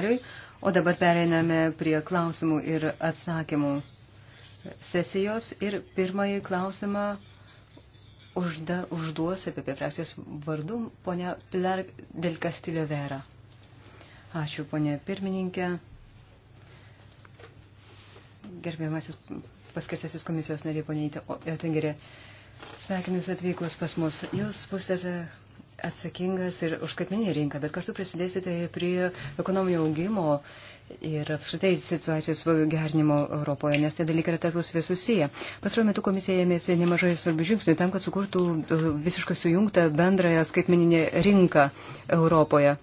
nariui, o dabar pereiname prie klausimų ir atsakymų sesijos ir pirmąjį klausimą užda, užduos apie frakcijos vardų ponia Pilar del Castillo Vera. Ačiū, ponia pirmininkė. Gerbiamasis paskirtasis komisijos narė, ponia Oettingerė. Sveikinu Jūs atvykus pas mus. Jūs būsite atsakingas ir už skaitmeninį rinką, bet kartu prisidėsite ir prie ekonominio augimo ir apskritai situacijos gerinimo Europoje, nes tie dalykai yra tarpusavė susiję. Pastaruoju metu komisija ėmėsi nemažai svarbių žingsnių tam, kad sukurtų e, visiškai sujungtą bendrąją skaitmeninę rinką Europoje.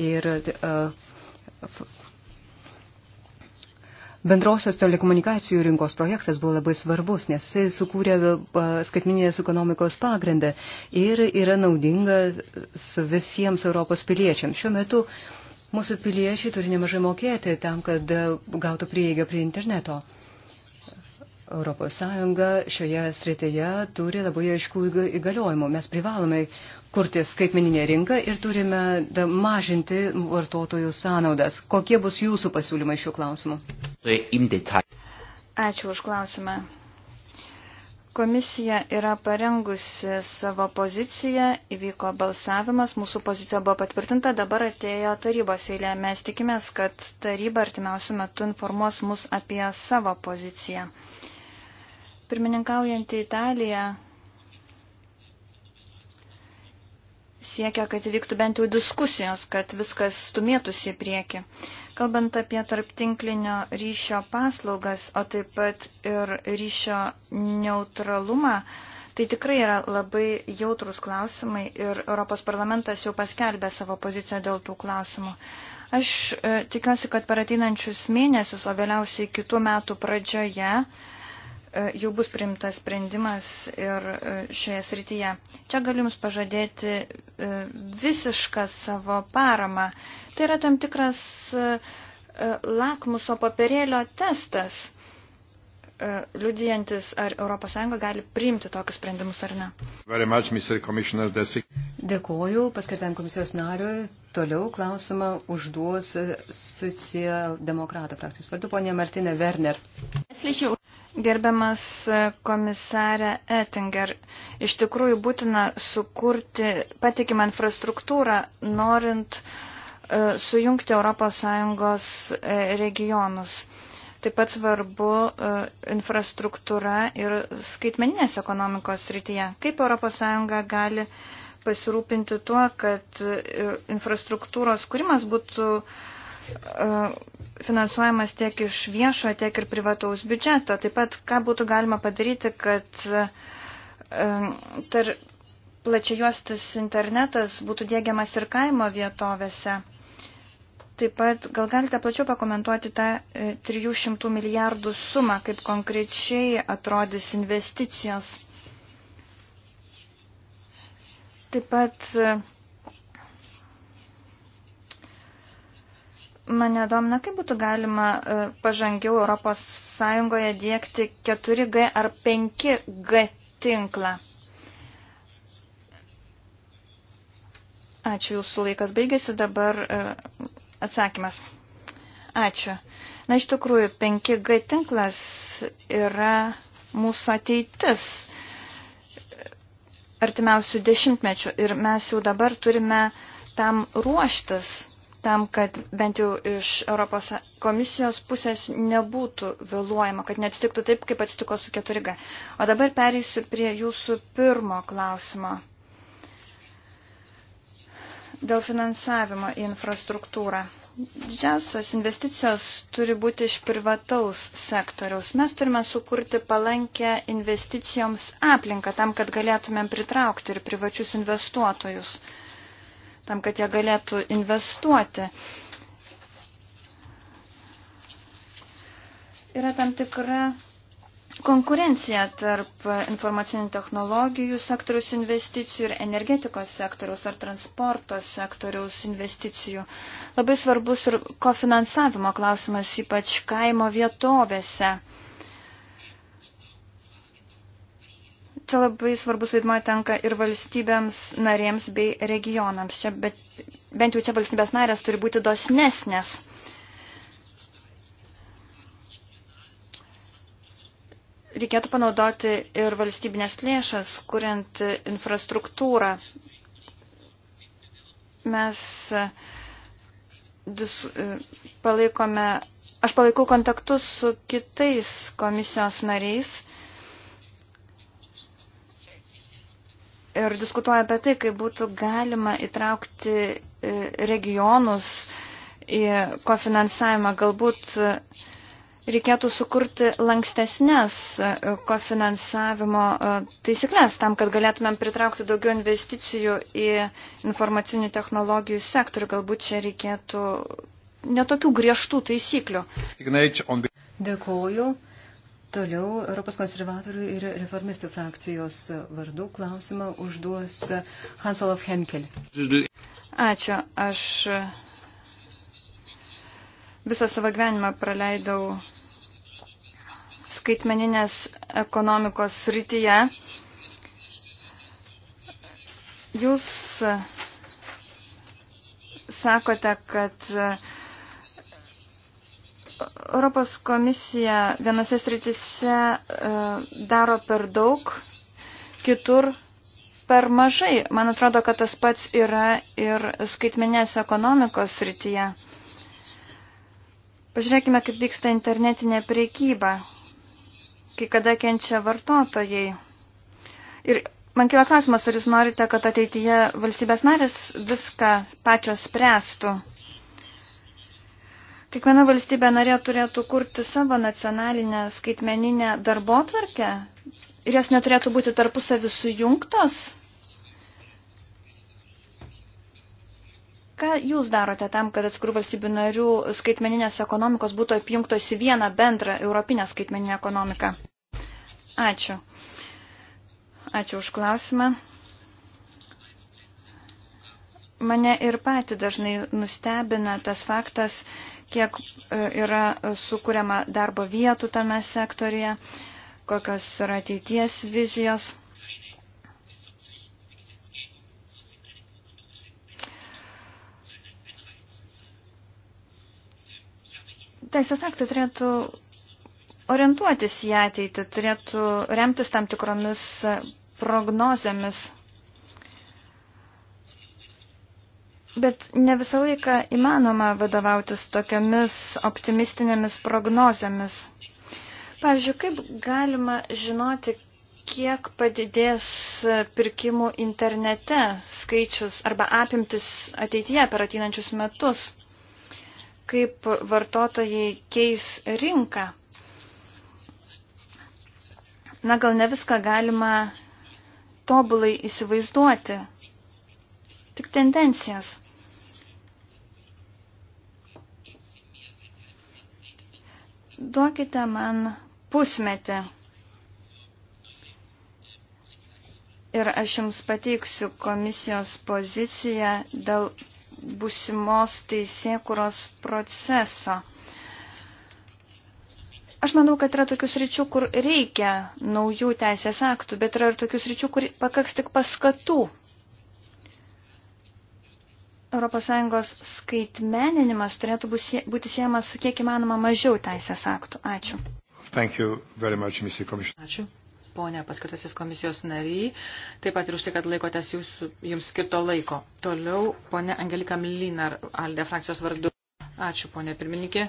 Ir uh, Bendrosios telekomunikacijų rinkos projektas buvo labai svarbus, nes jis sukūrė skaitminės ekonomikos pagrindą ir yra naudingas visiems Europos piliečiams. Šiuo metu mūsų piliečiai turi nemažai mokėti tam, kad gautų prieigą prie interneto. ES šioje srityje turi labai aiškų įgaliojimų. Mes privalome kurti skaitmeninę rinką ir turime mažinti vartotojų sąnaudas. Kokie bus jūsų pasiūlymai šiuo klausimu? Tai Ačiū už klausimą. Komisija yra parengusi savo poziciją, įvyko balsavimas, mūsų pozicija buvo patvirtinta, dabar atėjo tarybos eilė. Mes tikimės, kad taryba artimiausių metų informuos mus apie savo poziciją. Pirmininkaujantį Italiją siekia, kad įvyktų bent jau diskusijos, kad viskas stumėtųsi į priekį. Kalbant apie tarptinklinio ryšio paslaugas, o taip pat ir ryšio neutralumą, tai tikrai yra labai jautrus klausimai ir Europos parlamentas jau paskelbė savo poziciją dėl tų klausimų. Aš e, tikiuosi, kad per ateinančius mėnesius, o vėliausiai kitų metų pradžioje, E, jau bus priimtas sprendimas ir e, šioje srityje. Čia galiu Jums pažadėti e, visišką savo paramą. Tai yra tam tikras lakmuso papirėlio testas. E, liudijantis, ar ES gali priimti tokius sprendimus ar ne. Dėkuoju paskirtam komisijos nariui. Toliau klausimą užduos socialdemokratų frakcijos vardu ponė Martina Werner. Gerbiamas e, komisarė Ettinger, iš tikrųjų būtina sukurti patikimą infrastruktūrą, norint e, sujungti ES regionus. Taip pat svarbu e, infrastruktūra ir skaitmeninės ekonomikos rytyje. Kaip ES gali pasirūpinti tuo, kad e, infrastruktūros kūrimas būtų e, finansuojamas tiek iš viešo, tiek ir privataus biudžeto. Taip pat, ką būtų galima padaryti, kad tar plačiajuostis internetas būtų dėgiamas ir kaimo vietovėse. Taip pat gal galite plačiau pakomentuoti tą 300 e, milijardų sumą, kaip konkrečiai atrodys investicijos. Taip pat e, mane domina, kaip būtų galima e, pažangiau Europos Sąjungoje dėkti 4G ar 5G tinklą. Ačiū, jūsų laikas baigėsi, dabar Atsakymas. Ačiū. Na, iš tikrųjų, 5G tinklas yra mūsų ateitis artimiausių dešimtmečių ir mes jau dabar turime tam ruoštis, tam, kad bent jau iš Europos komisijos pusės nebūtų vėluojama, kad neatsitiktų taip, kaip atsitiko su 4G. O dabar pereisiu prie jūsų pirmo klausimo. Dėl finansavimo į infrastruktūrą. Didžiausios investicijos turi būti iš privataus sektoriaus. Mes turime sukurti palankę investicijoms aplinką tam, kad galėtumėm pritraukti ir privačius investuotojus, tam, kad jie galėtų investuoti. Yra tam tikra Konkurencija tarp informacinių technologijų sektoriaus investicijų ir energetikos sektoriaus ar transporto sektoriaus investicijų. Labai svarbus ir kofinansavimo klausimas, ypač kaimo vietovėse. Čia labai svarbus vaidmuo tenka ir valstybėms narėms bei regionams. Čia, bet, bent jau čia valstybės narės turi būti dosnesnės. reikėtų panaudoti ir valstybinės lėšas, kuriant infrastruktūrą. Mes e, dis, e, palaikome, aš palaikau kontaktus su kitais komisijos nariais ir diskutuoja apie tai, kaip būtų galima įtraukti e, regionus į kofinansavimą. Galbūt reikėtų sukurti lankstesnės e, kofinansavimo e, taisyklės tam, kad galėtumėm pritraukti daugiau investicijų į informacinių technologijų sektorių. Galbūt čia reikėtų netokių griežtų taisyklių. Dėkuoju. Toliau Europos konservatorių ir reformistų frakcijos vardų klausimą užduos Hans Olaf Henkel. Ačiū. Aš Visą savo gyvenimą praleidau skaitmeninės ekonomikos srityje. Jūs sakote, kad Europos komisija vienose sritise e, daro per daug, kitur per mažai. Man atrodo, kad tas pats yra ir skaitmenės ekonomikos srityje. Pažiūrėkime, kaip vyksta internetinė priekyba, kai kada kenčia vartotojai. Ir man kila klausimas, ar jūs norite, kad ateityje valstybės narės viską pačios spręstų. Kiekviena valstybė narė turėtų kurti savo nacionalinę skaitmeninę darbotvarkę ir jos neturėtų būti tarpusavį sujungtos, Ką jūs darote tam, kad atskirų valstybių narių skaitmeninės ekonomikos būtų apjungtos į vieną bendrą europinę skaitmeninę ekonomiką? Ačiū. Ačiū už klausimą. Mane ir pati dažnai nustebina tas faktas, kiek e, yra sukūriama darbo vietų tame sektorija, kokios yra ateities vizijos. teisės aktai turėtų orientuotis į ateitį, turėtų remtis tam tikromis prognozėmis. Bet ne visą laiką įmanoma vadovautis tokiamis optimistinėmis prognozėmis. Pavyzdžiui, kaip galima žinoti, kiek padidės pirkimų internete skaičius arba apimtis ateityje per ateinančius metus? kaip vartotojai keis rinką. Na gal ne viską galima tobulai įsivaizduoti, tik tendencijas. Duokite man pusmetį ir aš jums pateiksiu komisijos poziciją dėl busimos teisėkuros proceso. Aš manau, kad yra tokius ryčių, kur reikia naujų teisės aktų, bet yra ir tokius ryčių, kur pakaks tik paskatų. ES skaitmeninimas turėtų būti siejamas su kiek įmanoma mažiau teisės aktų. Ačiū. Thank you very much, Mr. Ačiū, ponė paskirtasis komisijos nariai, taip pat ir už tai, kad laikotės jūsų, jums skirto laiko. Toliau, ponė Angelika Mlinar, Alde frakcijos vardu. Ačiū, ponė pirmininkė.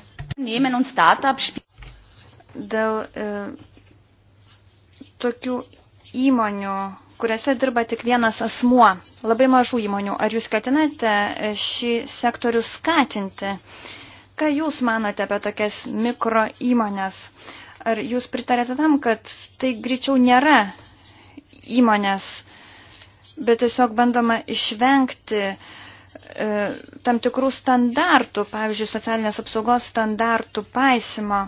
Dėl e, tokių įmonių, kuriuose dirba tik vienas asmuo, labai mažų įmonių, ar jūs ketinate e, šį sektorių skatinti? Ką jūs manote apie tokias mikro įmonės? E, Ar jūs pritarėte tam, kad tai greičiau nėra įmonės, bet tiesiog bandoma išvengti e, tam tikrų standartų, pavyzdžiui, socialinės apsaugos standartų paisimo.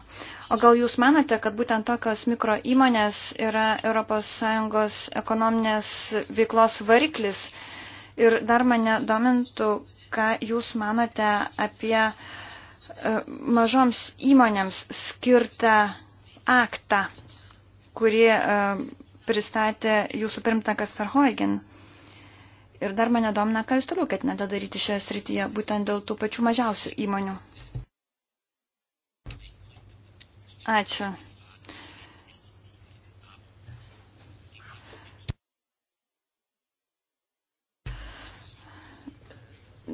O gal jūs manote, kad būtent tokios mikro įmonės yra ES ekonominės veiklos variklis? Ir dar mane domintų, ką jūs manote apie e, mažoms įmonėms skirtą aktą, kurį e, pristatė jūsų pirmtakas Verhoigen. Ir dar mane domina, ką jūs toliau ketinate daryti šioje srityje, būtent dėl tų pačių mažiausių įmonių. Ačiū.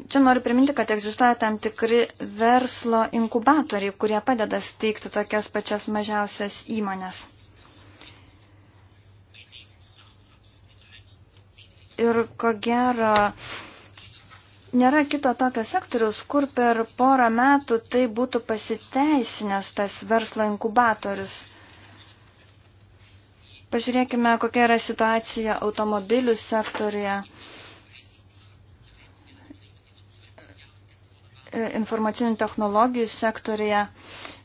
Čia noriu priminti, kad egzistuoja tam tikri verslo inkubatoriai, kurie padeda steigti tokias pačias mažiausias įmonės. Ir ko gero, nėra kito tokio sektoriaus, kur per porą metų tai būtų pasiteisinęs tas verslo inkubatorius. Pažiūrėkime, kokia yra situacija automobilių sektorija. E, informacinių technologijų sektorija.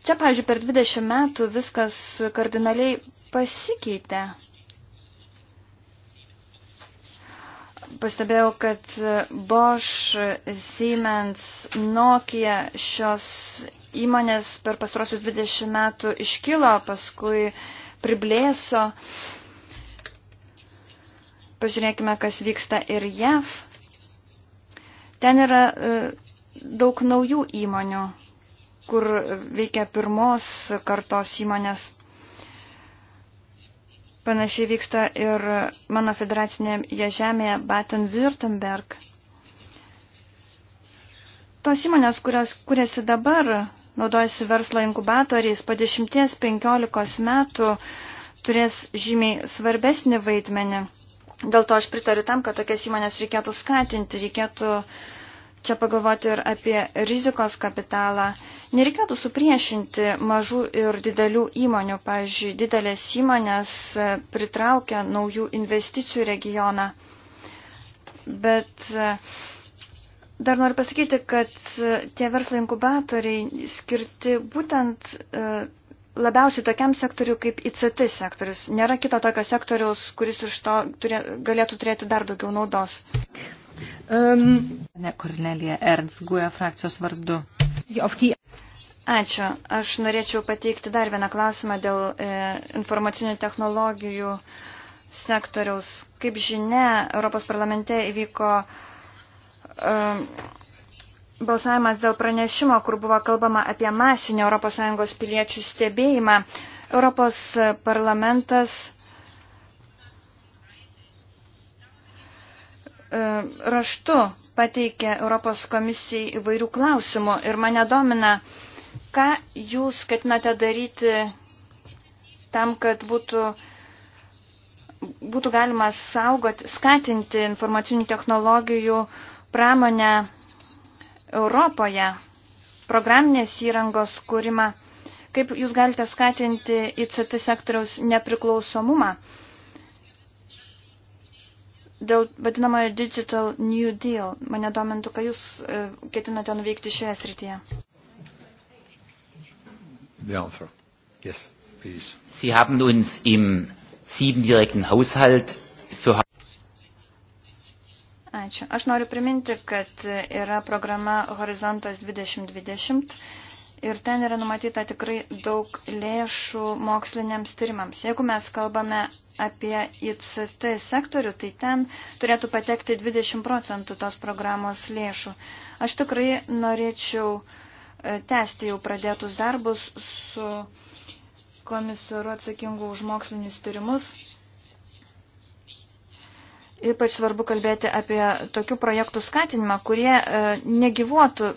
Čia, pavyzdžiui, per 20 metų viskas kardinaliai pasikeitė. Pastebėjau, kad Bosch, Siemens, Nokia šios įmonės per pastarosius 20 metų iškilo, paskui priblėso. Pažiūrėkime, kas vyksta ir JAV. Ten yra uh, daug naujų įmonių, kur veikia pirmos kartos įmonės. Panašiai vyksta ir mano federacinėje žemėje Baden-Württemberg. Tos įmonės, kurios kuriasi dabar, naudojasi verslo inkubatoriais, po 10-15 metų turės žymiai svarbesnį vaidmenį. Dėl to aš pritariu tam, kad tokias įmonės reikėtų skatinti, reikėtų uh, čia pagalvoti ir apie rizikos kapitalą. Nereikėtų supriešinti mažų ir didelių įmonių. Pavyzdžiui, didelės įmonės e, pritraukia naujų investicijų regioną. Bet e, dar noriu pasakyti, kad e, tie verslo inkubatoriai skirti būtent labiausiai tokiam sektoriu kaip ICT sektorius. Nėra kito tokio sektoriaus, kuris iš to turė, galėtų turėti dar daugiau naudos. Um, ne Kornelija Ernst, guoja frakcijos vardu. Ačiū. Aš norėčiau pateikti dar vieną klausimą dėl e, informacinių technologijų sektoriaus. Kaip žinia, Europos parlamente įvyko e, balsavimas dėl pranešimo, kur buvo kalbama apie masinį ES piliečių stebėjimą. Europos parlamentas E, raštu pateikė Europos komisijai įvairių klausimų ir mane domina, ką jūs ketinate daryti tam, kad būtų, būtų galima saugoti, skatinti informacinių technologijų pramonę Europoje, programinės įrangos kūrimą, kaip jūs galite skatinti ICT sektoriaus nepriklausomumą. Dėl vadinamojo Digital New Deal. Mane domintų, ką jūs e, ketinate nuveikti šioje srityje. The answer. Yes, please. Sie haben uns im siebenjährigen Haushalt für Ačiū. Aš noriu priminti, kad yra programa Horizontas 2020 ir ten yra numatyta tikrai daug lėšų moksliniams tyrimams. Jeigu mes kalbame apie ICT sektorių, tai ten turėtų patekti 20 procentų tos programos lėšų. Aš tikrai norėčiau e, tęsti jau pradėtus darbus su komisaru atsakingu už mokslinius tyrimus. Ypač svarbu kalbėti apie tokių projektų skatinimą, kurie e, negyvuotų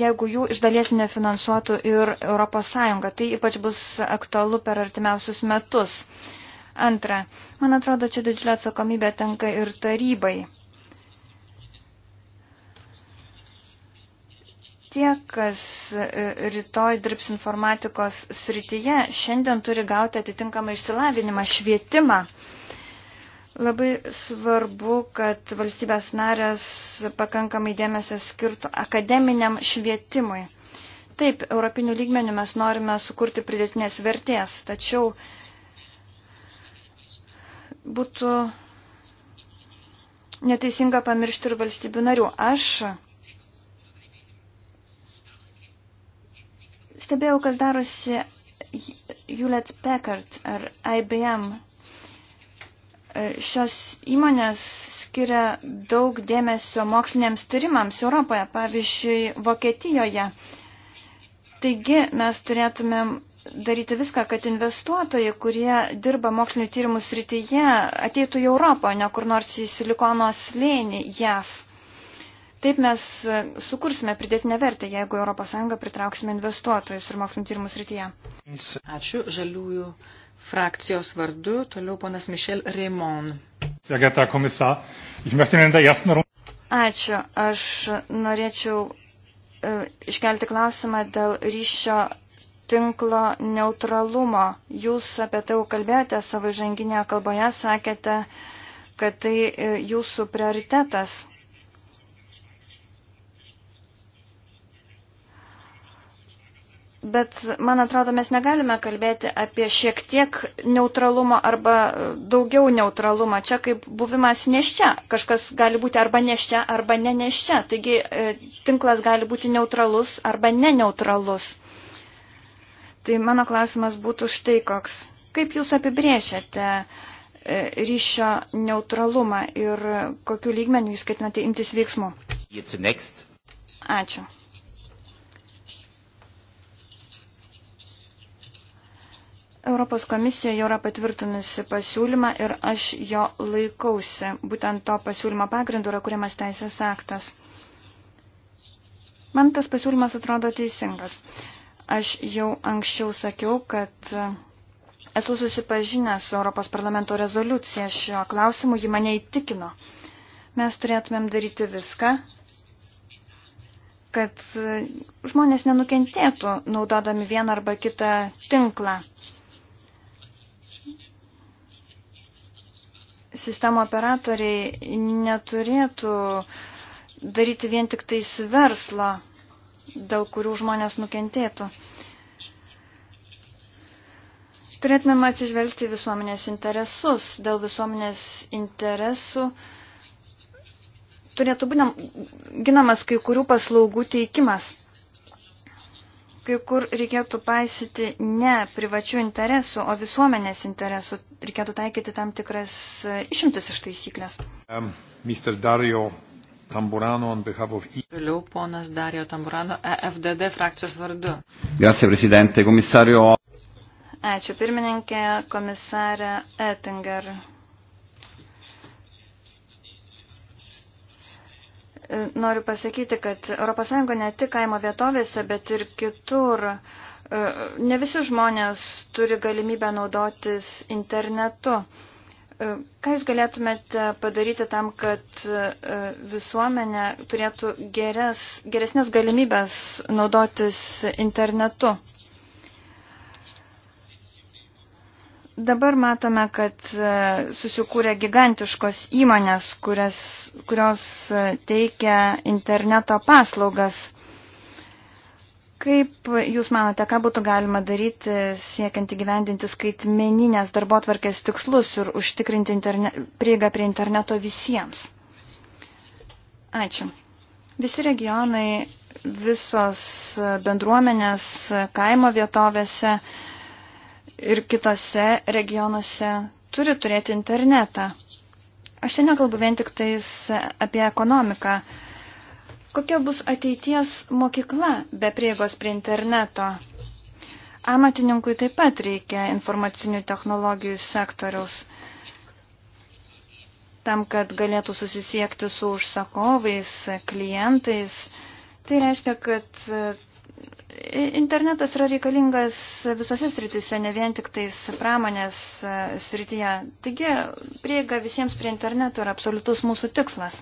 jeigu jų iš dalies nefinansuotų ir ES. Tai ypač bus aktualu per artimiausius metus. Antra, man atrodo, čia didžiulė atsakomybė tenka ir tarybai. Tie, kas e, rytoj dirbs informatikos srityje, šiandien turi gauti atitinkamą išsilavinimą, švietimą. Uh, Labai svarbu, kad valstybės narės pakankamai dėmesio skirtų akademiniam švietimui. Taip, europinių lygmenių mes norime sukurti pridėtinės vertės, tačiau būtų neteisinga pamiršti ir valstybių narių. Aš stebėjau, kas darosi Hewlett Packard ar IBM E, šios įmonės skiria daug dėmesio moksliniams tyrimams Europoje, pavyzdžiui, Vokietijoje. Taigi mes turėtumėm daryti viską, kad investuotojai, kurie dirba mokslinio tyrimų srityje, ateitų į Europą, ne kur nors į silikono slėnį JAV. Taip mes sukursime pridėtinę vertę, jeigu ES pritrauksime investuotojus ir mokslinio tyrimų srityje. Ačiū žaliųjų frakcijos vardu. Toliau ponas Mišel Raimon. Ačiū. Aš norėčiau e, iškelti klausimą dėl ryšio tinklo neutralumo. Jūs apie tai jau kalbėjote savo žanginėje kalboje, sakėte, kad tai e, jūsų prioritetas. Bet, man atrodo, mes negalime kalbėti apie šiek tiek neutralumo arba daugiau neutralumo. Čia kaip buvimas neščia. Kažkas gali būti arba neščia, arba ne neščia. Taigi e, tinklas gali būti neutralus arba neneutralus. Tai mano klausimas būtų štai koks. Kaip Jūs apibrėžiate e, ryšio neutralumą ir kokiu lygmeniu Jūs ketinate imtis veiksmų? Ačiū. Europos komisija jau yra patvirtinusi pasiūlymą ir aš jo laikausi. Būtent to pasiūlymo pagrindu yra kuriamas teisės aktas. Man tas pasiūlymas atrodo teisingas. Aš jau anksčiau sakiau, kad esu susipažinęs su Europos parlamento rezoliucija šio klausimu, ji mane įtikino. Mes turėtumėm daryti viską, kad žmonės nenukentėtų naudodami vieną arba kitą tinklą sistemo operatoriai neturėtų daryti vien tik tais verslą, dėl kurių žmonės nukentėtų. Turėtumėm atsižvelgti visuomenės interesus. Dėl visuomenės interesų turėtų būti ginamas kai kurių paslaugų teikimas kai kur reikėtų paisyti ne privačių interesų, o visuomenės interesų. Reikėtų taikyti tam tikras e, išimtis iš taisyklės. Um, Dario Tamburano on behalf of... Vėliau e- ponas Dario Tamburano, EFDD frakcijos vardu. Grazie, prezidente, komisario. Ačiū, pirmininkė, komisarė Ettinger. Noriu pasakyti, kad ES ne tik kaimo vietovėse, bet ir kitur. E, ne visi žmonės turi galimybę naudotis internetu. E, ką Jūs galėtumėte padaryti tam, kad e, visuomenė turėtų geres, geresnės galimybės naudotis internetu? Dabar matome, kad e, susikūrė gigantiškos įmonės, kurias, kurios e, teikia interneto paslaugas. Kaip Jūs manote, ką būtų galima daryti siekiant įgyvendinti skaitmeninės darbo tvarkės tikslus ir užtikrinti interne... prieigą prie interneto visiems? Ačiū. Visi regionai, visos bendruomenės kaimo vietovėse ir kitose regionuose turi turėti internetą. Aš čia nekalbu vien tik tais apie ekonomiką. Kokia bus ateities mokykla be prieigos prie interneto? Amatininkui taip pat reikia informacinių technologijų sektoriaus. Tam, kad galėtų susisiekti su užsakovais, klientais, tai reiškia, kad Internetas yra reikalingas visose sritise, ne vien tik tais pramonės e, srityje. Taigi, prieiga visiems prie interneto yra absoliutus mūsų tikslas.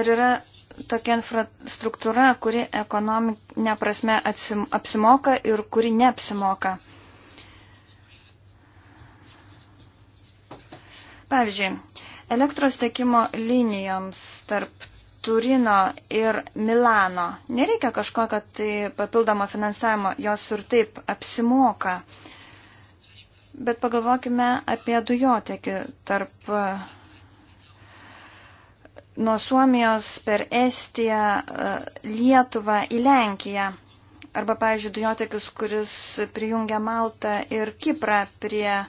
Ar yra tokia infrastruktūra, kuri ekonominė prasme atsim, apsimoka ir kuri neapsimoka? Pavyzdžiui, elektros tekimo linijoms tarp Turino ir Milano. Nereikia kažkokio tai papildomo finansavimo, jos ir taip apsimoka. Bet pagalvokime apie dujotekį tarp e, nuo Suomijos per Estiją, e, Lietuvą į Lenkiją. Arba, pavyzdžiui, dujotekis, kuris prijungia Maltą ir Kiprą prie e,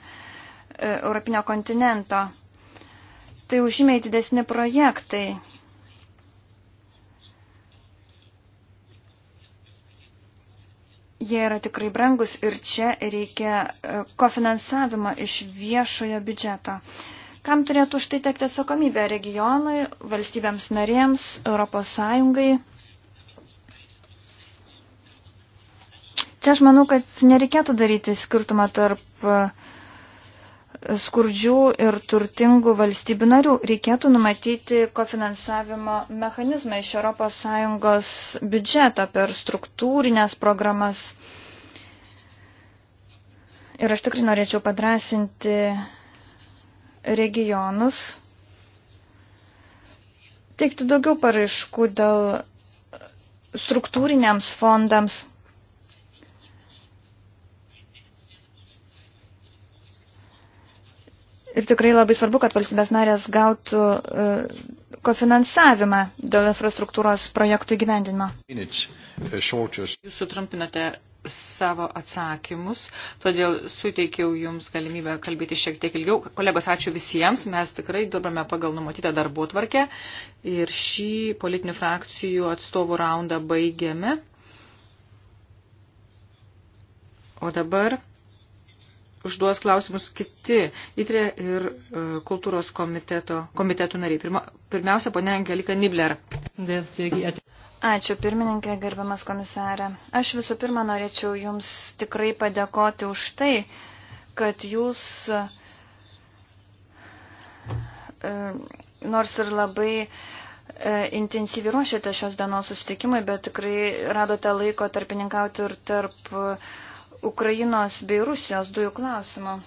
Europinio kontinento. Tai užimiai didesni projektai jie yra tikrai brangus ir čia reikia e, kofinansavimą iš viešojo biudžeto. Kam turėtų už tai tekti atsakomybę? Regionui, valstybėms narėms, Europos Sąjungai? Čia aš manau, kad nereikėtų daryti skirtumą tarp uh, skurdžių ir turtingų valstybių narių. Reikėtų numatyti kofinansavimo mechanizmą iš ES biudžeto per struktūrinės programas. Ir aš tikrai norėčiau padrasinti regionus, teikti daugiau paraiškų dėl struktūriniams fondams. Ir tikrai labai svarbu, kad valstybės narės gautų uh, kofinansavimą dėl infrastruktūros projektų įgyvendinimo. Uh, Jūs sutrumpinote savo atsakymus, todėl suteikiau Jums galimybę kalbėti šiek tiek ilgiau. Kolegos, ačiū visiems, mes tikrai dirbame pagal numatytą darbų tvarkę ir šį politinių frakcijų atstovų raundą baigėme. O dabar užduos klausimus kiti įtrė ir e, kultūros komiteto, komitetų nariai. Pirma, pirmiausia, ponia Angelika Nibler. Ačiū, pirmininkė, gerbiamas komisarė. Aš visų pirma norėčiau Jums tikrai padėkoti už tai, kad Jūs, e, nors ir labai e, intensyviai ruošėte šios dienos susitikimui, bet tikrai radote laiko tarpininkauti ir tarp. E, Ukrainos bei Rusijos dujų klausimo.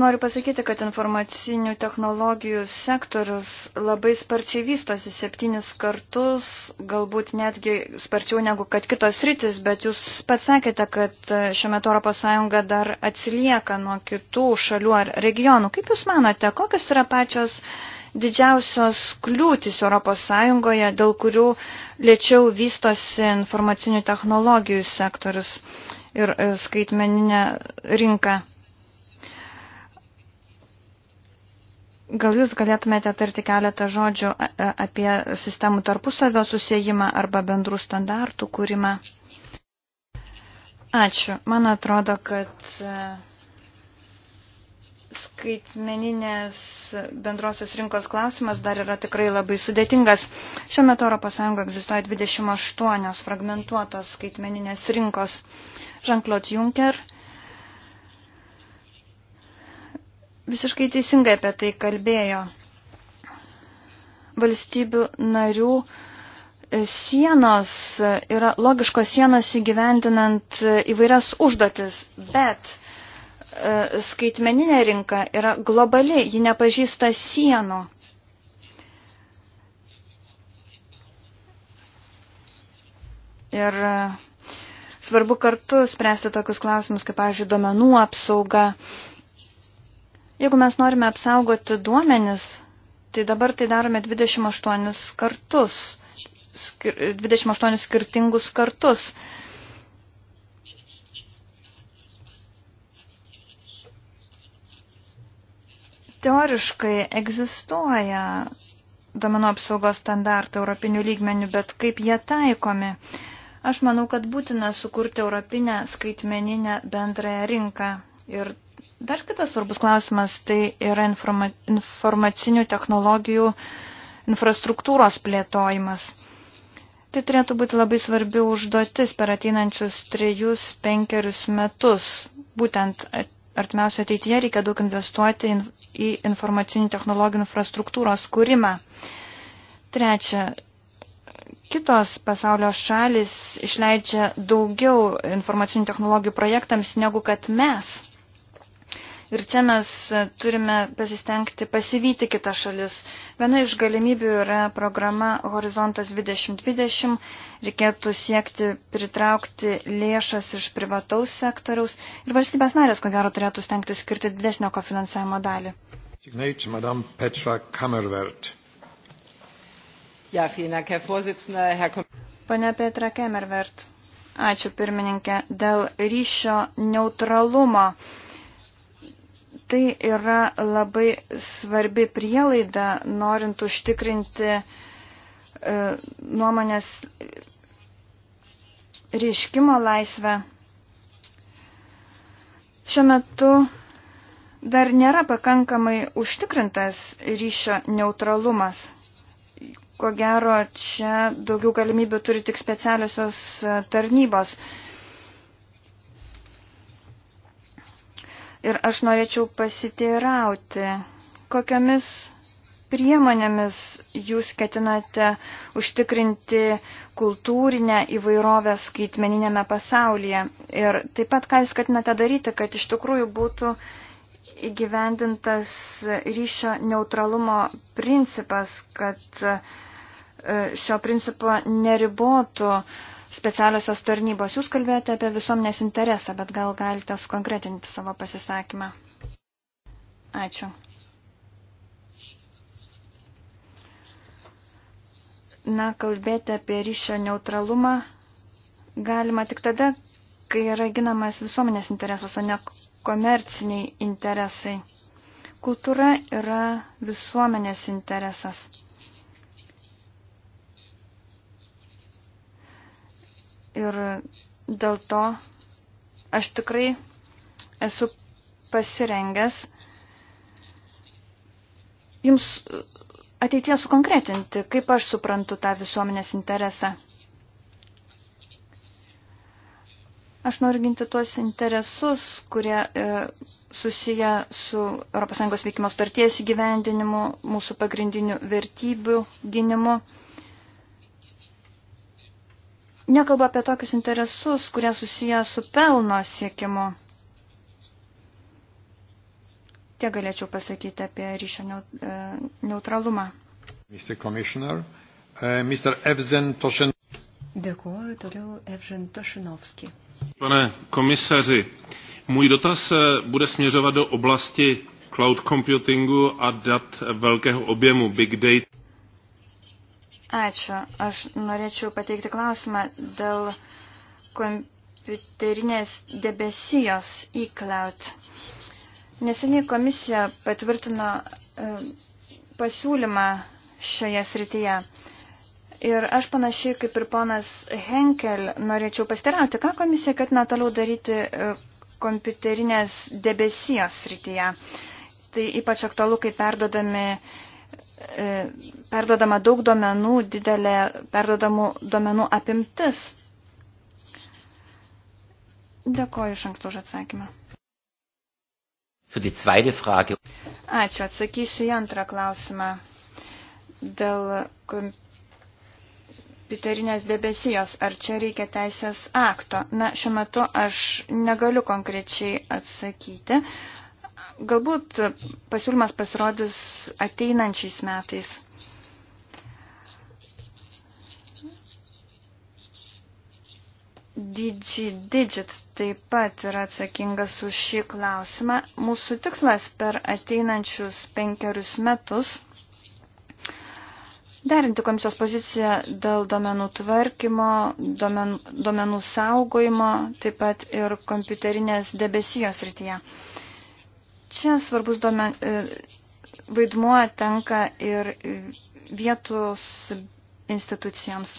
Noriu pasakyti, kad informacinių technologijų sektorius labai sparčiai vystosi septynis kartus, galbūt netgi sparčiau negu kad kitos rytis, bet jūs pats sakėte, kad e, šiuo metu ES dar atsilieka nuo kitų šalių ar regionų. Kaip Jūs manote, kokios yra pačios uh, didžiausios kliūtis ES, dėl kurių lėčiau vystosi informacinių technologijų sektorius ir e, skaitmeninė rinka. Gal jūs galėtumėte tarti keletą žodžių e, e, apie sistemų tarpusavio susijimą arba bendrų standartų kūrimą? Ačiū. Man atrodo, kad skaitmeninės bendrosios rinkos klausimas dar yra tikrai labai sudėtingas. Šiuo metu ES egzistuoja 28 fragmentuotos skaitmeninės rinkos. Jean-Claude Juncker visiškai teisingai apie tai kalbėjo. Valstybių narių sienos yra logiškos sienos įgyvendinant įvairias užduotis, bet E, skaitmeninė rinka yra globali, ji nepažįsta sienų. Ir e, svarbu kartu spręsti tokius klausimus, kaip, pavyzdžiui, duomenų apsauga. Jeigu mes norime apsaugoti duomenis, tai dabar tai darome 28 kartus, 28 skirtingus kartus. Teoriškai egzistuoja domenų apsaugos standartai europinių lygmenių, bet kaip jie taikomi? Aš manau, kad būtina sukurti europinę skaitmeninę bendrąją rinką. Ir dar kitas svarbus klausimas tai yra informa informacinių technologijų infrastruktūros plėtojimas. Tai turėtų būti labai svarbi užduotis per ateinančius trejus, penkerius metus, būtent artimiausio ateityje reikia daug investuoti in, į informacinių technologijų infrastruktūros kūrimą. Trečia, kitos pasaulio šalis išleidžia daugiau informacinių technologijų projektams negu kad mes. Ir čia mes turime pasistengti pasivyti kitą šalis. Viena iš galimybių yra programa Horizontas 2020. Reikėtų siekti pritraukti lėšas iš privataus sektoriaus. Ir valstybės narės, ko gero, turėtų stengti skirti didesnio kofinansavimo dalį. Ja, Dank, Herr Vorsitzender, Herr Kommissar. Pane Petra Kemervert. Ačiū pirmininkė. Dėl ryšio neutralumo Tai yra labai svarbi prielaida, norint užtikrinti e, nuomonės ryškimo laisvę. Šiuo metu dar nėra pakankamai užtikrintas ryšio neutralumas. Ko gero, čia daugiau galimybių turi tik specialiosios tarnybos. Ir aš norėčiau pasiteirauti, kokiamis priemonėmis jūs ketinate užtikrinti kultūrinę įvairovę skaitmeninėme pasaulyje. Ir taip pat, ką jūs ketinate daryti, kad iš tikrųjų būtų įgyvendintas ryšio neutralumo principas, kad e, šio principo neribotų uh, specialiosios tarnybos. Jūs kalbėjote apie visuomenės interesą, bet gal galite skonkretinti savo pasisakymą. Ačiū. Na, kalbėti apie ryšio neutralumą galima tik tada, kai yra ginamas visuomenės interesas, o ne komerciniai interesai. Kultūra yra visuomenės interesas. Ir dėl to aš tikrai esu pasirengęs jums ateitie sukonkretinti, kaip aš suprantu tą visuomenės interesą. Aš noriu ginti tuos interesus, kurie e, susiję su ES veikimo starties įgyvendinimu, mūsų pagrindinių vertybių gynimu. E, Nekalbu apie tokius interesus, kurie susiję su pelno siekimu. Tie galėčiau pasakyti apie ryšio e, neutralumą. Mr. Commissioner, uh, e, Mr. Evzen Toshen. Dėkuoju toliau Evžen Tošinovský. Pane komisaři, můj dotaz e, bude směřovat do oblasti cloud computingu a dat velkého objemu, big data. Ačiū. Aš norėčiau pateikti klausimą dėl kompiuterinės debesijos e-cloud. Neseniai komisija patvirtino e, pasiūlymą šioje srityje. Ir aš panašiai kaip ir ponas Henkel norėčiau pasiterauti, ką komisija ketina toliau daryti e, kompiuterinės debesijos srityje. Tai ypač aktualu, kai perdodami E, perdodama daug duomenų, didelė perdodamų duomenų apimtis. Dėkoju iš anksto už atsakymą. Ačiū, atsakysiu į antrą klausimą dėl kompiuterinės debesijos, ar čia reikia teisės akto. Na, šiuo metu aš negaliu konkrečiai atsakyti. Uh, Galbūt pasiūlymas pasirodys ateinančiais metais. DG Digit taip pat yra atsakingas už šį klausimą. Mūsų tikslas per ateinančius penkerius metus derinti komisijos poziciją dėl domenų tvarkymo, domen, domenų saugojimo, taip pat ir kompiuterinės debesijos rytyje. Čia svarbus duomen, e, vaidmuo tenka ir vietos institucijoms.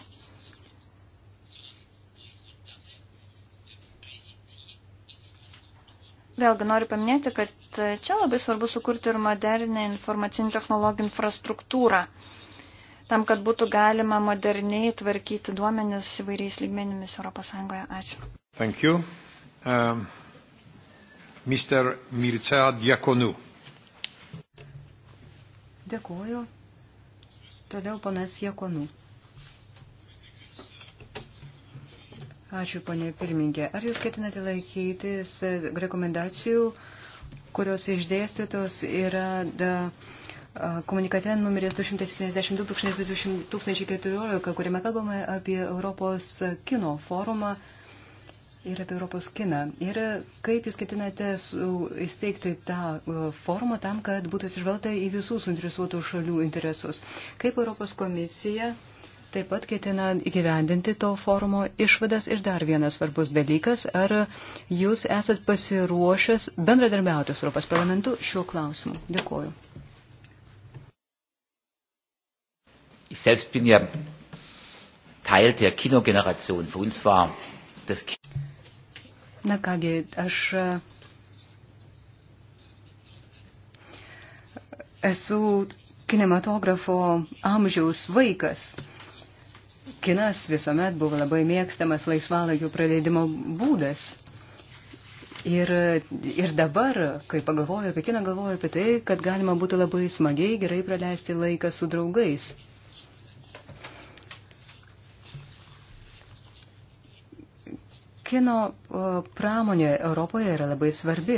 Vėlgi noriu paminėti, kad čia labai svarbu sukurti ir modernę informacinių technologijų infrastruktūrą, tam, kad būtų galima moderniai tvarkyti duomenis įvairiais lygmenimis Europos Sąjungoje. Ačiū. Thank you. Um... Mr. Mircea Diakonu. Dėkuoju. Toliau panas Jakonų. Ačiū, ponė pirmininkė. Ar jūs ketinate laikytis e, rekomendacijų, kurios išdėstytos yra da, komunikate numeris 272-2014, kuriame kalbame apie Europos kino forumą ir apie Europos kiną. Ir kaip jūs ketinate įsteigti tą uh, formą tam, kad būtų atsižvelgta į visų suinteresuotų šalių interesus. Kaip Europos komisija taip pat ketina įgyvendinti to forumo išvadas ir dar vienas svarbus dalykas, ar jūs esat pasiruošęs bendradarbiauti su Europos parlamentu šiuo klausimu. Dėkuoju. Ich selbst bin ja Teil der Kinogeneration. Für uns war das Kino. Na kągi, aš e, esu kinematografo amžiaus vaikas. Kinas visuomet buvo labai mėgstamas laisvalaikių praleidimo būdas. Ir, ir dabar, kai pagalvoju apie kiną, galvoju apie tai, kad galima būtų labai smagiai, gerai praleisti laiką su draugais. Kino pramonė Europoje yra labai svarbi.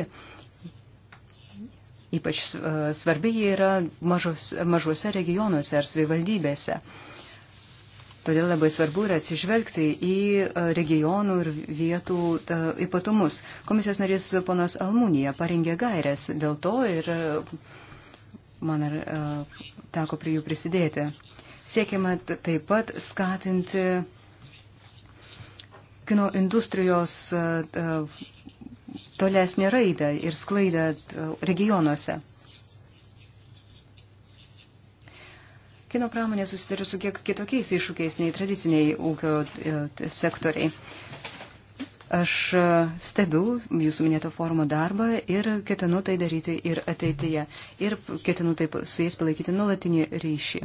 Ypač svarbi jie yra mažos, mažuose regionuose ar savivaldybėse. Todėl labai svarbu yra atsižvelgti į regionų ir vietų ta, ypatumus. Komisijos narys ponas Almūnija parengė gairias dėl to ir man ar, teko prie jų prisidėti. Siekime taip pat skatinti kino industrijos e, e, tolesnė raidą ir sklaidą e, regionuose. Kino pramonė susiduria su kiek kitokiais iššūkiais nei tradiciniai ūkio sektoriai. Aš stebiu jūsų minėto forumo darbą ir ketinu tai daryti ir ateityje. Ir ketinu taip su jais palaikyti nuolatinį ryšį.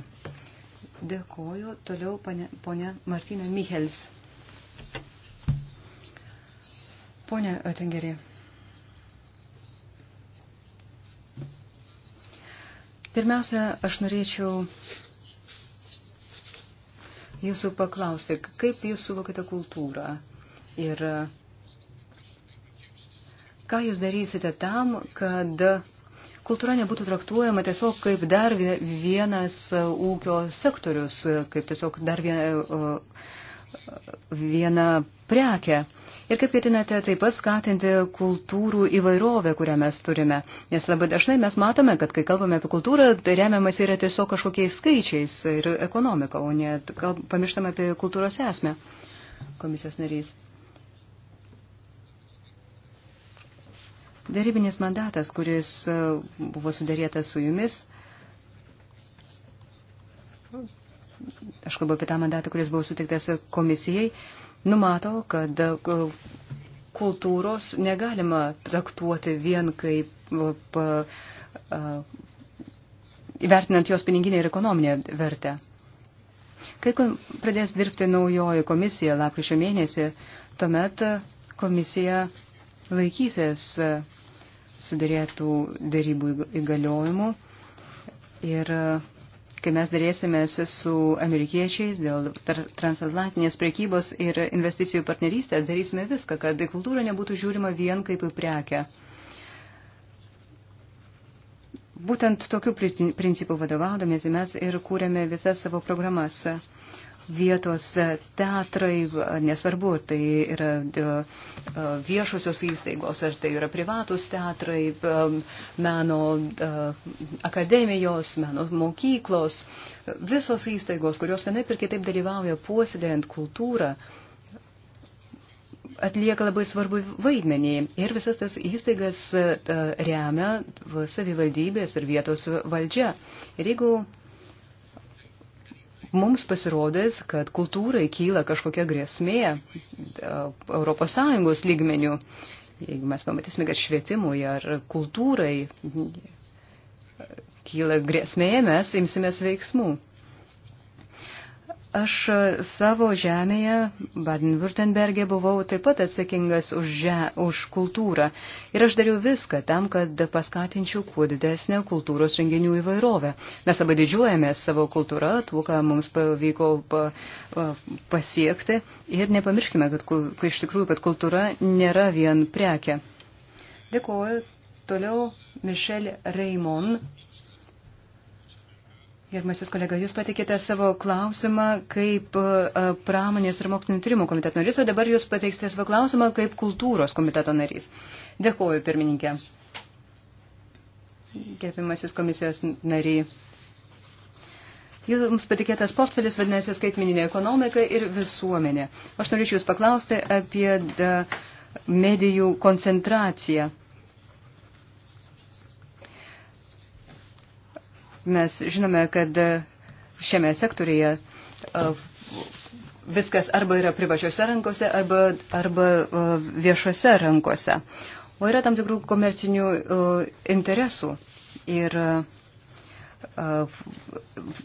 Dėkoju. Toliau ponia Martina Michels. Pone Oettingeri. Pirmiausia, aš norėčiau jūsų paklausti, kaip jūs suvokite kultūrą ir ką jūs darysite tam, kad kultūra nebūtų traktuojama tiesiog kaip dar vienas ūkio sektorius, kaip tiesiog dar viena, viena prekia. Ir kaip ketinate taip pat skatinti kultūrų įvairovę, kurią mes turime? Nes labai dažnai mes matome, kad kai kalbame apie kultūrą, tai remiamas yra tiesiog kažkokiais skaičiais ir ekonomika, o ne pamirštame apie kultūros esmę. Komisijos narys. Darybinis mandatas, kuris e, buvo sudarėtas su jumis, aš kalbu apie tą mandatą, kuris buvo sutiktas komisijai, numato, kad e, kultūros negalima traktuoti vien kaip e, e, įvertinant jos piniginę ir ekonominę vertę. Kai pradės dirbti naujoji komisija lapkričio mėnesį, tuomet komisija laikysis sudėrėtų dėrybų įgaliojimų ir kai mes dėrėsimės su amerikiečiais dėl transatlantinės priekybos ir investicijų partnerystės, darysime viską, kad į kultūrą nebūtų žiūrima vien kaip į prekę. Būtent tokiu principu vadovaudomės mes ir kūrėme visas savo programas vietos teatrai, nesvarbu, ar tai yra e, e, viešosios įstaigos, ar tai yra privatus teatrai, e, meno akademijos, meno mokyklos, visos įstaigos, kurios vienaip ir kitaip dalyvauja puoselėjant kultūrą atlieka labai svarbu vaidmenį ir visas tas įstaigas remia savivaldybės ir vietos valdžia. Ir jeigu mums pasirodys, kad kultūrai kyla kažkokia grėsmė ES lygmenių. Jeigu mes pamatysime, kad švietimui ar kultūrai kyla grėsmė, mes imsimės veiksmų. Aš e, savo žemėje, Baden-Württembergė, buvau taip pat atsakingas už, že, už kultūrą. Ir aš dariau viską tam, kad paskatinčiau kuo didesnę kultūros renginių įvairovę. Mes labai didžiuojamės savo kultūrą, tuo, ką mums pavyko pa, pa, pasiekti. Ir nepamirškime, kad, kad iš tikrųjų, kad kultūra nėra vien prekė. Dėkuoju. Toliau Mišel Raimon Gerbiamasis kolega, jūs patikite savo klausimą kaip e, e, pramonės ir mokslinio tyrimų komiteto narys, o dabar jūs pateiksite savo klausimą kaip kultūros komiteto narys. Dėkuoju, pirmininkė. Gerbiamasis komisijos nariai. Jums patikėtas portfelis vadinasi skaitmininė ekonomika ir visuomenė. Aš norėčiau Jūs paklausti apie e, medijų koncentraciją Mes žinome, kad šiame sektorija e, viskas arba yra privačiose rankose, arba, arba e, viešose rankose. O yra tam tikrų komercinių e, interesų. Ir uh,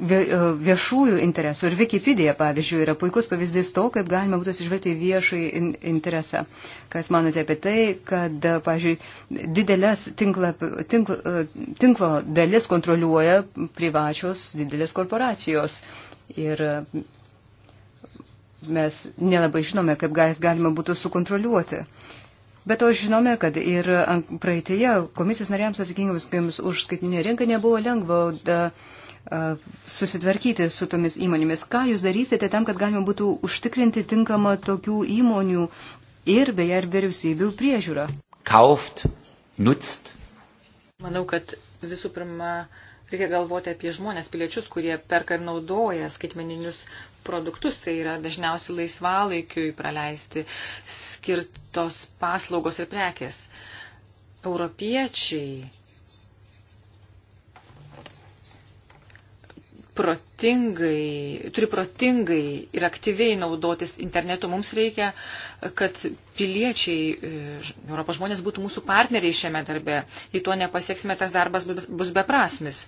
viešųjų interesų. Ir Wikipedia, pavyzdžiui, yra puikus pavyzdys to, kaip galima būtų atsižvelgti į viešąjį in interesą. Kas manote apie tai, kad, pavyzdžiui, didelės tinkla, tinklo, tinklo dalis kontroliuoja privačios didelės korporacijos. Ir mes nelabai žinome, kaip gais galima būtų sukontroliuoti. Uh, Bet to žinome, kad ir praeitėje komisijos nariams atsakingiams už skaitinį rinką nebuvo lengva da, susitvarkyti su tomis įmonėmis. Ką jūs darysite tam, kad galima būtų užtikrinti tinkamą tokių įmonių ir beje ir vyriausybių priežiūrą? Kauft, nutzt, Manau, kad visų pirma, reikia galvoti apie žmonės, piliečius, kurie perka ir naudoja skaitmeninius produktus, tai yra dažniausiai laisvalaikiui praleisti skirtos paslaugos ir prekės. Europiečiai prot, protingai, turi protingai ir aktyviai naudotis internetu. Mums reikia, kad piliečiai, e, Europos žmonės būtų mūsų partneriai šiame darbe. Jei to nepasieksime, tas darbas bus beprasmis.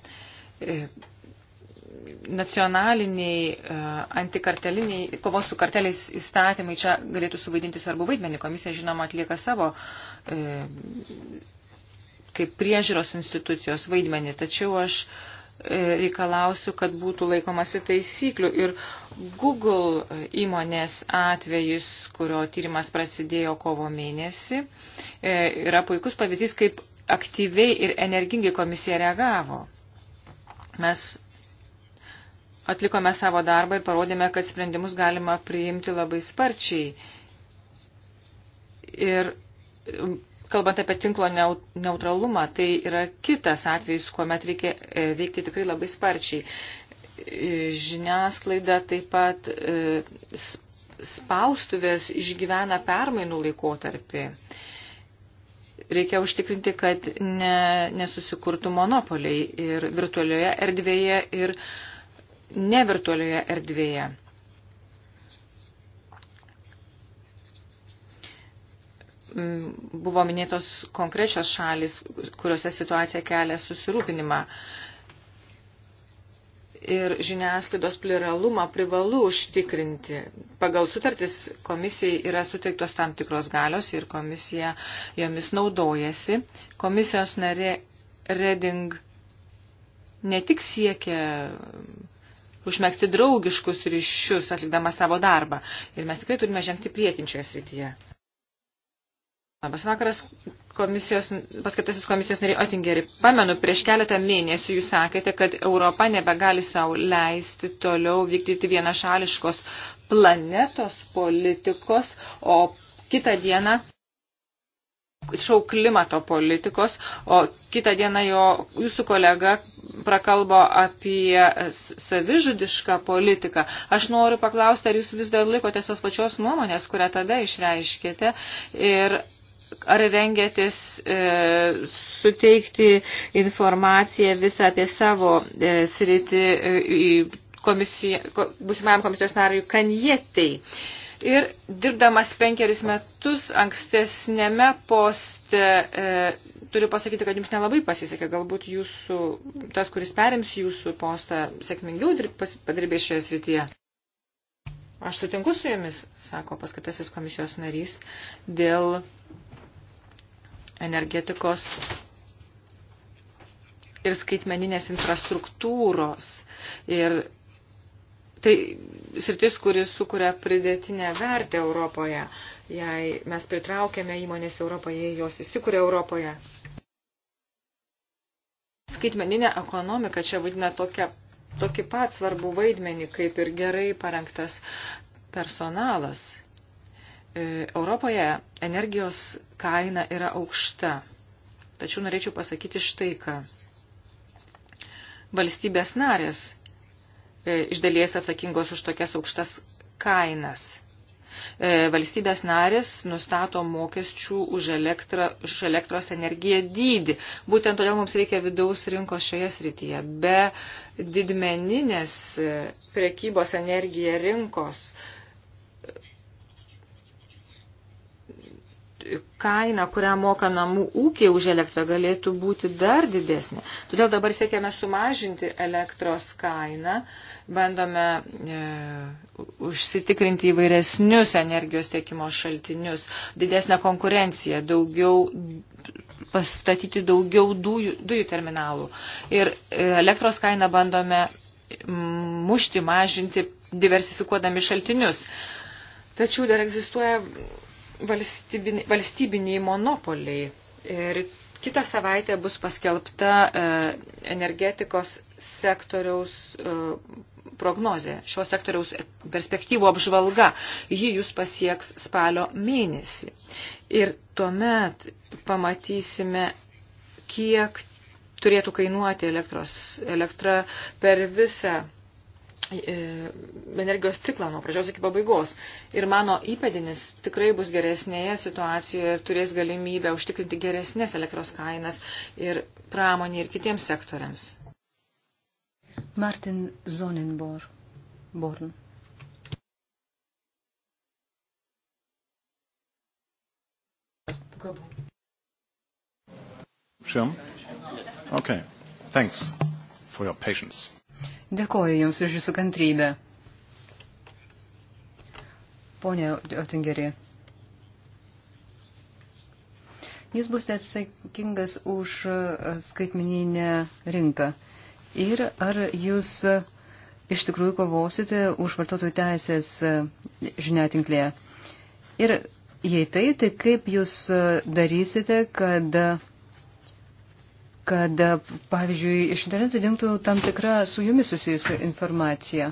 E, nacionaliniai, e, antikarteliniai, kovos su karteliais įstatymai čia galėtų suvaidinti svarbu vaidmenį. Komisija, žinoma, atlieka savo kaip priežiūros institucijos vaidmenį. Tačiau aš uh, E, reikalausiu, kad būtų laikomasi taisyklių. Ir Google įmonės atvejis, kurio tyrimas prasidėjo kovo mėnesį, e, yra puikus pavyzdys, kaip aktyviai ir energingai komisija reagavo. Mes atlikome savo darbą ir parodėme, kad sprendimus galima priimti labai sparčiai. Ir Kalbant apie tinklo neutralumą, tai yra kitas atvejis, kuomet reikia e, veikti tikrai labai sparčiai. E, žiniasklaida taip pat e, spaustuvės išgyvena permainų laikotarpį. Reikia užtikrinti, kad ne, nesusikurtų monopoliai ir virtualioje erdvėje ir nevirtualioje erdvėje. buvo minėtos konkrečios šalis, kuriuose situacija kelia susirūpinimą. Ir žiniasklaidos pluralumą privalu užtikrinti. Pagal sutartis komisijai yra suteiktos tam tikros galios ir komisija jomis naudojasi. Komisijos narė Reding ne tik siekia užmėgsti draugiškus ryšius, atlikdama savo darbą. Ir mes tikrai turime žengti priekinčioje srityje. Labas vakaras, komisijos, paskatasis komisijos nariai Otingeri. Pamenu, prieš keletą mėnesių jūs sakėte, kad Europa nebegali savo leisti toliau vykdyti vienašališkos planetos politikos, o kitą dieną šau klimato politikos, o kitą dieną jo jūsų kolega prakalbo apie savižudišką politiką. Aš noriu paklausti, ar jūs vis dar laikotės tos pačios nuomonės, kurią tada išreiškėte ir Ar rengėtės e, suteikti informaciją visą apie savo e, sritį e, komisija, ko, būsimajam komisijos nariui Kanjetai? Ir dirbdamas penkeris metus ankstesnėme poste, e, turiu pasakyti, kad jums nelabai pasisekė, galbūt jūsų, tas, kuris perims jūsų postą, sėkmingiau padirbės šioje srityje. Aš sutinku su jumis, sako paskatasis komisijos narys, dėl energetikos ir skaitmeninės infrastruktūros. Ir tai sritis, kuris sukuria pridėtinę vertę Europoje, jei mes pritraukėme įmonės Europoje, jei jos įsikuria Europoje. Skaitmeninė ekonomika čia vadina tokia, tokį pat svarbų vaidmenį, kaip ir gerai parengtas personalas. E, Europoje energijos kaina yra aukšta. Tačiau norėčiau pasakyti štai ką. Valstybės narės e, iš dalies atsakingos už tokias aukštas kainas. E, valstybės narės nustato mokesčių už, elektrą, už elektros energiją dydį. Būtent todėl mums reikia vidaus rinkos šioje srityje. Be didmeninės prekybos energija rinkos kaina, kurią moka namų ūkiai už elektrą, galėtų būti dar didesnė. Todėl dabar siekiame sumažinti elektros kainą, bandome e, užsitikrinti įvairesnius energijos tiekimo šaltinius, didesnę konkurenciją, daugiau pastatyti daugiau dujų, dujų terminalų. Ir e, elektros kainą bandome mušti, mažinti, diversifikuodami šaltinius. Tačiau dar egzistuoja valstybiniai, valstybiniai monopoliai. Ir kitą savaitę bus paskelbta e, energetikos sektoriaus e, prognozė, šio sektoriaus perspektyvų apžvalga. Ji jūs pasieks spalio mėnesį. Ir tuomet pamatysime, kiek turėtų kainuoti elektros, elektra per visą E, energijos ciklą nuo pradžios iki pabaigos. Ir mano įpėdinis tikrai bus geresnėje situacijoje ir turės galimybę užtikrinti geresnės elektros kainas ir pramonį ir kitiems sektoriams. Martin Zonenborn. Born. Sure. Okay. Thanks for your patience. Dėkoju Jums už Jūsų kantrybę. Pone Otingeri, Jūs būsite atsakingas už e, skaitmeninę rinką. Ir ar Jūs e, iš tikrųjų kovosite už vartotojų teisės e, žiniatinklėje? Ir jei tai, tai kaip Jūs darysite, kad kad, pavyzdžiui, iš interneto dingtų tam tikra su jumis susijusi informacija.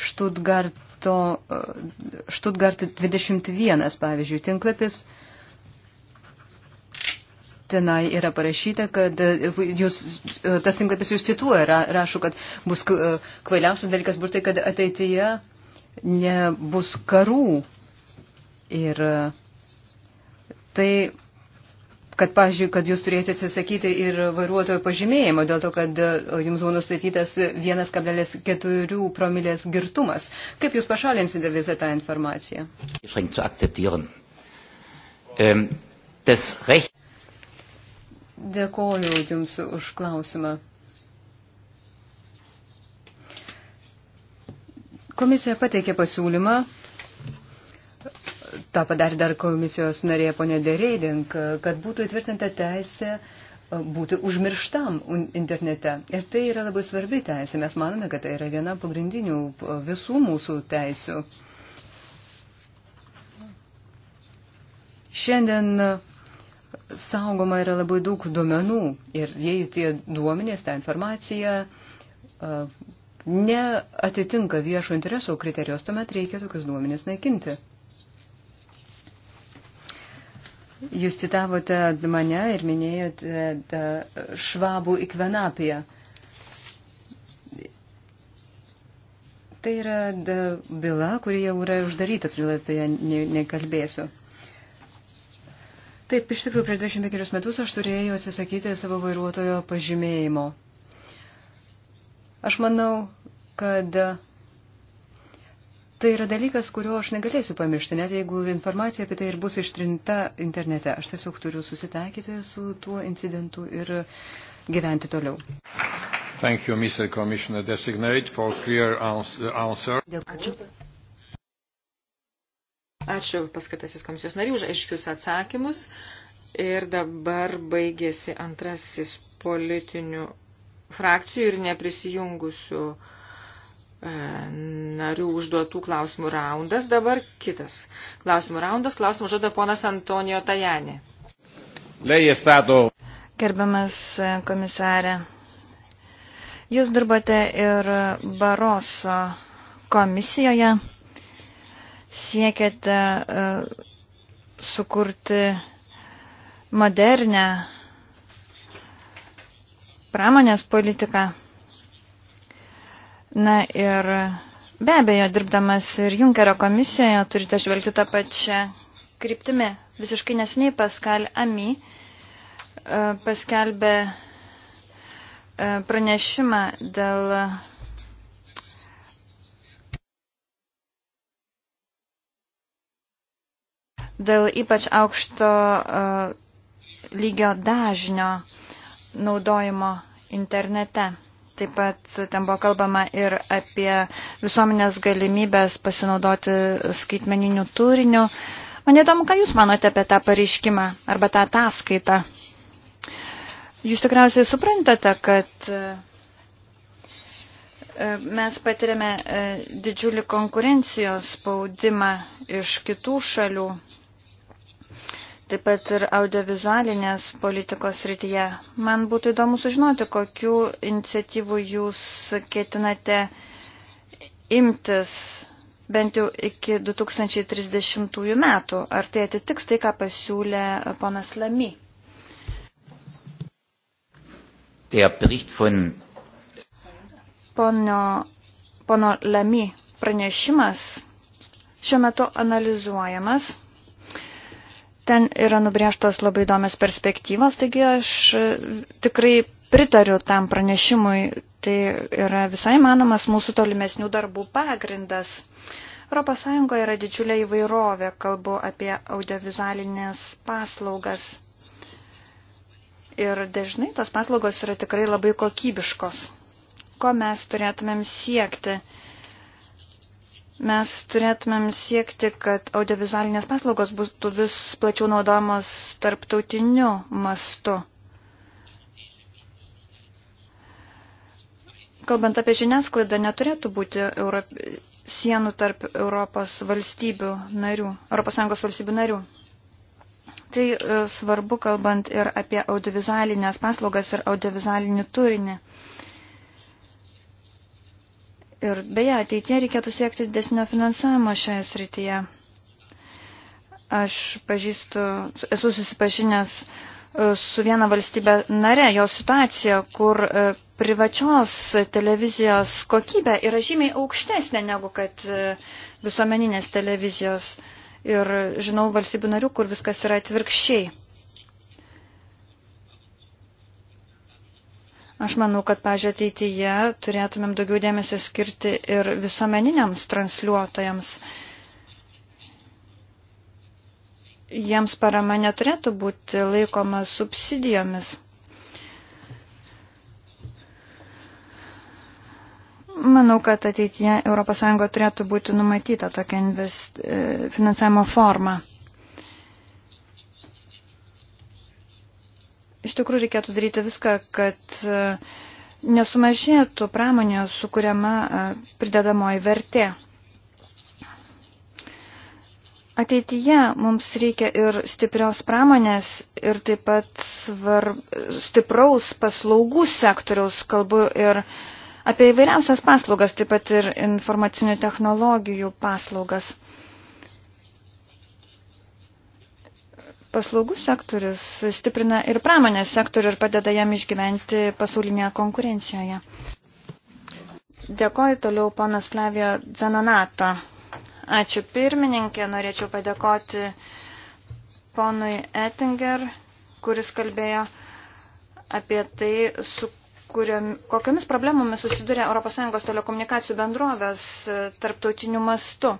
Štutgarto, Štutgarto 21, pavyzdžiui, tinklapis. Tenai yra parašyta, kad e, jūs, e, tas tinklapis jūs cituoja, ra, rašo, kad bus e, kvailiausias dalykas būtų tai, kad ateityje nebus karų Ir e, tai, kad, pažiūrėjau, kad jūs turėjote atsisakyti ir vairuotojo pažymėjimo, dėl to, kad e, jums buvo nustatytas 1,4 promilės girtumas. Kaip jūs pašalinsite visą tą informaciją? Ähm, Dėkoju Jums už klausimą. Komisija pateikė pasiūlymą tą padarė dar komisijos narė ponė Dereidink, kad būtų įtvirtinta teisė e, būti užmirštam internete. Ir tai yra labai svarbi teisė. Mes manome, kad tai yra viena pagrindinių e, visų mūsų teisių. Šiandien e, saugoma yra labai daug duomenų ir jei tie duomenės, ta informacija neatitinka viešo intereso kriterijos, tuomet reikia tokius duomenės naikinti. Jūs citavote mane ir minėjote e, švabų ikvenapiją. Tai yra byla, kuri jau yra uždaryta, todėl apie ją nekalbėsiu. Taip, iš tikrųjų, prieš 25 metus aš turėjau atsisakyti savo vairuotojo pažymėjimo. Aš manau, kad Tai yra dalykas, kurio aš negalėsiu pamiršti, net jeigu informacija apie tai ir bus ištrinta internete. Aš tiesiog turiu susitaikyti su tuo incidentu ir gyventi toliau. Thank you, Mr. Commissioner Designate, for clear answer. Ačiū. Ačiū paskatasis komisijos narių už aiškius atsakymus. Ir dabar baigėsi antrasis politinių frakcijų ir neprisijungusių E, narių užduotų klausimų raundas. Dabar kitas klausimų raundas. Klausimų žada ponas Antonijo Tajani. Lei è stato. Gerbiamas e, komisarė, jūs dirbate ir Baroso komisijoje, siekiate e, sukurti modernę pramonės politiką. Na ir be abejo, dirbdamas ir Junkerio komisijoje turite žvelgti tą pačią kryptimį. Visiškai nesiniai Paskal Ami e, paskelbė e, pranešimą dėl dėl ypač aukšto e, lygio dažnio naudojimo internete. Taip pat ten buvo kalbama ir apie visuomenės galimybės pasinaudoti skaitmeniniu turiniu. Man įdomu, ką Jūs manote apie tą pareiškimą arba tą ataskaitą. Jūs tikriausiai suprantate, kad e, mes patiriame e, didžiulį konkurencijos spaudimą iš kitų šalių taip pat ir audiovizualinės politikos rytyje. Man būtų įdomu sužinoti, kokių iniciatyvų jūs ketinate imtis bent jau iki 2030 metų. Ar tai atitiks tai, ką pasiūlė ponas Lamy? Von... Pono, pono Lamy pranešimas šiuo metu analizuojamas Ten yra nubrėžtos labai įdomios perspektyvos, taigi aš e, tikrai pritariu tam pranešimui. Tai yra visai manomas mūsų tolimesnių darbų pagrindas. ES yra didžiulė įvairovė, kalbu apie audiovizualinės paslaugas. Ir dažnai tos paslaugos yra tikrai labai kokybiškos. Ko mes turėtumėm siekti? Mes turėtumėm siekti, kad audiovizualinės paslaugos būtų vis plačiau naudojamos tarptautiniu mastu. Kalbant apie žiniasklaidą, neturėtų būti Europ... sienų tarp Europos valstybių narių, ES valstybių narių. Tai e, svarbu, kalbant ir apie audiovizualinės paslaugas ir audiovizualinį turinį. Ir beje, ateitie reikėtų siekti didesnio finansavimo šioje srityje. Aš pažįstu, esu susipažinęs e, su viena valstybė nare, jo situacija, kur e, privačios televizijos kokybė yra žymiai aukštesnė negu kad e, visuomeninės televizijos. Ir žinau valstybių narių, kur viskas yra atvirkščiai. Aš manau, kad, pažiūrėjau, ateityje turėtumėm daugiau dėmesio skirti ir visuomeniniams transliuotojams. Jiems parama neturėtų būti laikoma subsidijomis. Manau, kad ateityje ES turėtų būti numatyta tokia invest, e, finansavimo forma. iš tikrųjų reikėtų daryti viską, kad e, nesumažėtų pramonė sukuriama e, pridedamoji vertė. Ateityje mums reikia ir stiprios pramonės, ir taip pat svar, stipraus paslaugų sektoriaus, kalbu ir apie įvairiausias paslaugas, taip pat ir informacinių technologijų paslaugas. Paslaugų sektorius stiprina ir pramonės sektorių ir padeda jam išgyventi pasaulinėje konkurencijoje. Dėkoju toliau ponas Flavio Zanonato. Ačiū pirmininkė, norėčiau padėkoti ponui Ettinger, kuris kalbėjo apie tai, su kuriam, kokiamis problemomis susiduria ES telekomunikacijų bendrovės e, tarptautiniu mastu.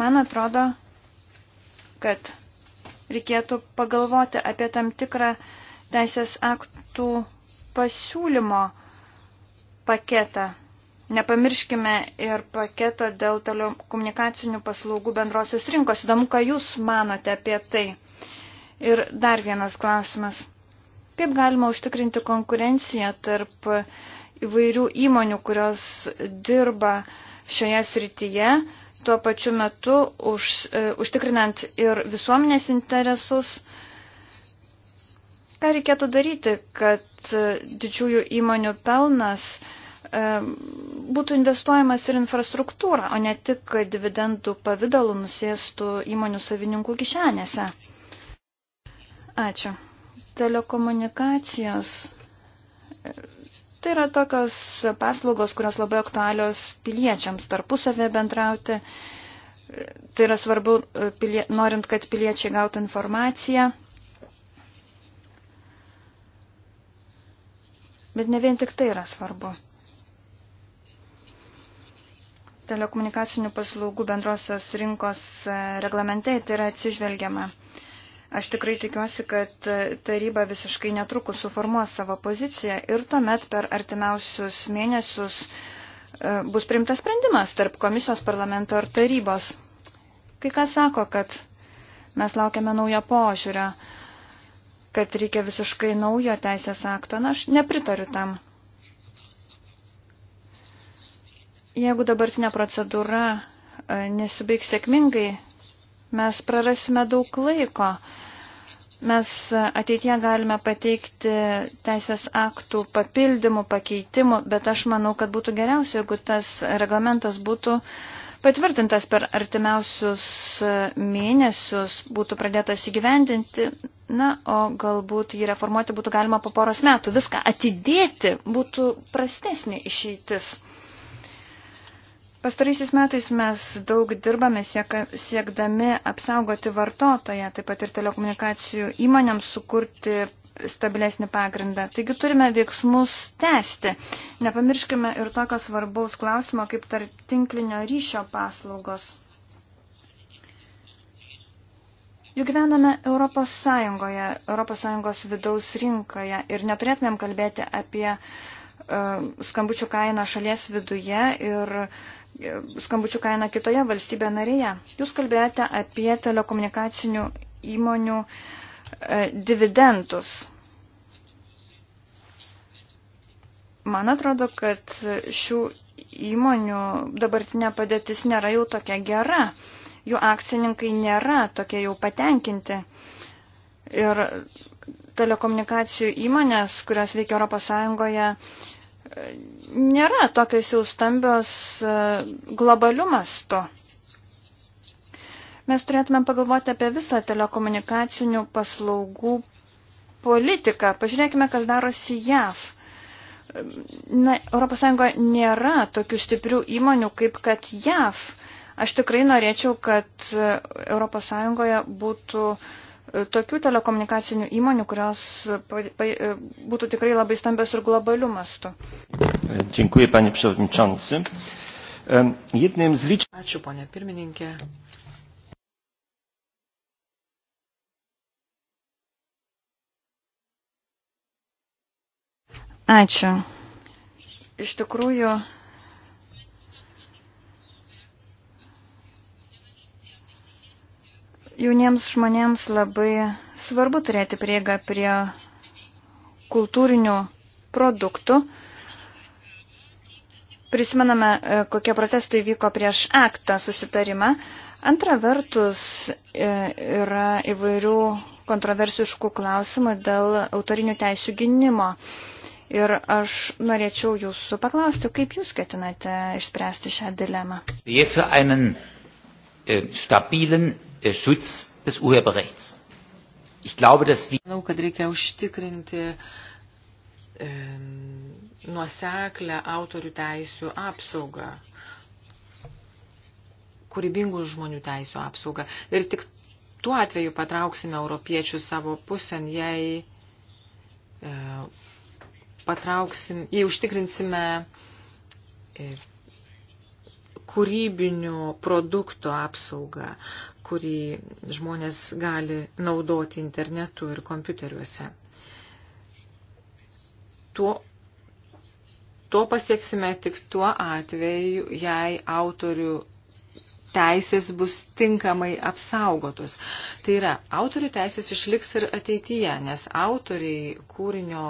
Man atrodo, kad reikėtų pagalvoti apie tam tikrą teisės aktų pasiūlymo paketą. Nepamirškime ir paketo dėl telekomunikacinių paslaugų bendrosios rinkos. Įdomu, ką Jūs manote apie tai. Ir dar vienas klausimas. Kaip galima užtikrinti konkurenciją tarp įvairių įmonių, kurios dirba šioje srityje, tuo pačiu metu už, e, užtikrinant ir visuomenės interesus. Ką reikėtų daryti, kad e, didžiųjų įmonių pelnas e, būtų investuojamas ir infrastruktūra, o ne tik dividendų pavydalų nusėstų įmonių savininkų kišenėse. Ačiū. Telekomunikacijos Tai yra tokios paslaugos, kurios labai aktualios piliečiams tarpusavė bendrauti. Tai yra svarbu, e, pilie, norint, kad piliečiai gautų informaciją. Bet ne vien tik tai yra svarbu. Telekomunikacinių paslaugų bendrosios rinkos e, reglamente tai yra atsižvelgiama. Aš tikrai tikiuosi, kad taryba visiškai netrukus suformuos savo poziciją ir tuomet per artimiausius mėnesius e, bus primtas sprendimas tarp komisijos parlamento ir tarybos. Kai kas sako, kad mes laukiame naujo požiūrio, kad reikia visiškai naujo teisės akto, na aš nepritariu tam. Jeigu dabartinė procedūra e, nesibaigs sėkmingai, Mes prarasime daug laiko. Mes ateitie galime pateikti teisės aktų papildymų, pakeitimų, bet aš manau, kad būtų geriausia, jeigu tas reglamentas būtų patvirtintas per artimiausius mėnesius, būtų pradėtas įgyvendinti, na, o galbūt jį reformuoti būtų galima po poros metų. Viską atidėti būtų prastesnė išeitis. Pastaraisiais metais mes daug dirbame sieka, siekdami apsaugoti vartotoją, taip pat ir telekomunikacijų įmonėms sukurti stabilesnį pagrindą. Taigi turime veiksmus tęsti. Nepamirškime ir tokio svarbaus klausimo kaip tarp tinklinio ryšio paslaugos. Juk gyvename Europos Sąjungoje, Europos Sąjungos vidaus rinkoje ir neturėtumėm kalbėti apie uh, skambučių kainą šalies viduje ir skambučių kainą kitoje valstybėje narėje. Jūs kalbėjote apie telekomunikacinių įmonių e, dividendus. Man atrodo, kad šių įmonių dabartinė padėtis nėra jau tokia gera. Jų akcininkai nėra tokie jau patenkinti. Ir telekomunikacijų įmonės, kurios veikia Europos Sąjungoje, nėra tokios jau stambios e, globalių mastų. Mes turėtume pagalvoti apie visą telekomunikacinių paslaugų politiką. Pažiūrėkime, kas darosi JAV. Na, ES nėra tokių stiprių įmonių kaip kad JAV. Aš tikrai norėčiau, kad ES būtų uh, tokių telekomunikacinių įmonių, kurios būtų tikrai labai stambios ir globalių mastų. Dziękuję, panie przewodniczący. Jednym z liczb... Ačiū, ponė pirmininkė. Ačiū. Iš tikrųjų, Jauniems žmonėms labai svarbu turėti prieigą prie kultūrinių produktų. Prisimename, e, kokie protestai vyko prieš aktą susitarimą. Antra vertus e, yra įvairių kontroversiškų klausimų dėl autorinių teisų gynimo. Ir aš norėčiau jūsų paklausti, kaip jūs ketinate išspręsti šią dilemą. Äh, stabilen der Schutz des Urheberrechts. Ich glaube, dass wir Manau, kad reikia užtikrinti e, nuoseklę autorių teisių apsaugą, kūrybingų žmonių teisių apsaugą. Ir tik tuo atveju patrauksime europiečių savo pusėn, jei e, patrauksim, jei užtikrinsime e, kūrybinių produktų apsaugą, kurį žmonės gali naudoti internetu ir kompiuteriuose. Tuo, tuo pasieksime tik tuo atveju, jei autorių teisės bus tinkamai apsaugotos. Tai yra, autorių teisės išliks ir ateityje, nes autoriai kūrinio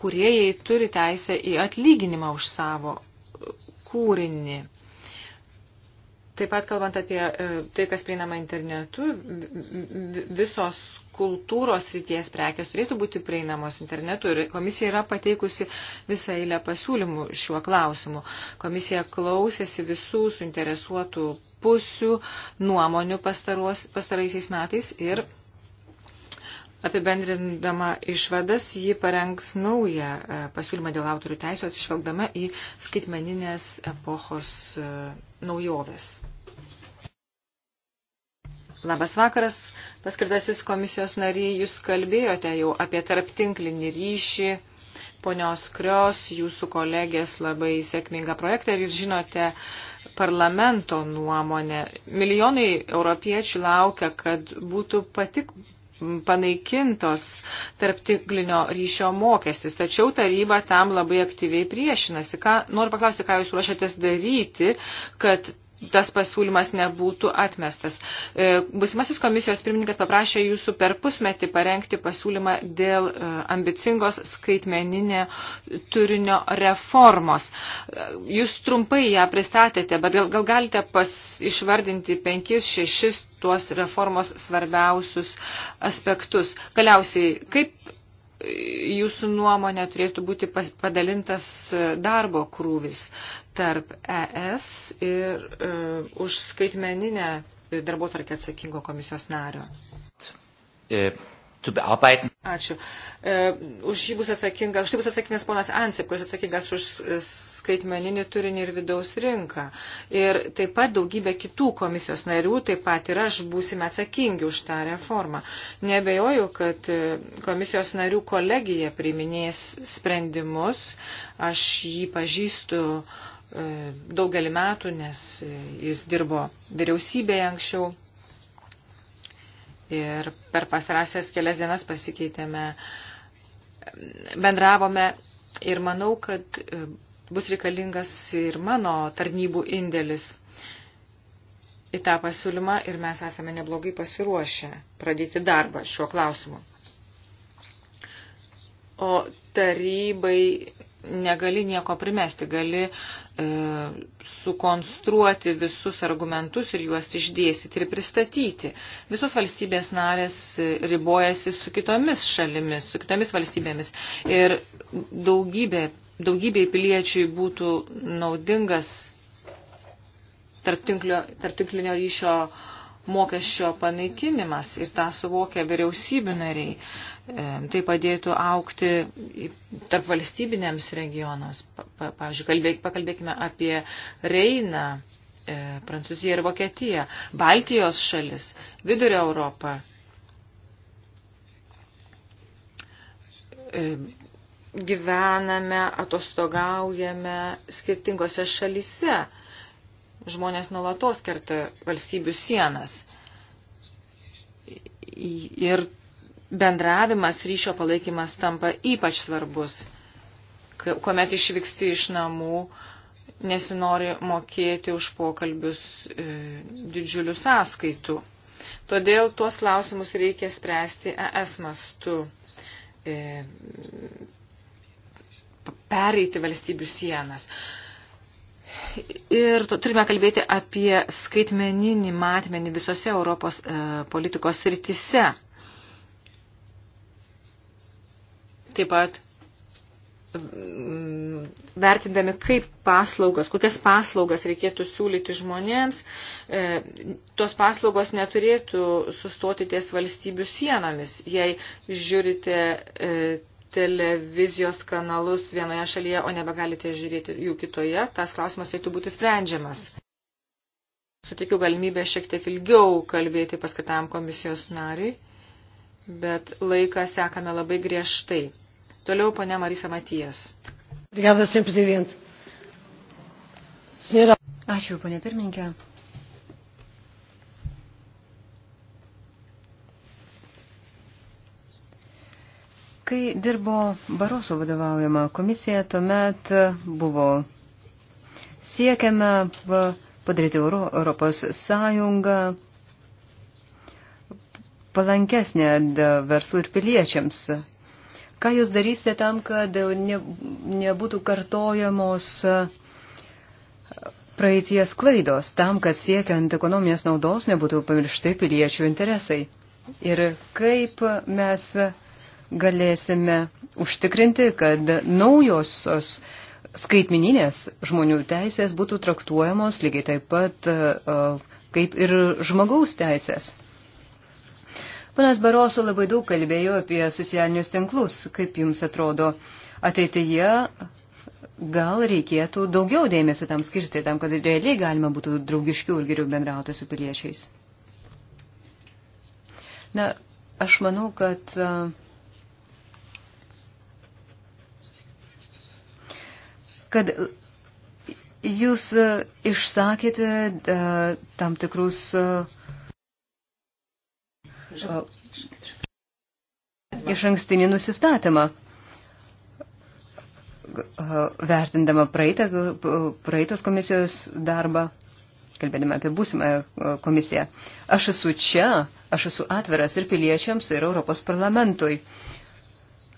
kuriejai turi teisę į atlyginimą už savo kūrinį. Taip pat kalbant apie e, tai, kas prieinama internetu, visos kultūros ryties prekės turėtų būti prieinamos internetu ir komisija yra pateikusi visą eilę pasiūlymų šiuo klausimu. Komisija klausėsi visų suinteresuotų pusių nuomonių pastaros, pastaraisiais metais ir Apibendrindama išvadas, ji parengs naują e, pasiūlymą dėl autorių teisų atsižvelgdama į skaitmeninės epochos e, naujoves. Labas vakaras, paskirtasis komisijos nariai, jūs kalbėjote jau apie tarptinklinį ryšį, ponios Krios, jūsų kolegės labai sėkmingą projektą ir jūs žinote parlamento nuomonę. Milijonai europiečių laukia, kad būtų patik panaikintos tarptiklinio ryšio mokestis. Tačiau taryba tam labai aktyviai priešinasi. Ką, noriu paklausti, ką jūs ruošiatės daryti, kad tas pasiūlymas nebūtų atmestas. E, būsimasis komisijos pirmininkas paprašė jūsų per pusmetį parengti pasiūlymą dėl e, ambicingos skaitmeninė turinio reformos. E, jūs trumpai ją pristatėte, bet gal, gal galite pas, išvardinti penkis, šešis tuos reformos svarbiausius aspektus. Galiausiai, kaip jūsų nuomonė turėtų būti padalintas e, darbo krūvis tarp ES ir uh, už skaitmeninę darbo tvarkę atsakingo komisijos nario? E zu bearbeiten. Ačiū. E, už jį bus atsakingas, už tai bus atsakingas ponas Ansip, kuris atsakingas už skaitmeninį turinį ir vidaus rinką. Ir taip pat daugybė kitų komisijos narių, taip pat ir aš būsime atsakingi už tą reformą. Nebejoju, kad komisijos narių kolegija priiminės sprendimus. Aš jį pažįstu e, daugelį metų, nes jis dirbo vyriausybėje anksčiau ir per pastarąsias kelias dienas pasikeitėme, bendravome ir manau, kad e, bus reikalingas ir mano tarnybų indėlis į tą pasiūlymą ir mes esame neblogai pasiruošę pradėti darbą šiuo klausimu. O tarybai negali nieko primesti, gali e, sukonstruoti visus argumentus ir juos išdėstyti ir pristatyti. Visos valstybės narės e, ribojasi su kitomis šalimis, su kitomis valstybėmis. Ir daugybė, daugybė piliečiai būtų naudingas tarptinklinio tarp ryšio mokesčio panaikinimas ir tą suvokia vyriausybių nariai. E, tai padėtų aukti tarp valstybinėms regionams. Pavyzdžiui, pakalbėkime apie Reiną, e, Prancūziją ir Vokietiją, Baltijos šalis, Vidurio Europą. E, gyvename, atostogaujame skirtingose šalise žmonės nuolatos kerta valstybių sienas. Ir bendravimas, ryšio palaikymas tampa ypač svarbus, kuomet išvyksti iš namų, nesinori mokėti už pokalbius e, didžiulių sąskaitų. Todėl tuos klausimus reikia spręsti ES mastu, e, pereiti valstybių sienas. E, Ir turime kalbėti apie skaitmeninį matmenį visose Europos e, politikos sritise. Taip pat mm, vertindami, kaip paslaugas, kokias paslaugas reikėtų siūlyti žmonėms, e, tos paslaugos neturėtų sustoti ties valstybių sienomis. Jei žiūrite e, televizijos kanalus vienoje šalyje, o nebegalite žiūrėti jų kitoje, tas klausimas reiktų būti sprendžiamas. Sutikiu galimybę šiek tiek ilgiau kalbėti paskatam komisijos nariui, bet laiką sekame labai griežtai. Toliau ponia Marisa Matijas. Obrigada, senhor presidente. Senhora... Ačiū, ponia pirmininkė. Kai dirbo Baroso vadovaujama komisija, tuomet buvo siekiama padaryti Euro, Europos sąjungą palankesnė verslų ir piliečiams. Ką jūs darysite tam, kad ne, nebūtų kartojamos praeities klaidos, tam, kad siekiant ekonominės naudos nebūtų pamiršti piliečių interesai? Ir kaip mes galėsime užtikrinti, kad naujosios skaitmininės žmonių teisės būtų traktuojamos lygiai taip pat e, kaip ir žmogaus teisės. Panas Baroso labai daug kalbėjo apie socialinius tinklus. Kaip jums atrodo, ateityje gal reikėtų daugiau dėmesio tam skirti, tam, kad realiai galima būtų draugiškiau ir geriau bendrauti su piliečiais? Na, aš manau, kad uh, kad jūs e, išsakėte e, tam tikrus. E, iš ankstinį nusistatymą, vertindama praeitą, praeitos komisijos darbą, kalbėdama apie būsimą komisiją. Aš esu čia, aš esu atviras ir piliečiams, ir Europos parlamentui.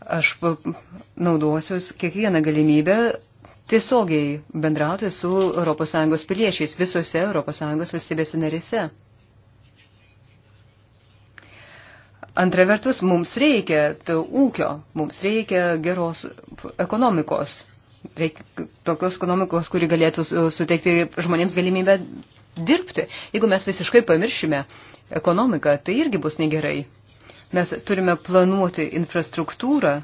Aš naudosiu kiekvieną galimybę tiesiogiai bendrauti su ES piliečiais visose ES valstybėse narise. Antra vertus, mums reikia ūkio, mums reikia geros ekonomikos, reikia tokios ekonomikos, kuri galėtų suteikti žmonėms galimybę dirbti. Jeigu mes visiškai pamiršime ekonomiką, tai irgi bus negerai. Mes turime planuoti infrastruktūrą,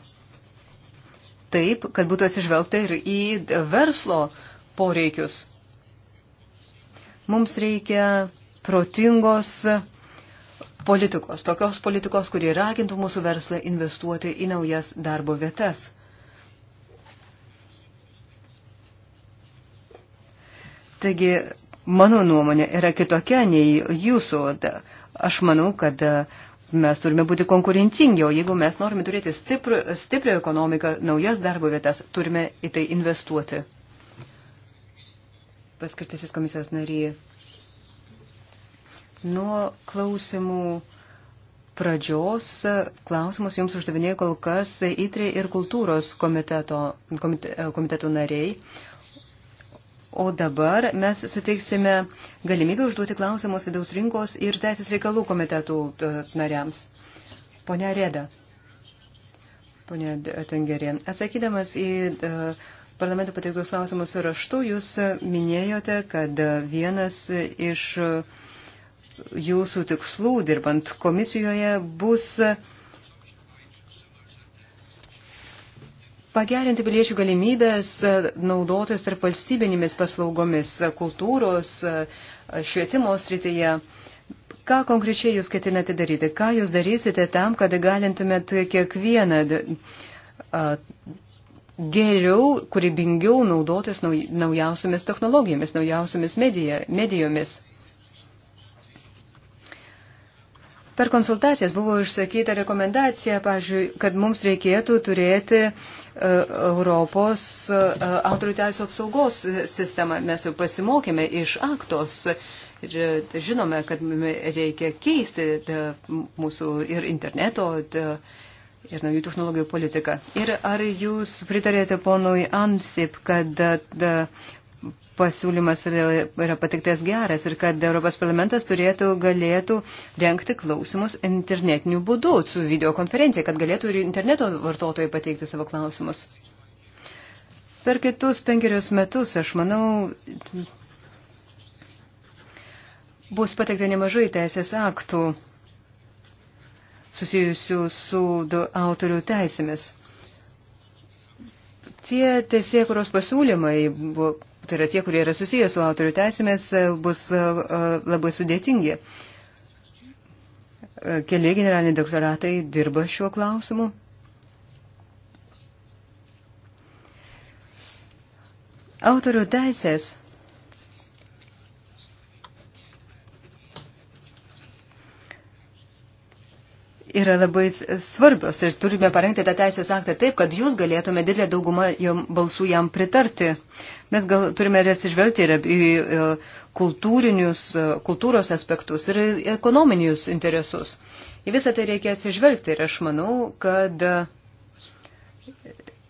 taip, kad būtų atsižvelgta ir į verslo poreikius. Mums reikia protingos politikos, tokios politikos, kurie ragintų mūsų verslą investuoti į naujas darbo vietas. Taigi, mano nuomonė yra kitokia nei jūsų. Aš manau, kad uh, Mes turime būti konkurencingi, o jeigu mes norime turėti stiprų, stiprią ekonomiką, naujas darbo vietas, turime į tai investuoti. Paskirtasis komisijos nariai. Nuo klausimų pradžios klausimus jums uždavinėjo kol kas ITRI ir kultūros komiteto, komite, komiteto nariai. O dabar mes suteiksime galimybę užduoti klausimus vidaus rinkos ir teisės reikalų komitetų e, nariams. Pone Reda. Pone Tengerė. Atsakydamas į e, parlamento pateiktus klausimus raštu, jūs minėjote, kad vienas iš jūsų tikslų dirbant komisijoje bus pagerinti piliečių galimybės e, naudotis tarp valstybinėmis paslaugomis e, kultūros, e, švietimo srityje. Ką konkrečiai jūs ketinate daryti? Ką jūs darysite tam, kad galintumėt kiekvieną geriau, kūrybingiau naudotis naujausiamis technologijomis, naujausiamis medijomis? Per konsultacijas buvo išsakyta rekomendacija, pažiūrėjau, kad mums reikėtų turėti e, Europos e, autorių teisų apsaugos sistemą. Mes jau pasimokėme iš aktos ir e, žinome, kad reikia keisti mūsų ir interneto. Ir naujų technologijų politika. Ir ar jūs pritarėte ponui Ansip, kad pasiūlymas yra patiktas geras ir kad Europos parlamentas turėtų, galėtų renkti klausimus internetiniu būdu su videokonferencija, kad galėtų ir interneto vartotojai pateikti savo klausimus. Per kitus penkerius metus, aš manau, bus pateikta nemažai teisės aktų susijusių su autorių teisėmis. Tie teisėkuros pasiūlymai, tai yra tie, kurie yra susijęs su autorių teisėmis, bus labai sudėtingi. Keli generaliniai doktoratai dirba šiuo klausimu. Autorių teisės yra labai svarbios ir turime parengti tą teisės aktą taip, kad jūs galėtume didelę daugumą jam, balsų jam pritarti. Mes gal turime atsižvelgti ir į e, kultūrinius, e, kultūros aspektus ir ekonominius interesus. Į visą tai reikia atsižvelgti ir aš manau, kad e,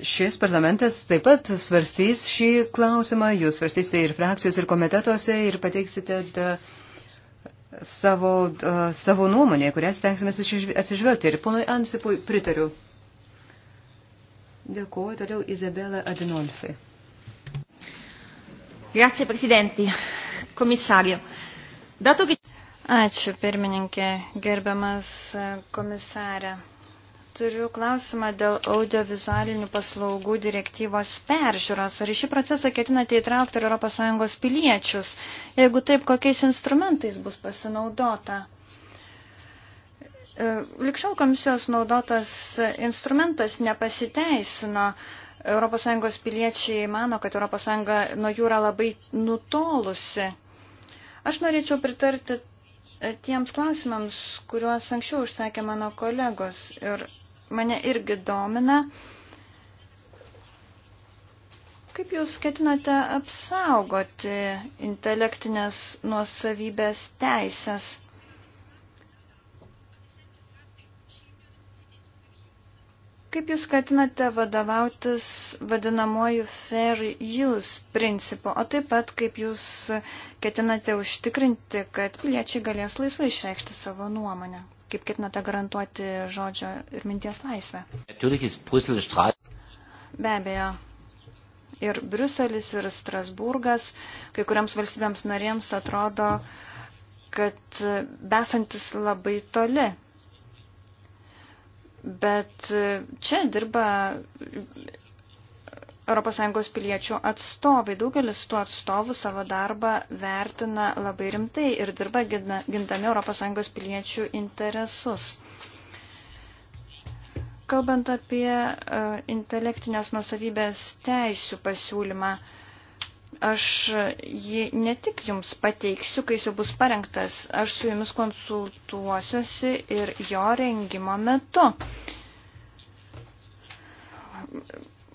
šis parlamentas taip pat svarstys šį klausimą, jūs svarstysite ir frakcijos, ir komitetuose ir pateiksite. Da, de savo, savo nuomonę, kurią stengsimės atsižvelgti. Ir ponui Ansipui pritariu. Dėkuoju toliau Izabela Adinolfi. Grazie, prezidenti. Komisario. Dato, Ačiū, pirmininkė, gerbiamas komisarė. Turiu klausimą dėl audiovizualinių paslaugų direktyvos peržiūros. Ar į šį procesą ketinate įtraukti ir ES piliečius? Jeigu taip, kokiais instrumentais bus pasinaudota? E, Likščiau komisijos naudotas instrumentas nepasiteisino. ES piliečiai mano, kad ES nuo jų yra labai nutolusi. Aš norėčiau pritarti tiems klausimams, kuriuos anksčiau užsakė mano kolegos. Ir mane irgi domina. Kaip Jūs ketinate apsaugoti intelektinės nuosavybės teisės? Kaip Jūs ketinate vadovautis vadinamuoju fair use principu, o taip pat kaip Jūs ketinate užtikrinti, kad piliečiai galės laisvai išreikšti savo nuomonę? kaip ketinate garantuoti žodžio ir minties laisvę? Be abejo. Ir Briuselis, ir Strasburgas, kai kuriams valstybėms narėms atrodo, kad e, besantis labai toli. Bet e, čia dirba ES piliečių atstovai. Daugelis tų atstovų savo darbą vertina labai rimtai ir dirba gindami ES piliečių interesus. Kalbant apie uh, intelektinės nusavybės teisių pasiūlymą, aš jį ne tik jums pateiksiu, kai jis jau bus parengtas, aš su jumis konsultuosiuosi ir jo rengimo metu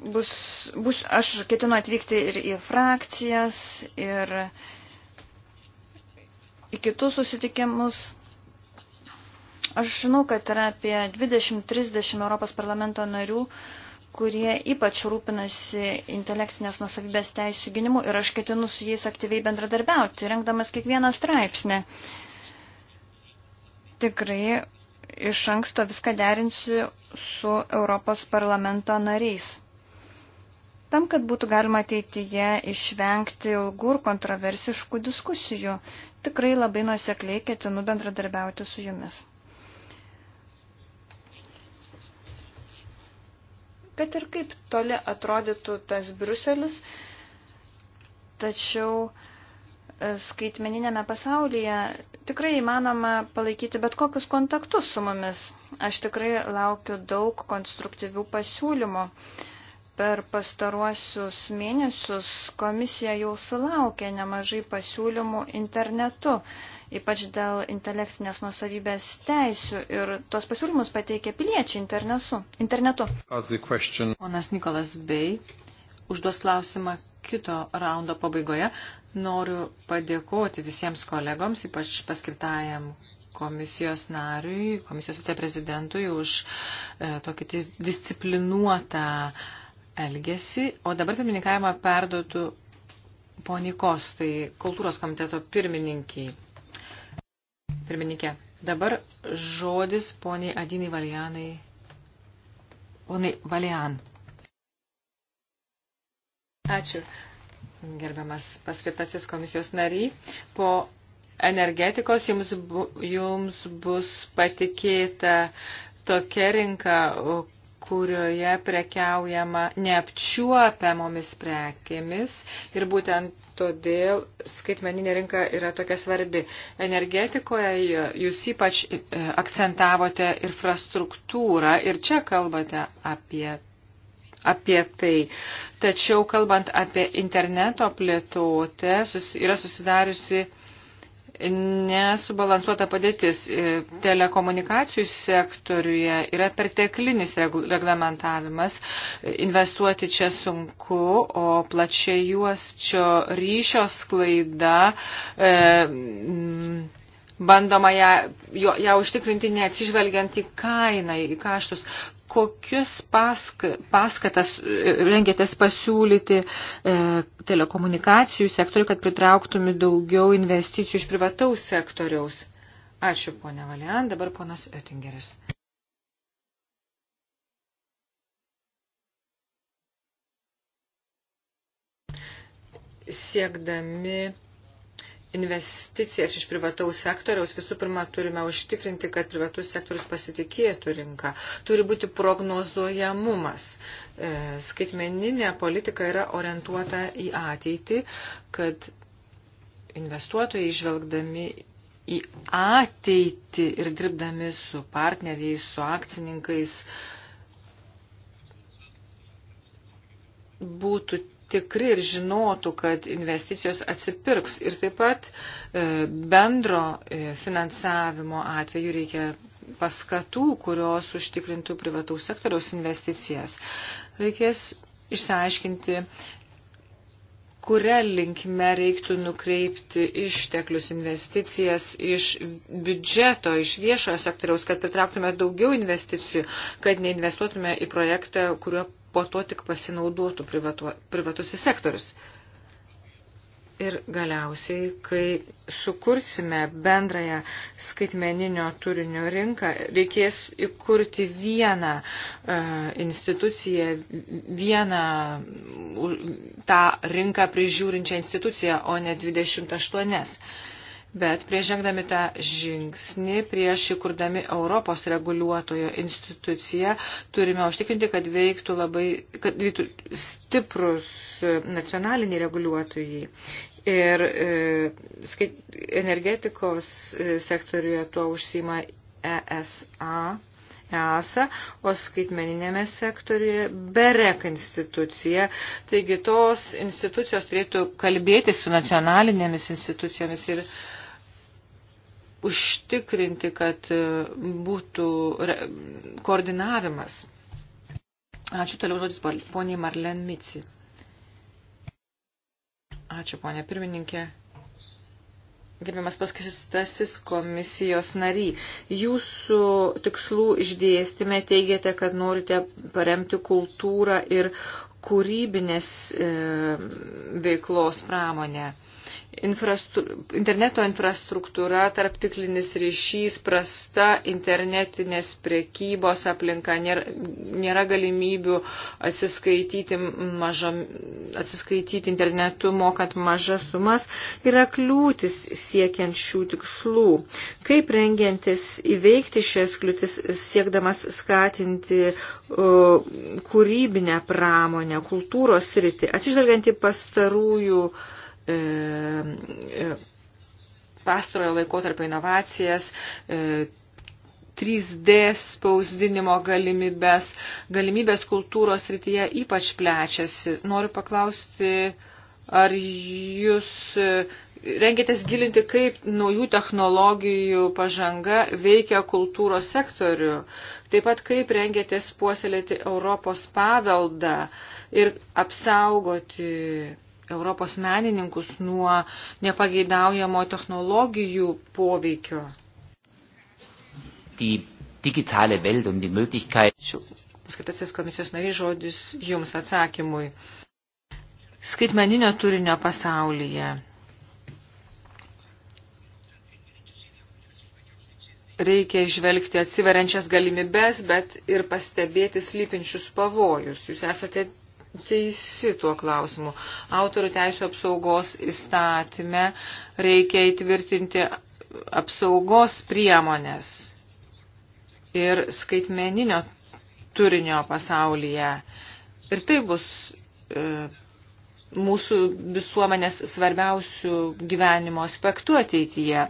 bus, bus, aš ketinu atvykti ir į frakcijas, ir į kitus susitikimus. Aš žinau, kad yra apie 20-30 Europos parlamento narių, kurie ypač rūpinasi intelektinės nusavybės teisų gynimu ir aš ketinu su jais aktyviai bendradarbiauti, rengdamas kiekvieną straipsnį. Tikrai iš anksto viską derinsiu su Europos parlamento nariais tam, kad būtų galima ateityje išvengti ilgų ir kontroversiškų diskusijų. Tikrai labai nuosekliai ketinu bendradarbiauti su jumis. Kad ir kaip toli atrodytų tas Bruselis, tačiau e, skaitmeninėme pasaulyje tikrai įmanoma palaikyti bet kokius kontaktus su mumis. Aš tikrai laukiu daug konstruktyvių pasiūlymų per pastaruosius mėnesius komisija jau sulaukė nemažai pasiūlymų internetu, ypač dėl intelektinės nusavybės teisių ir tuos pasiūlymus pateikė piliečiai internetu. Ponas Nikolas Bey užduos klausimą kito raundo pabaigoje. Noriu padėkoti visiems kolegoms, ypač paskirtajam komisijos nariui, komisijos viceprezidentui už e, tokį disciplinuotą e, elgesį, o dabar pirmininkavimą perduotų poniai Kostai, kultūros komiteto pirmininkiai. Pirmininkė, dabar žodis poniai Adinai Valianai. Ponai Valian. Ačiū, gerbiamas paskirtasis komisijos nariai. Po energetikos jums, bu, jums bus patikėta tokia rinka, kurioje prekiaujama neapčiuopiamomis prekėmis ir būtent todėl skaitmeninė rinka yra tokia svarbi. Energetikoje jūs ypač e, akcentavote infrastruktūrą ir čia kalbate apie, apie tai. Tačiau kalbant apie interneto plėtotę, yra susidariusi nesubalansuota padėtis e, telekomunikacijų sektoriuje yra perteklinis reglamentavimas, e, investuoti čia sunku, o plačiai juos čia ryšio sklaida. E, Bandoma ją, ją užtikrinti neatsižvelgiant į kainą, į kaštus kokius pask, paskatas e, rengėtės pasiūlyti e, telekomunikacijų sektoriu, kad pritrauktumė daugiau investicijų iš privataus sektoriaus? Ačiū, ponia Valian, dabar ponas Oettingeris. Siekdami investicijas iš privataus sektoriaus, visų pirma, turime užtikrinti, kad privatus sektorius pasitikėtų rinką. Turi būti prognozuojamumas. E, skaitmeninė politika yra orientuota į ateitį, kad investuotojai išvelgdami į ateitį ir dirbdami su partneriais, su akcininkais, būtų tikri ir žinotų, kad investicijos atsipirks. Ir taip pat e, bendro e, finansavimo atveju reikia paskatų, kurios užtikrintų privataus sektoriaus investicijas. Reikės išsiaiškinti, kuria linkme reiktų nukreipti išteklius investicijas iš biudžeto, iš viešojo sektoriaus, kad pritrauktume daugiau investicijų, kad neinvestuotume į projektą, kurio po to tik pasinaudotų privatu, privatus sektorius. Ir galiausiai, kai sukursime bendrąją skaitmeninio turinio rinką, reikės įkurti vieną e, instituciją, vieną tą rinką prižiūrinčią instituciją, o ne 28. Bet prieš žengdami tą žingsnį, prieš įkurdami Europos reguliuotojo instituciją, turime užtikrinti, kad veiktų labai, kad veiktų stiprus e, nacionaliniai reguliuotojai. Ir e, energetikos e, sektoriuje tuo užsima ESA. EASA, o skaitmeninėme sektoriuje BEREK institucija. Taigi tos institucijos turėtų kalbėti su nacionalinėmis institucijomis ir uh, užtikrinti, kad būtų koordinavimas. Ačiū toliau žodis poniai Marlen Mici. Ačiū ponė pirmininkė. Gerbiamas paskirtasis komisijos nary, jūsų tikslų išdėstime teigiate, kad norite paremti kultūrą ir kūrybinės e, veiklos pramonę. E, infrastru, interneto infrastruktūra, tarptiklinis ryšys, prasta internetinės priekybos aplinka, nėra, nėra galimybių atsiskaityti, mažo, atsiskaityti internetu, mokant mažas sumas, yra kliūtis siekiant šių tikslų. Kaip rengiantis įveikti šias kliūtis, siekdamas skatinti uh, kūrybinę pramonę, kultūros sritį, atsižvelgiant į pastarųjų uh, E, e, pastarojo laikotarpio inovacijas, 3D e, spausdinimo galimybės, galimybės kultūros rytyje ypač plečiasi. Noriu paklausti, ar jūs rengėtės gilinti, kaip naujų technologijų pažanga veikia kultūros sektorių, taip pat kaip rengėtės puoselėti Europos paveldą ir apsaugoti Europos menininkus nuo nepageidaujamo technologijų poveikio. Die digitale Welt und die Möglichkeit. Paskatasis komisijos narys žodis jums atsakymui. Skaitmeninio turinio pasaulyje reikia išvelgti atsiveriančias galimybes, bet ir pastebėti slypinčius pavojus. Jūs esate teisi tuo klausimu. Autorių teisų apsaugos įstatyme reikia įtvirtinti apsaugos priemonės ir skaitmeninio turinio pasaulyje. Ir tai bus e, mūsų visuomenės svarbiausių gyvenimo aspektų ateityje.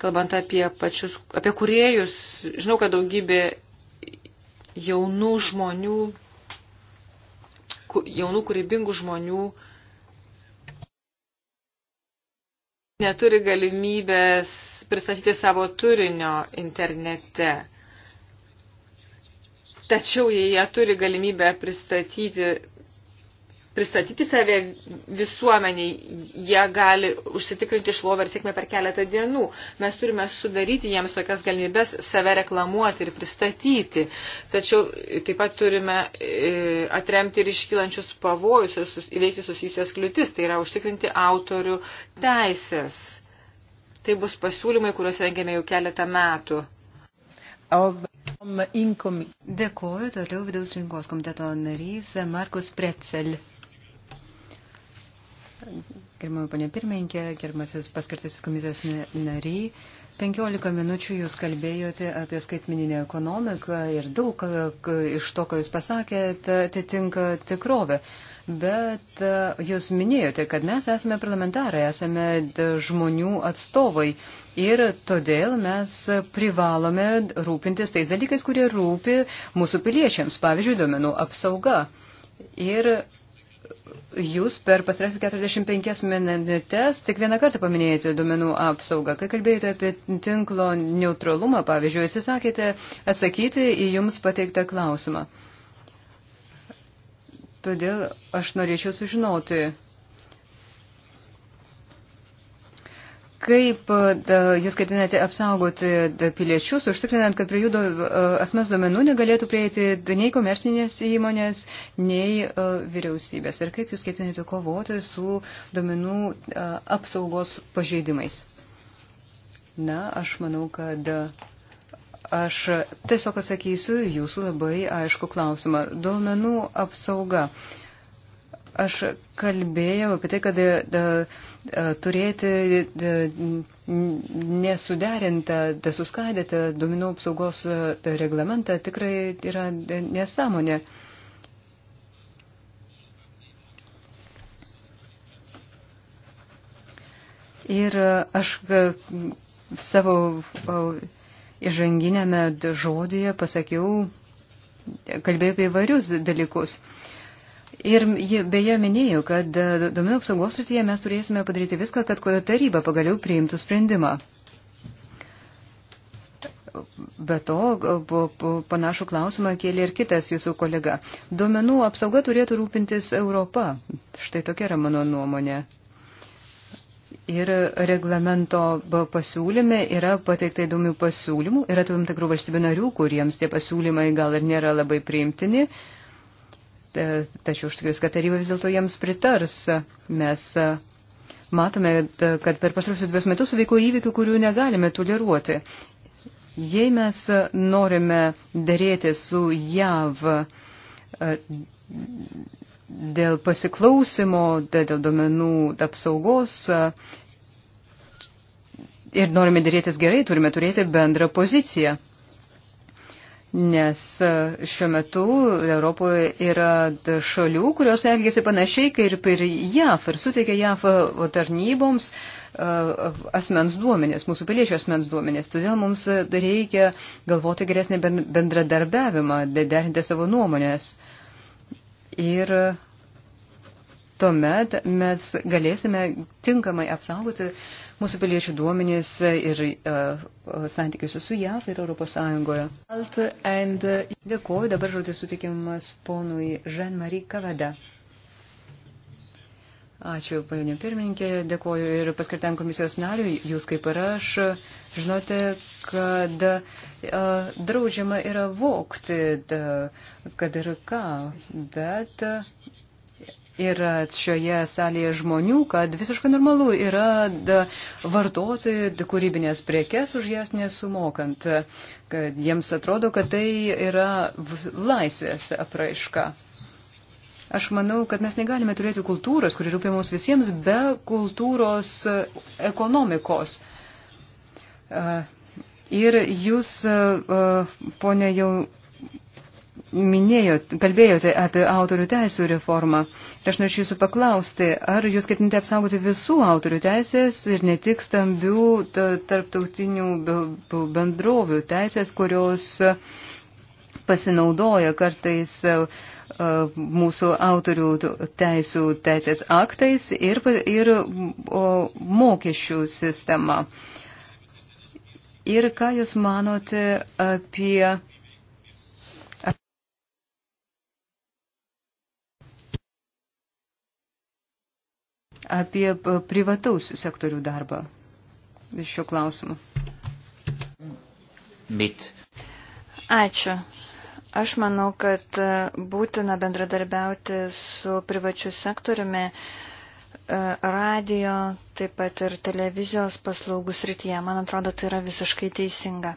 Kalbant apie pačius, apie kuriejus, žinau, kad daugybė jaunų žmonių jaunų kūrybingų žmonių neturi galimybės pristatyti savo turinio internete. Tačiau jei jie turi galimybę pristatyti pristatyti save visuomeniai, jie gali užsitikrinti šlovę ir sėkmę per keletą dienų. Mes turime sudaryti jiems tokias galimybės save reklamuoti ir pristatyti. Tačiau taip pat turime e, atremti ir iškylančius pavojus ir įveikti susijusias kliūtis, tai yra užtikrinti autorių teisės. Tai bus pasiūlymai, kuriuos rengėme jau keletą metų. Dėkuoju toliau vidaus rinkos komiteto narys Markus Pretzel. Gerbiamą ponę pirmininkę, gerbiamasis paskirtasis komisijos nariai, 15 minučių jūs kalbėjote apie skaitmininę ekonomiką ir daug iš to, ką jūs pasakėte, atitinka tikrovę. Bet e, jūs minėjote, kad mes esame parlamentarai, esame e, žmonių atstovai ir todėl mes privalome rūpintis tais dalykais, kurie rūpi mūsų piliečiams, pavyzdžiui, duomenų apsauga. Ir Jūs per pastarąsias 45 minutės tik vieną kartą paminėjote duomenų apsaugą. Kai kalbėjote apie tinklo neutralumą, pavyzdžiui, jūs sakėte atsakyti į jums pateiktą klausimą. Todėl aš norėčiau sužinoti, Kaip e, da, jūs ketinate apsaugoti da, piliečius, užtikrinant, kad prie jų do, e, asmens duomenų negalėtų prieiti nei komercinės įmonės, nei a, e, vyriausybės? Ir kaip jūs ketinate kovoti su duomenų a, apsaugos pažeidimais? Na, aš manau, kad aš tiesiog atsakysiu jūsų labai aišku klausimą. Duomenų apsauga. A, Aš kalbėjau apie tai, kad da, e, da, e, turėti da, e, nesuderintą, da, suskaidytą duomenų apsaugos reglamentą tikrai yra nesąmonė. Ir aš savo įžanginėme žodėje pasakiau, kalbėjau apie įvairius dalykus. Ir jie beje minėjo, kad e, duomenų apsaugos srityje mes turėsime padaryti viską, kad taryba pagaliau priimtų sprendimą. Be to, panašų klausimą kėlė ir kitas jūsų kolega. Duomenų apsauga turėtų rūpintis Europa. Štai tokia yra mano nuomonė. Ir reglamento pasiūlyme yra pateikta įdomių pasiūlymų. Yra tam tikrų valstybių narių, kuriems tie pasiūlymai gal ir nėra labai priimtini. Uh, E, tačiau aš tikiuosi, kad taryba vis dėlto jiems pritars. Mes e, matome, kad per pasarusius dvies metus vyko įvykių, kurių negalime toleruoti. Jei mes norime dėrėti su JAV e, dėl pasiklausimo, dėl domenų apsaugos, ir norime dėrėtis gerai, turime turėti bendrą poziciją nes e, šiuo metu Europoje yra šalių, kurios elgėsi panašiai kaip ir JAF ir suteikė JAF e, tarnyboms e, asmens duomenės, mūsų piliečių asmens duomenės. Todėl mums reikia galvoti geresnį bendradarbiavimą, derinti savo nuomonės. Ir tuomet mes galėsime tinkamai apsaugoti uh, mūsų piliečių duomenys ir uh, santykiuose su JAV ir Europos Sąjungoje. And, uh, Dėkuoju, dabar žodis sutikimas ponui Jean-Marie Kavada. Ačiū, pajonė pirmininkė, dėkuoju ir paskirtam komisijos nariui, jūs kaip ir aš, žinote, kad a, e, draudžiama yra vokti, da, kad ir ką, bet. A, ir šioje salėje žmonių, kad visiškai normalu yra vartoti kūrybinės priekes už jas nesumokant, kad jiems atrodo, kad tai yra laisvės apraiška. Aš manau, kad mes negalime turėti kultūros, kuri rūpia mums visiems, be kultūros ekonomikos. Ir jūs, ponė jau minėjot, kalbėjote apie autorių teisų reformą. Ir aš norėčiau jūsų paklausti, ar jūs ketinate apsaugoti visų autorių teisės ir ne tik stambių tarptautinių bendrovių teisės, kurios pasinaudoja kartais e, e, mūsų autorių teisų teisės aktais ir, ir mokesčių sistema. Ir ką Jūs manote apie apie e, privataus sektorių darbą šiuo klausimu. Mit. Ačiū. Aš manau, kad e, būtina bendradarbiauti su privačiu sektoriumi e, radio, taip pat ir televizijos paslaugų srityje. Man atrodo, tai yra visiškai teisinga.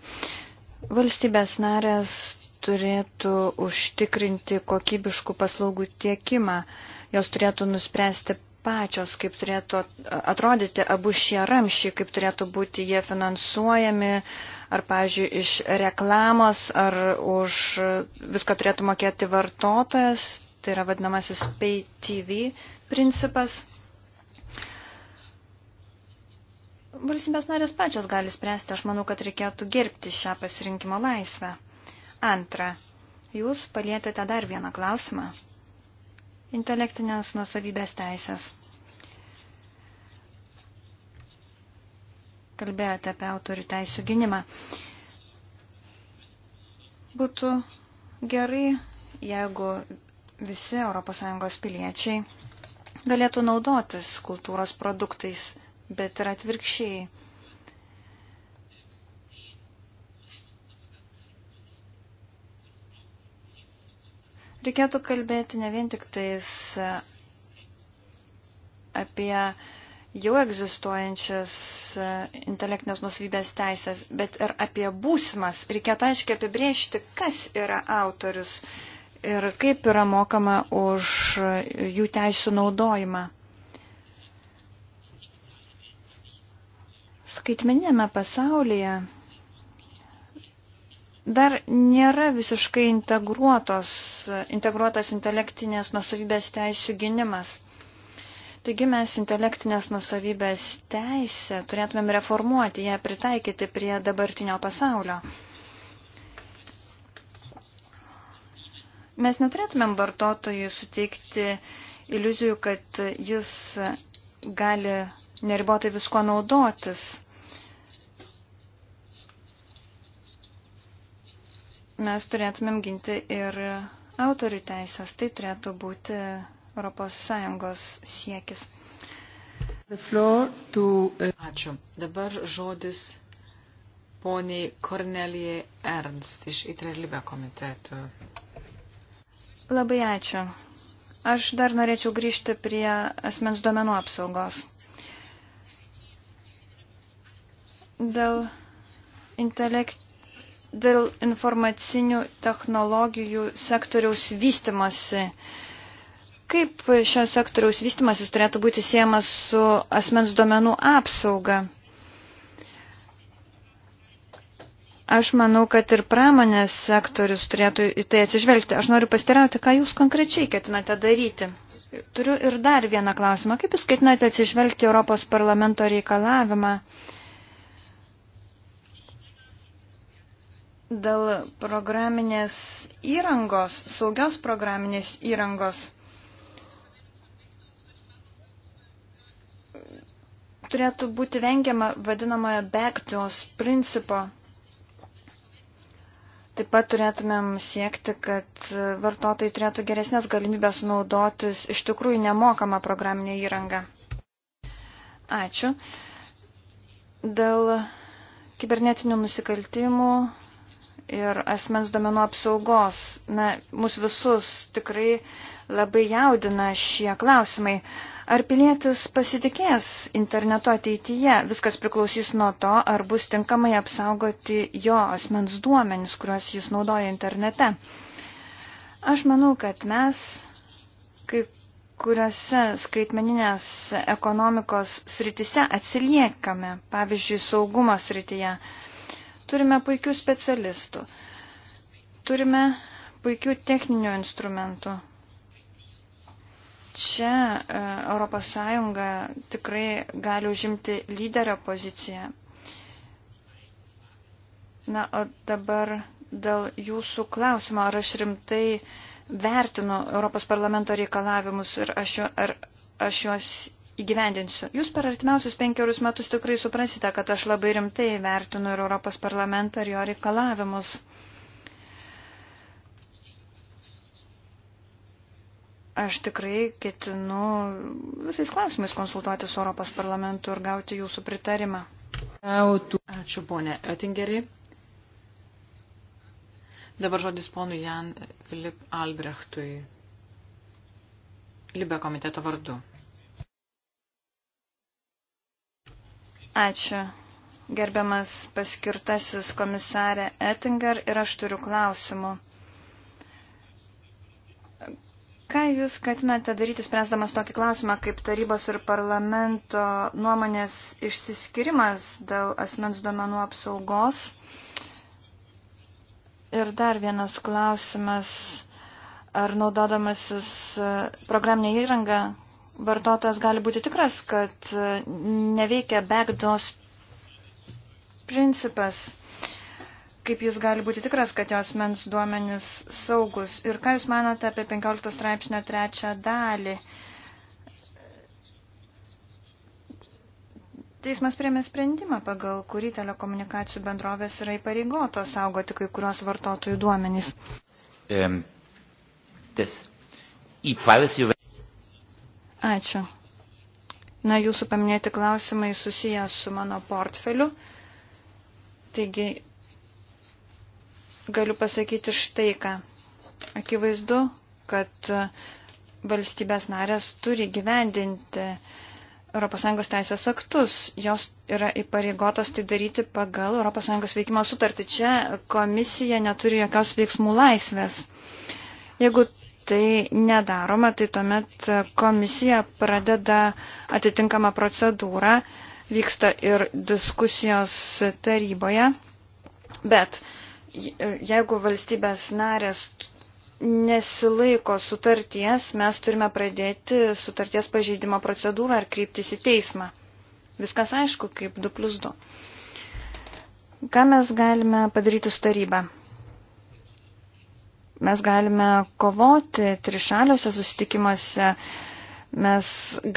Valstybės narės turėtų užtikrinti kokybiškų paslaugų tiekimą. Jos turėtų nuspręsti pačios, kaip turėtų atrodyti abu šie ramšiai, kaip turėtų būti jie finansuojami, ar, pavyzdžiui, iš reklamos, ar už viską turėtų mokėti vartotojas, tai yra vadinamasis pay TV principas. Valstybės narės pačios gali spręsti, aš manau, kad reikėtų gerbti šią pasirinkimo laisvę. Antra, jūs palietėte dar vieną klausimą intelektinės nusavybės teisės. Kalbėjote apie autorių teisų gynimą. Būtų gerai, jeigu visi ES piliečiai galėtų naudotis kultūros produktais, bet ir atvirkščiai Reikėtų kalbėti ne vien tik tais e, apie jau egzistuojančias e, intelektinės nusvybės teisės, bet ir apie būsimas. Reikėtų aiškiai apibriežti, kas yra autorius ir kaip yra mokama už jų teisų naudojimą. Skaitmeninėme pasaulyje dar nėra visiškai integruotos, integruotas intelektinės nusavybės teisų gynimas. Taigi mes intelektinės nusavybės teisę turėtumėm reformuoti, ją pritaikyti prie dabartinio pasaulio. Mes neturėtumėm vartotojui suteikti iliuzijų, kad jis gali neribotai visko naudotis. mes turėtumėm ginti ir autorių teisės. Tai turėtų būti ES siekis. To... Uh, ačiū. Dabar žodis poniai Kornelijai Ernst iš Itrelibė komitetų. Labai ačiū. Aš dar norėčiau grįžti prie asmens duomenų apsaugos. Dėl intelekt dėl informacinių technologijų sektoriaus vystimosi. Kaip šio sektoriaus vystimasis turėtų būti siejamas su asmens duomenų apsauga? Aš manau, kad ir pramonės sektorius turėtų į tai atsižvelgti. Aš noriu pastirauti, ką jūs konkrečiai ketinate daryti. Turiu ir dar vieną klausimą. Kaip jūs ketinate atsižvelgti Europos parlamento reikalavimą? dėl programinės įrangos, saugios programinės įrangos. Turėtų būti vengiama vadinamojo backdoors principo. Taip pat turėtumėm siekti, kad vartotojai turėtų geresnės galimybės naudotis iš tikrųjų nemokamą programinę įrangą. Ačiū. Dėl kibernetinių nusikaltimų ir asmens domenų apsaugos. Na, mus visus tikrai labai jaudina šie klausimai. Ar pilietis pasitikės interneto ateityje? Viskas priklausys nuo to, ar bus tinkamai apsaugoti jo asmens duomenys, kuriuos jis naudoja internete. Aš manau, kad mes, kaip kuriuose skaitmeninės ekonomikos sritise atsiliekame, pavyzdžiui, saugumo srityje. Turime puikių specialistų, turime puikių techninių instrumentų. Čia ES tikrai gali užimti lyderio poziciją. Na, o dabar dėl jūsų klausimo, ar aš rimtai vertinu Europos parlamento reikalavimus ir aš, ar aš juos įgyvendinsiu. Jūs per artimiausius penkerius metus tikrai suprasite, kad aš labai rimtai vertinu ir Europos parlamentą ir jo reikalavimus. Aš tikrai ketinu visais klausimais konsultuoti su Europos parlamentu ir gauti jūsų pritarimą. Ačiū, ponė Oettingeriai. Dabar žodis ponui Jan Filip Albrechtui. Libe komiteto vardu. Ačiū, gerbiamas paskirtasis komisarė Ettinger ir aš turiu klausimų. Ką Jūs skatinate daryti, spręsdamas tokį klausimą, kaip tarybos ir parlamento nuomonės išsiskirimas dėl asmens duomenų apsaugos? Ir dar vienas klausimas, ar naudodamasis programinė įranga vartotojas gali būti tikras, kad e, neveikia backdoors principas, kaip jis gali būti tikras, kad jos mens duomenys saugus. Ir ką Jūs manate apie 15 straipsnio trečią dalį? Teismas priemė sprendimą, pagal kurį telekomunikacijų bendrovės yra įpareigotos saugoti kai kurios vartotojų duomenys. Um, e, e privacy... Ačiū. Na, jūsų paminėti klausimai susijęs su mano portfeliu. Taigi, galiu pasakyti štai ką. Akivaizdu, kad valstybės narės turi gyvendinti ES teisės aktus. Jos yra įpareigotos tai daryti pagal ES veikimo sutartį. Čia komisija neturi jokios veiksmų laisvės. Jeigu tai nedaroma, tai tuomet komisija pradeda atitinkamą procedūrą, vyksta ir diskusijos taryboje, bet jeigu valstybės narės nesilaiko sutarties, mes turime pradėti sutarties pažeidimo procedūrą ar kreiptis į teismą. Viskas aišku, kaip 2 plus 2. Ką mes galime padaryti su taryba? mes galime kovoti trišaliuose susitikimuose, mes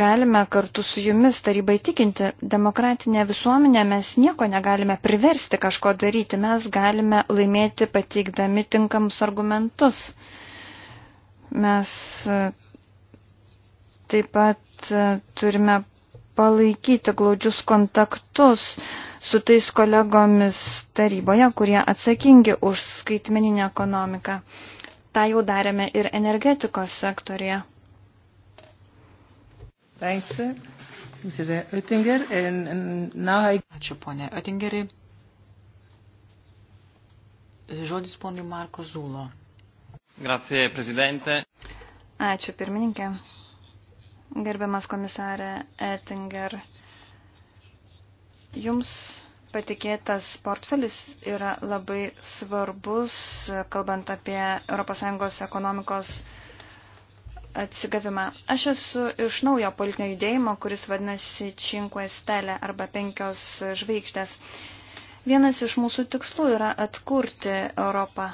galime kartu su jumis tarybą įtikinti. Demokratinė visuomenė mes nieko negalime priversti kažko daryti, mes galime laimėti pateikdami tinkamus argumentus. Mes taip pat turime palaikyti glaudžius kontaktus su tais kolegomis taryboje, kurie atsakingi už skaitmeninę ekonomiką. Ta jau darėme ir energetikos sektorija. Ačiū, ponė Oettingeri. Žodis ponui Marko Zulo. Grazie, prezidente. Ačiū, pirmininkė. Gerbiamas komisarė Ettinger, jums patikėtas portfelis yra labai svarbus, kalbant apie ES ekonomikos atsigavimą. Aš esu iš naujo politinio judėjimo, kuris vadinasi Cinque Stelle arba penkios žvaigždės. Vienas iš mūsų tikslų yra atkurti Europą.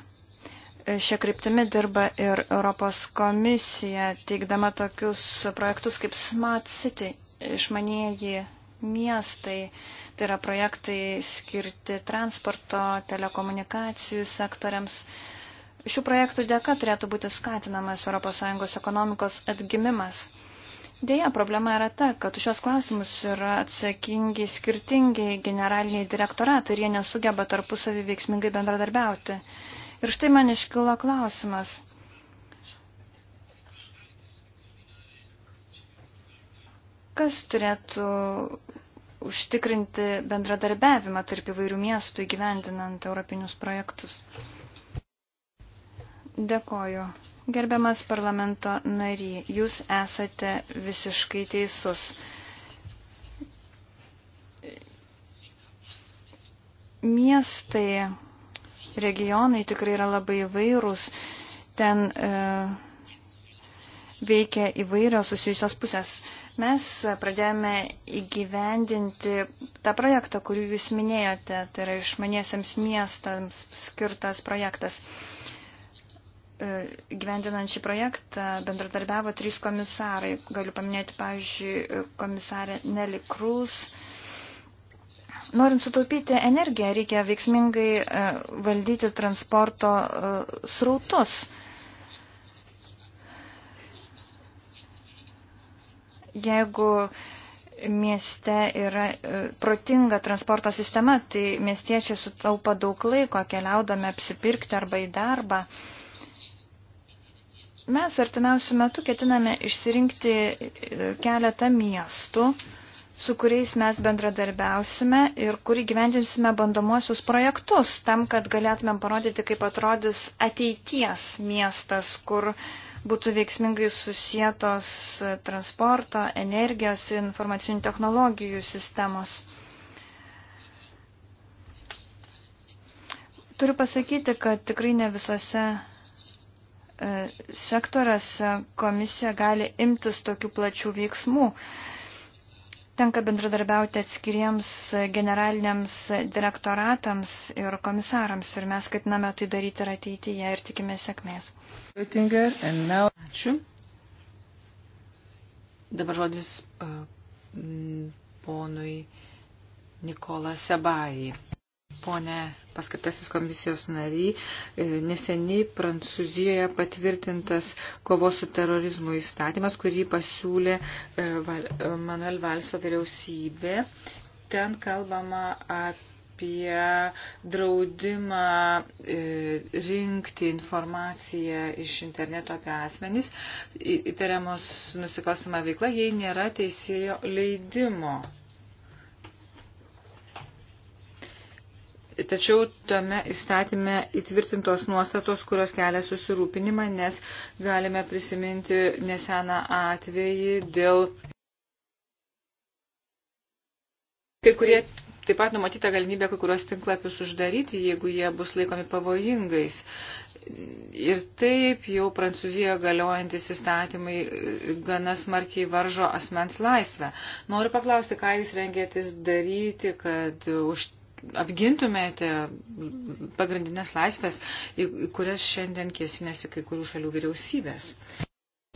Šia kryptimi dirba ir Europos komisija, teikdama tokius projektus kaip Smart City, išmanėjai miestai. Tai yra projektai skirti transporto, telekomunikacijų sektoriams. Šių projektų dėka turėtų būti skatinamas ES ekonomikos atgimimas. Deja, problema yra ta, kad šios klausimus yra atsakingi skirtingi generaliniai direktoratai ir jie nesugeba tarpusavį veiksmingai bendradarbiauti. Ir štai man iškilo klausimas. Kas turėtų užtikrinti bendradarbiavimą tarp įvairių miestų įgyvendinant europinius projektus? Dėkoju. Gerbiamas parlamento nary, jūs esate visiškai teisus. Miestai regionai tikrai yra labai vairūs. Ten e, veikia įvairios susijusios pusės. Mes pradėjome įgyvendinti tą projektą, kurį jūs minėjote, tai yra išmaniesiams miestams skirtas projektas. E, Gyvendinant šį projektą bendradarbiavo trys komisarai. Galiu paminėti, pavyzdžiui, komisarę Nelly Cruz, Norint sutaupyti energiją, reikia veiksmingai e, valdyti transporto e, srautus. Jeigu mieste yra e, protinga transporto sistema, tai miestiečiai sutaupa daug laiko keliaudami apsipirkti arba į darbą. Mes artimiausių metų ketiname išsirinkti keletą miestų, su kuriais mes bendradarbiausime ir kurį gyvendinsime bandomuosius projektus, tam, kad galėtumėm parodyti, kaip atrodys ateities miestas, kur būtų veiksmingai susijėtos transporto, energijos ir informacinių technologijų sistemos. Turiu pasakyti, kad tikrai ne visose e, sektoriuose komisija gali imtis tokių plačių veiksmų tenka bendradarbiauti atskiriems generaliniams direktoratams ir komisarams ir mes skatiname tai daryti ir ateityje ir tikime sėkmės. Ačiū. Dabar žodis uh, ponui Nikola Sebai ponė paskatasis komisijos nariai, e, neseniai Prancūzijoje patvirtintas kovos su terorizmu įstatymas, kurį pasiūlė e, Manuel Valso vyriausybė. Ten kalbama apie draudimą e, rinkti informaciją iš interneto apie asmenys įtariamos nusikalstama veikla, jei nėra teisėjo leidimo Tačiau tame įstatymė įtvirtintos nuostatos, kurios kelia susirūpinimą, nes galime prisiminti neseną atvejį dėl. Kai kurie taip pat numatyta galimybė kai kurios tinklapius uždaryti, jeigu jie bus laikomi pavojingais. Ir taip jau Prancūzijoje galiojantis įstatymai e, gana smarkiai varžo asmens laisvę. Noriu paklausti, ką jūs rengėtis daryti, kad užtikrinti apgintumėte pagrindinės laisvės, į kurias šiandien kėsinėsi kai kurių šalių vyriausybės.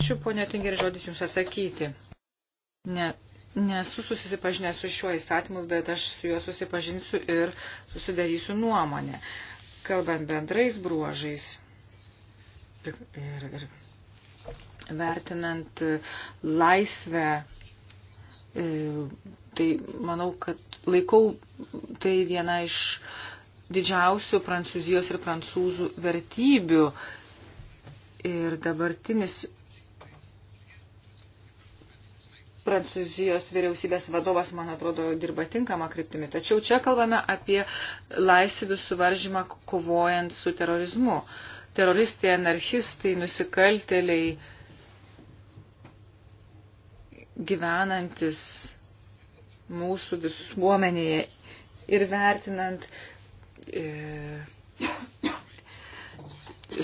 Ačiū, ponė Tingeri, žodis jums atsakyti. Ne, nesu susipažinęs su šiuo įstatymu, bet aš su juo susipažinsiu ir susidarysiu nuomonę. Kalbant bendrais bruožais ir, ir, ir vertinant laisvę, e, tai manau, kad Laikau tai viena iš didžiausių prancūzijos ir prancūzų vertybių. Ir dabartinis Prancūzijos vyriausybės vadovas, man atrodo, dirba tinkamą kryptimį. Tačiau čia kalbame apie laisvių suvaržymą kovojant su terorizmu. Teroristai, anarchistai, nusikalteliai gyvenantis mūsų visuomenėje ir vertinant e,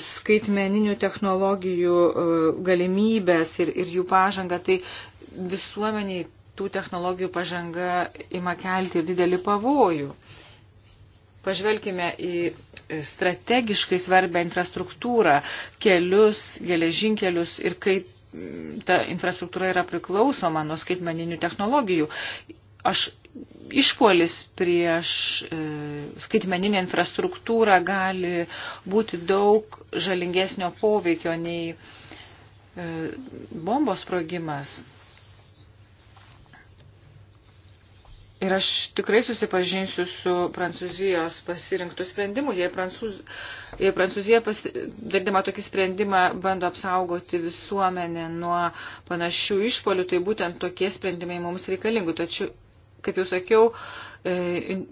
skaitmeninių technologijų e, galimybės ir, ir jų pažangą, tai visuomeniai tų technologijų pažanga ima kelti ir didelį pavojų. Pažvelkime į strategiškai svarbę infrastruktūrą, kelius, geležinkelius ir kaip ta infrastruktūra yra priklausoma nuo skaitmeninių technologijų aš išpolis prieš e, skaitmeninę infrastruktūrą gali būti daug žalingesnio poveikio nei e, bombos sprogimas. Ir aš tikrai susipažinsiu su Prancūzijos pasirinktų sprendimų. Jei, Prancūz, jei Prancūzija, pasi, dardama tokį sprendimą, bando apsaugoti visuomenę nuo panašių išpolių, tai būtent tokie sprendimai mums reikalingi. Tačiau kaip jau sakiau, e,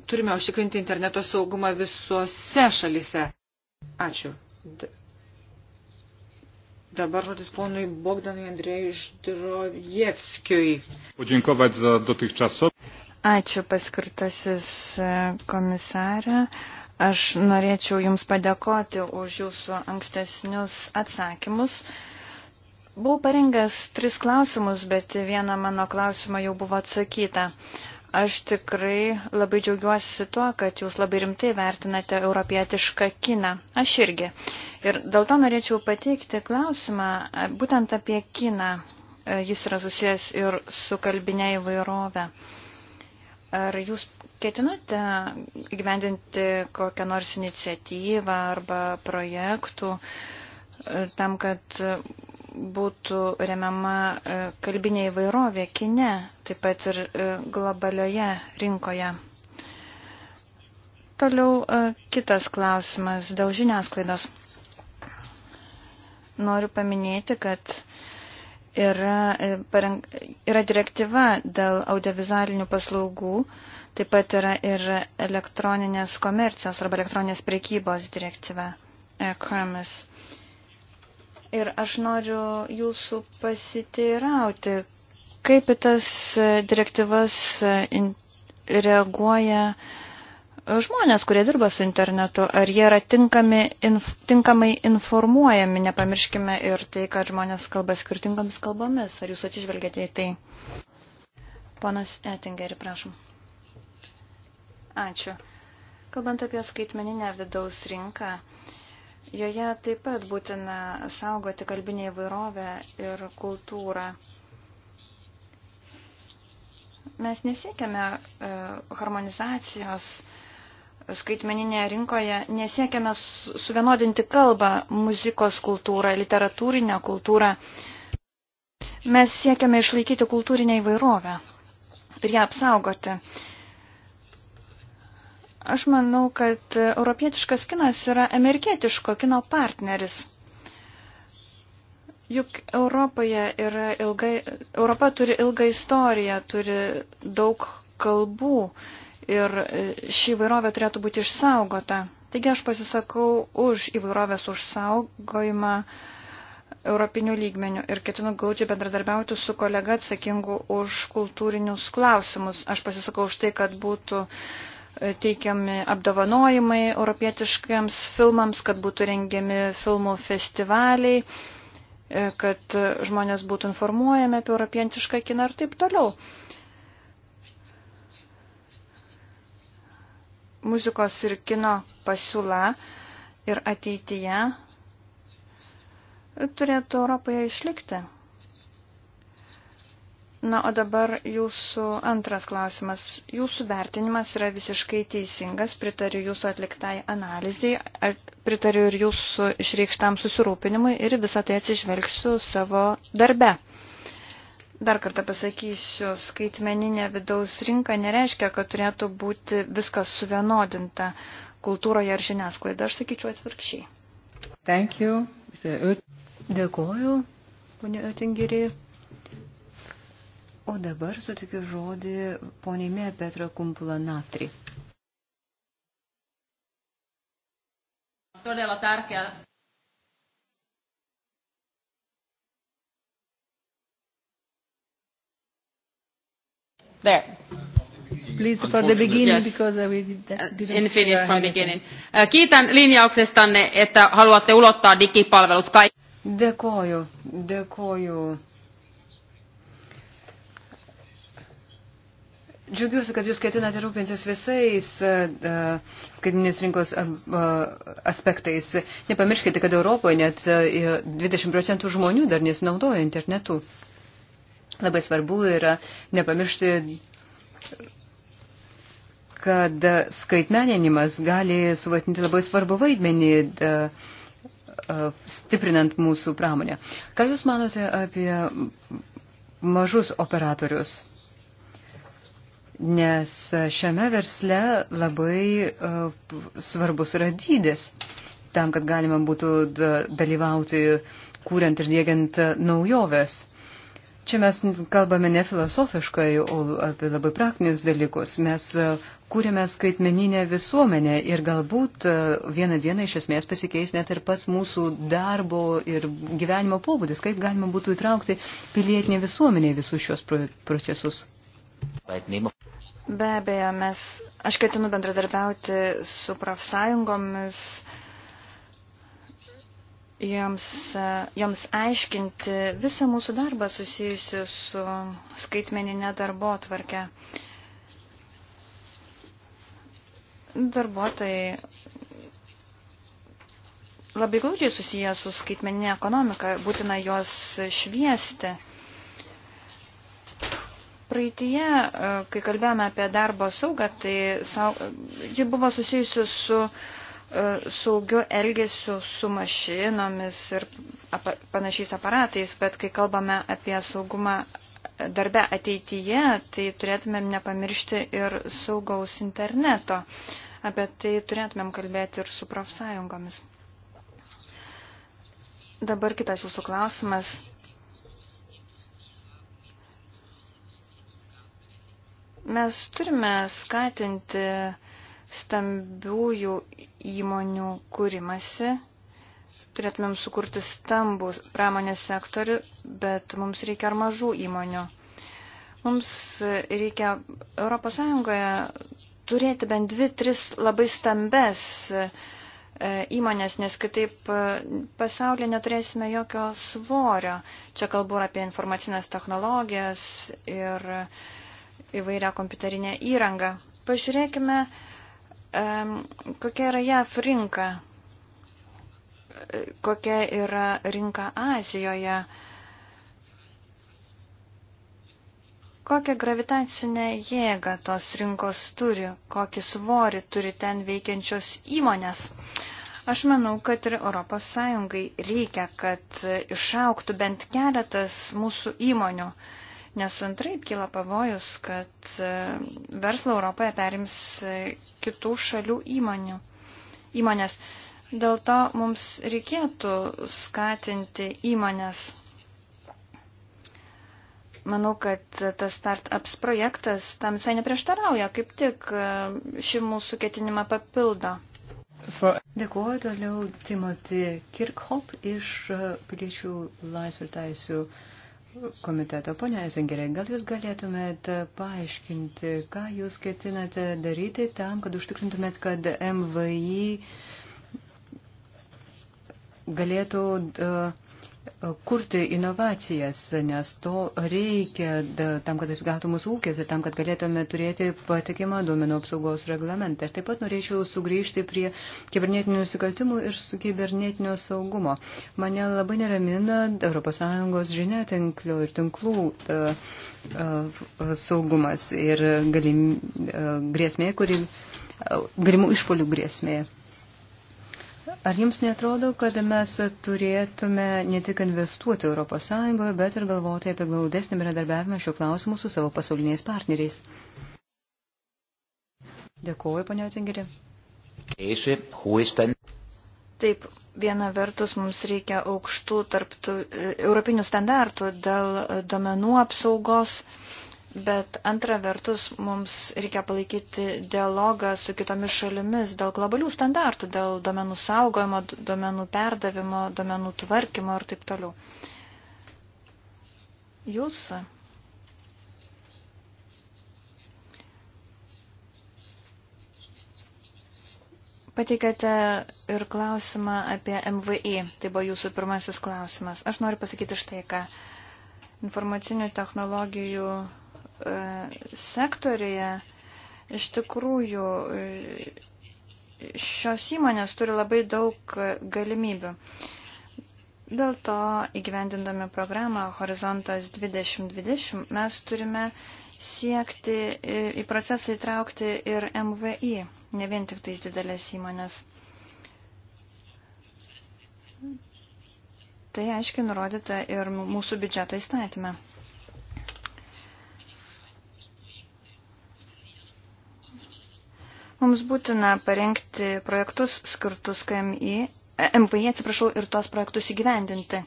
turime užtikrinti interneto saugumą visuose šalise. Ačiū. Dabar žodis ponui Bogdanui Andrėjui Ždrojevskijui. Podžinkovac za dotychčasov. Ačiū paskirtasis e, komisarė. Aš norėčiau Jums padėkoti už Jūsų ankstesnius atsakymus. Buvau parengęs tris klausimus, bet vieną mano klausimą jau buvo atsakyta. Aš tikrai labai džiaugiuosi tuo, kad jūs labai rimtai vertinate europietišką kiną. Aš irgi. Ir dėl to norėčiau pateikti klausimą būtent apie kiną. E, jis yra susijęs ir su kalbinė įvairovė. Ar jūs ketinate gyvendinti kokią nors iniciatyvą arba projektų e, tam, kad būtų remiama e, kalbinė įvairovė kine, taip pat ir e, globalioje rinkoje. Toliau e, kitas klausimas dėl žiniasklaidos. Noriu paminėti, kad yra, yra direktyva dėl audiovizualinių paslaugų, taip pat yra ir elektroninės komercijos arba elektroninės prekybos direktyva e-commerce. Ir aš noriu jūsų pasiteirauti, kaip į tas direktyvas e, reaguoja žmonės, kurie dirba su internetu, ar jie yra tinkami, inf, tinkamai informuojami, nepamirškime ir tai, kad žmonės kalba skirtingomis kalbomis, ar jūs atsižvelgėte į tai. Ponas Ettingeri, prašom. Ačiū. Kalbant apie skaitmeninę vidaus rinką, uh, Joje taip pat būtina saugoti kalbinę įvairovę ir kultūrą. Mes nesiekiame e, harmonizacijos skaitmeninėje rinkoje, nesiekiame suvienodinti kalbą, muzikos kultūrą, literatūrinę kultūrą. Mes siekiame išlaikyti kultūrinę įvairovę ir ją apsaugoti. Aš manau, kad europietiškas kinas yra amerikietiško kino partneris. Juk Europoje yra ilgai, Europa turi ilgą istoriją, turi daug kalbų ir ši įvairovė turėtų būti išsaugota. Taigi aš pasisakau už įvairovės užsaugojimą europinių lygmenių ir ketinu gaudžiai bendradarbiauti su kolega atsakingu už kultūrinius klausimus. Aš pasisakau už tai, kad būtų uh, teikiami apdovanojimai europietiškiams filmams, kad būtų rengiami filmų festivaliai, e, kad žmonės būtų informuojami apie europietišką kiną ir taip toliau. Muzikos ir kino pasiūla ir ateityje turėtų Europoje išlikti. Na, o dabar jūsų antras klausimas. Jūsų vertinimas yra visiškai teisingas, pritariu jūsų atliktai analizai, pritariu ir jūsų išreikštam susirūpinimui ir visą tai atsižvelgsiu savo darbe. Dar kartą pasakysiu, skaitmeninė vidaus rinka nereiškia, kad turėtų būti viskas suvienodinta kultūroje ar žiniasklaidoje. Aš sakyčiau atvirkščiai. Dėkuoju, ponė Otingeriai. O dabar sutikiu žodį ponėme Petro Kumpula Natri. Todella tärkeä There. Please from the beginning yes. because we did that. In Finnish from beginning. Uh, kiitän linjauksestanne, että haluatte ulottaa digipalvelut kaikille. Dėkoju, dėkoju Džiaugiuosi, kad jūs ketinate rūpintis visais e, e, skaitminės rinkos e, aspektais. Nepamirškite, kad Europoje net 20 procentų žmonių dar nesinaudoja internetu. Labai svarbu yra nepamiršti, kad skaitmeninimas gali suvatinti labai svarbu vaidmenį stiprinant mūsų pramonę. Ką Jūs manote apie mažus operatorius? nes šiame versle labai uh, svarbus yra dydis tam, kad galima būtų dalyvauti kūriant ir dėgiant naujoves. Čia mes kalbame ne filosofiškai, o apie labai praktinius dalykus. Mes e, kūrėme skaitmeninę visuomenę ir galbūt e, vieną dieną iš esmės pasikeis net ir pats mūsų darbo ir gyvenimo pobūdis, kaip galima būtų įtraukti pilietinę visuomenę į visus šios procesus. Be abejo, mes, aš ketinu bendradarbiauti su profsąjungomis, joms, joms aiškinti visą mūsų darbą susijusiu su skaitmeninė darbo tvarkė. Darbuotojai labai glaudžiai susiję su skaitmeninė ekonomika, būtina juos šviesti. Praeitie, e, kai kalbėjome apie darbo saugą, tai ji buvo susijusi su e, saugiu elgesiu su mašinomis ir panašiais aparatais, bet kai kalbame apie saugumą darbe ateityje, tai turėtumėm nepamiršti ir saugaus interneto. Apie tai turėtumėm kalbėti ir su profsąjungomis. Dabar kitas jūsų klausimas Mes turime skatinti stambiųjų įmonių kūrimasi. Turėtumėm sukurti stambų pramonės sektorių, bet mums reikia ir mažų įmonių. Mums reikia ES turėti bent dvi, tris labai stambes e, įmonės, nes kitaip e, pasaulyje neturėsime jokio svorio. Čia kalbu apie informacinės technologijas ir uh, įvairią kompiuterinę įrangą. Pažiūrėkime, kokia yra JAF rinka, kokia yra rinka Azijoje, kokią gravitacinę jėgą tos rinkos turi, kokį svorį turi ten veikiančios įmonės. Aš manau, kad ir Europos Sąjungai reikia, kad išauktų bent keletas mūsų įmonių nes antraip kyla pavojus, kad e, verslą Europoje perims e, kitų šalių įmonių, įmonės. Dėl to mums reikėtų skatinti įmonės. Manau, kad tas startups projektas tam visai neprieštarauja, kaip tik e, ši mūsų ketinimą papildo. For... Dėkuoju toliau Timothy Kirkhop iš Piliečių laisvų ir teisų uh, komiteto. Pone Eisengerė, gal jūs galėtumėt paaiškinti, ką jūs ketinate daryti tam, kad užtikrintumėt, kad MVI galėtų uh, kurti inovacijas, nes to reikia tam, kad atsigautų mūsų ūkis ir tam, kad galėtume turėti patikimą duomenų apsaugos reglamentą. Ir taip pat norėčiau sugrįžti prie kibernetinių nusikaltimų ir kibernetinio saugumo. Mane labai neramina ES žiniatinklio ir tinklų ta, a, saugumas ir galim, a, grėsmė, kuri, a, galimų išpolių grėsmė. Ar jums netrodo, kad mes turėtume ne tik investuoti ES, bet ir galvoti apie glaudesnį bendradarbiavimą šiuo klausimu su savo pasauliniais partneriais? Dėkuoju, ponia Tingerė. Taip, viena vertus mums reikia aukštų tarptų, e, europinių standartų dėl e, domenų apsaugos, Bet antra vertus, mums reikia palaikyti dialogą su kitomis šalimis dėl globalių standartų, dėl domenų saugojimo, domenų perdavimo, domenų tvarkymo ir taip toliau. Jūs Pateikėte ir klausimą apie MVI. Tai buvo jūsų pirmasis klausimas. Aš noriu pasakyti štai ką. Informacinių technologijų sektorija iš tikrųjų šios įmonės turi labai daug galimybių. Dėl to įgyvendindami programą Horizontas 2020 mes turime siekti į procesą įtraukti ir MVI, ne vien tik tais didelės įmonės. Tai aiškiai nurodyta ir mūsų biudžeto įstatymė. Mums būtina parengti projektus skirtus KMI, e, MVI, atsiprašau, ir tuos projektus įgyvendinti.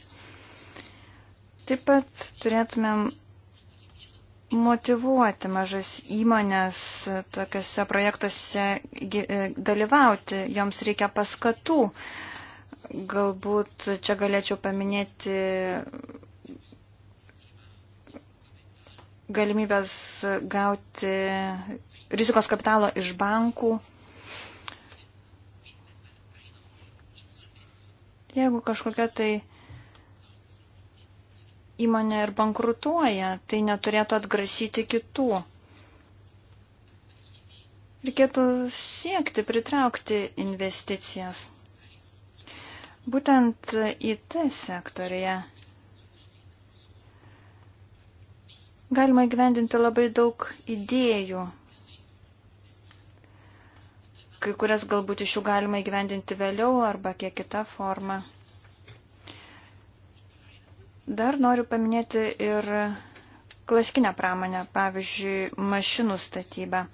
Taip pat turėtumėm motivuoti mažas įmonės tokiuose projektuose e, dalyvauti, joms reikia paskatų. Galbūt čia galėčiau paminėti galimybės gauti rizikos kapitalo iš bankų. Jeigu kažkokia tai įmonė ir bankrutuoja, tai neturėtų atgrasyti kitų. Reikėtų siekti pritraukti investicijas. Būtent IT sektorėje galima įgyvendinti labai daug idėjų, kai kurias galbūt iš jų galima įgyvendinti vėliau arba kiek kitą formą. Dar noriu paminėti ir klasikinę pramonę, pavyzdžiui, mašinų statybą.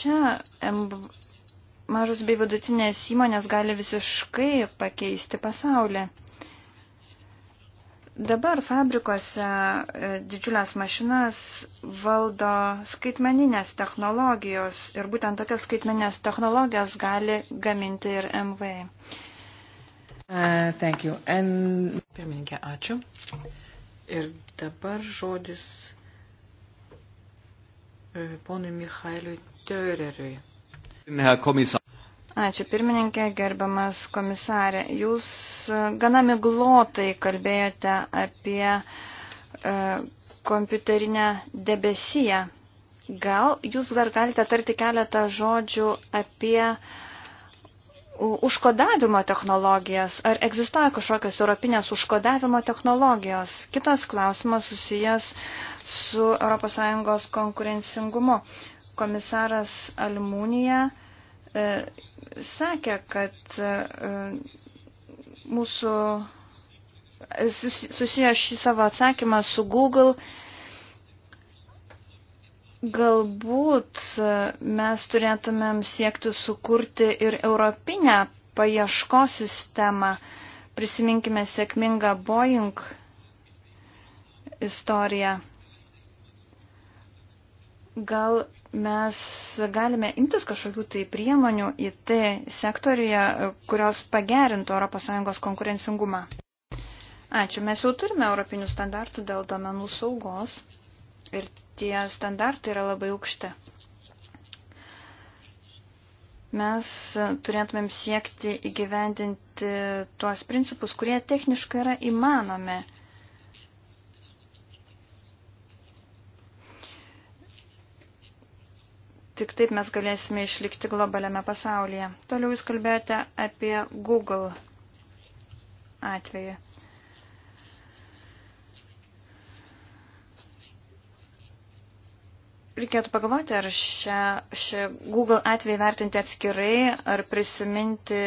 Čia mažos bei vidutinės įmonės gali visiškai pakeisti pasaulį. Dabar fabrikose e, didžiulės mašinas valdo skaitmeninės technologijos ir būtent tokias skaitmeninės technologijas gali gaminti ir MVI. Uh, thank you. And... Pirmininkė, ačiū. Ir dabar žodis e, ponui Michailui Teureriui. Herr Kommissar. Ačiū pirmininkė, gerbiamas komisarė. Jūs e, gana miglotai kalbėjote apie e, kompiuterinę debesiją. Gal jūs dar galite tarti keletą žodžių apie užkodavimo technologijas. Ar egzistuoja kažkokios europinės užkodavimo technologijos? Kitas klausimas susijęs su ES konkurencingumu. Komisaras Almūnija E, sakė, kad e, mūsų e, susiję šį savo atsakymą su Google. Galbūt mes turėtumėm siekti sukurti ir europinę paieško sistemą. Prisiminkime sėkmingą Boeing istoriją. Gal mes galime imtis kažkokių tai priemonių IT sektorijoje, kurios pagerintų ES konkurencingumą. Ačiū, mes jau turime europinių standartų dėl domenų saugos ir tie standartai yra labai aukšti. Mes turėtumėm siekti įgyvendinti tuos principus, kurie techniškai yra įmanomi. Tik taip mes galėsime išlikti globaliame pasaulyje. Toliau jūs kalbėjote apie Google atvejį. Reikėtų pagalvoti, ar šią, šią Google atvejį vertinti atskirai, ar prisiminti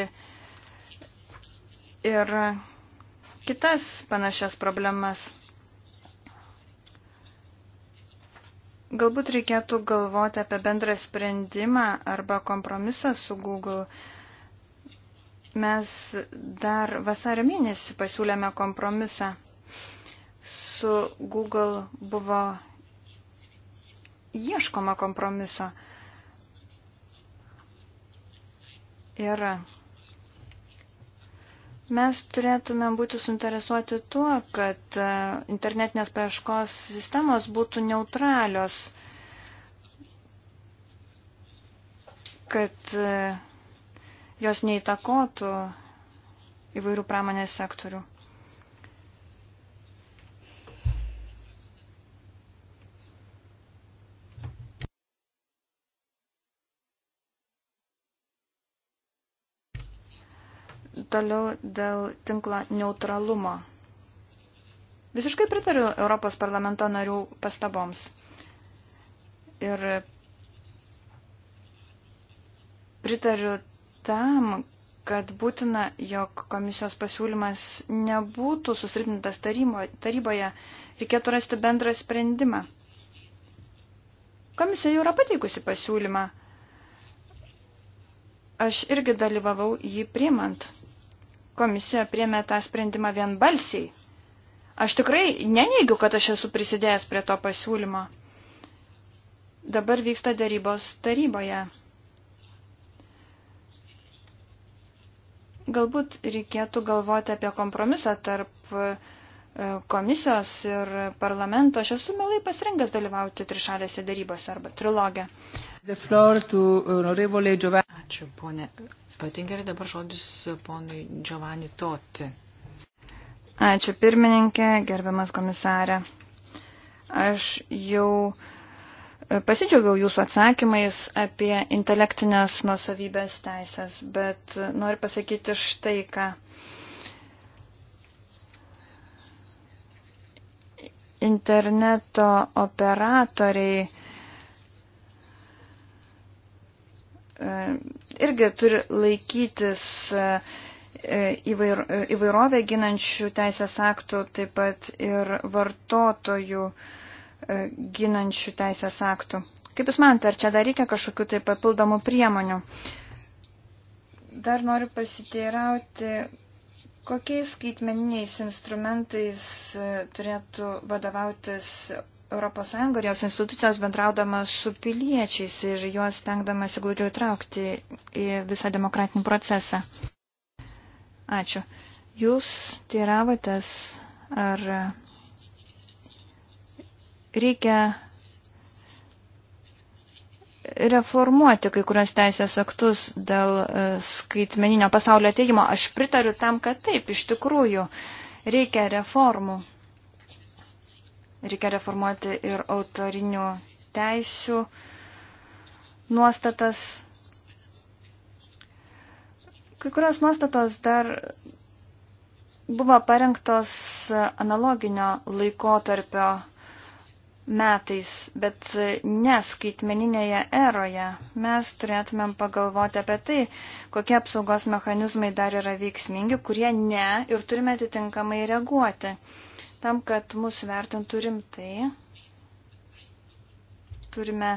ir kitas panašias problemas. Galbūt reikėtų galvoti apie bendrą sprendimą arba kompromisą su Google. Mes dar vasario mėnesį pasiūlėme kompromisą. Su Google buvo ieškoma kompromiso. Ir Mes turėtume būti suinteresuoti tuo, kad e, internetinės paieškos sistemos būtų neutralios, kad e, jos neįtakotų įvairių pramonės sektorių. Toliau dėl tinklo neutralumo. Visiškai pritariu Europos parlamento narių pastaboms. Ir pritariu tam, kad būtina, jog komisijos pasiūlymas nebūtų susilpnintas taryboje, reikėtų rasti bendrą sprendimą. Komisija jau yra pateikusi pasiūlymą. Aš irgi dalyvavau jį priimant komisija priemė tą sprendimą vienbalsiai. Aš tikrai neneigiu, kad aš esu prisidėjęs prie to pasiūlymo. Dabar vyksta darybos taryboje. Galbūt reikėtų galvoti apie kompromisą tarp e, komisijos ir parlamento. Aš esu melai pasirengęs dalyvauti trišalėse darybose arba trilogė. Uh, Ačiū, ponė Otingeri, dabar žodis ponui Giovanni Toti. Ačiū pirmininkė, gerbiamas komisarė. Aš jau e, pasidžiaugiau jūsų atsakymais apie intelektinės nuosavybės teisės, bet noriu pasakyti štai ką. Interneto operatoriai e, irgi turi laikytis e, e, įvair, e, įvairovę ginančių teisės aktų, taip pat ir vartotojų ginančių teisės aktų. Kaip Jūs manate, ar čia dar reikia kažkokių tai papildomų priemonių? Dar noriu pasiteirauti, kokiais skaitmeniniais instrumentais turėtų vadovautis ES ir jos institucijos bendraudamas su piliečiais ir juos tenkdamas įglūdžiau įtraukti į visą demokratinį procesą. Ačiū. Jūs teiravotės, ar reikia reformuoti kai kurias teisės aktus dėl e, skaitmeninio pasaulio ateimo. Aš pritariu tam, kad taip, iš tikrųjų, reikia reformų. Reikia reformuoti ir autorinių teisių nuostatas. Kai kurios nuostatos dar buvo parengtos analoginio laikotarpio metais, bet neskaitmeninėje eroje mes turėtumėm pagalvoti apie tai, kokie apsaugos mechanizmai dar yra veiksmingi, kurie ne ir turime atitinkamai reaguoti. Tam, kad mūsų vertintų rimtai, turime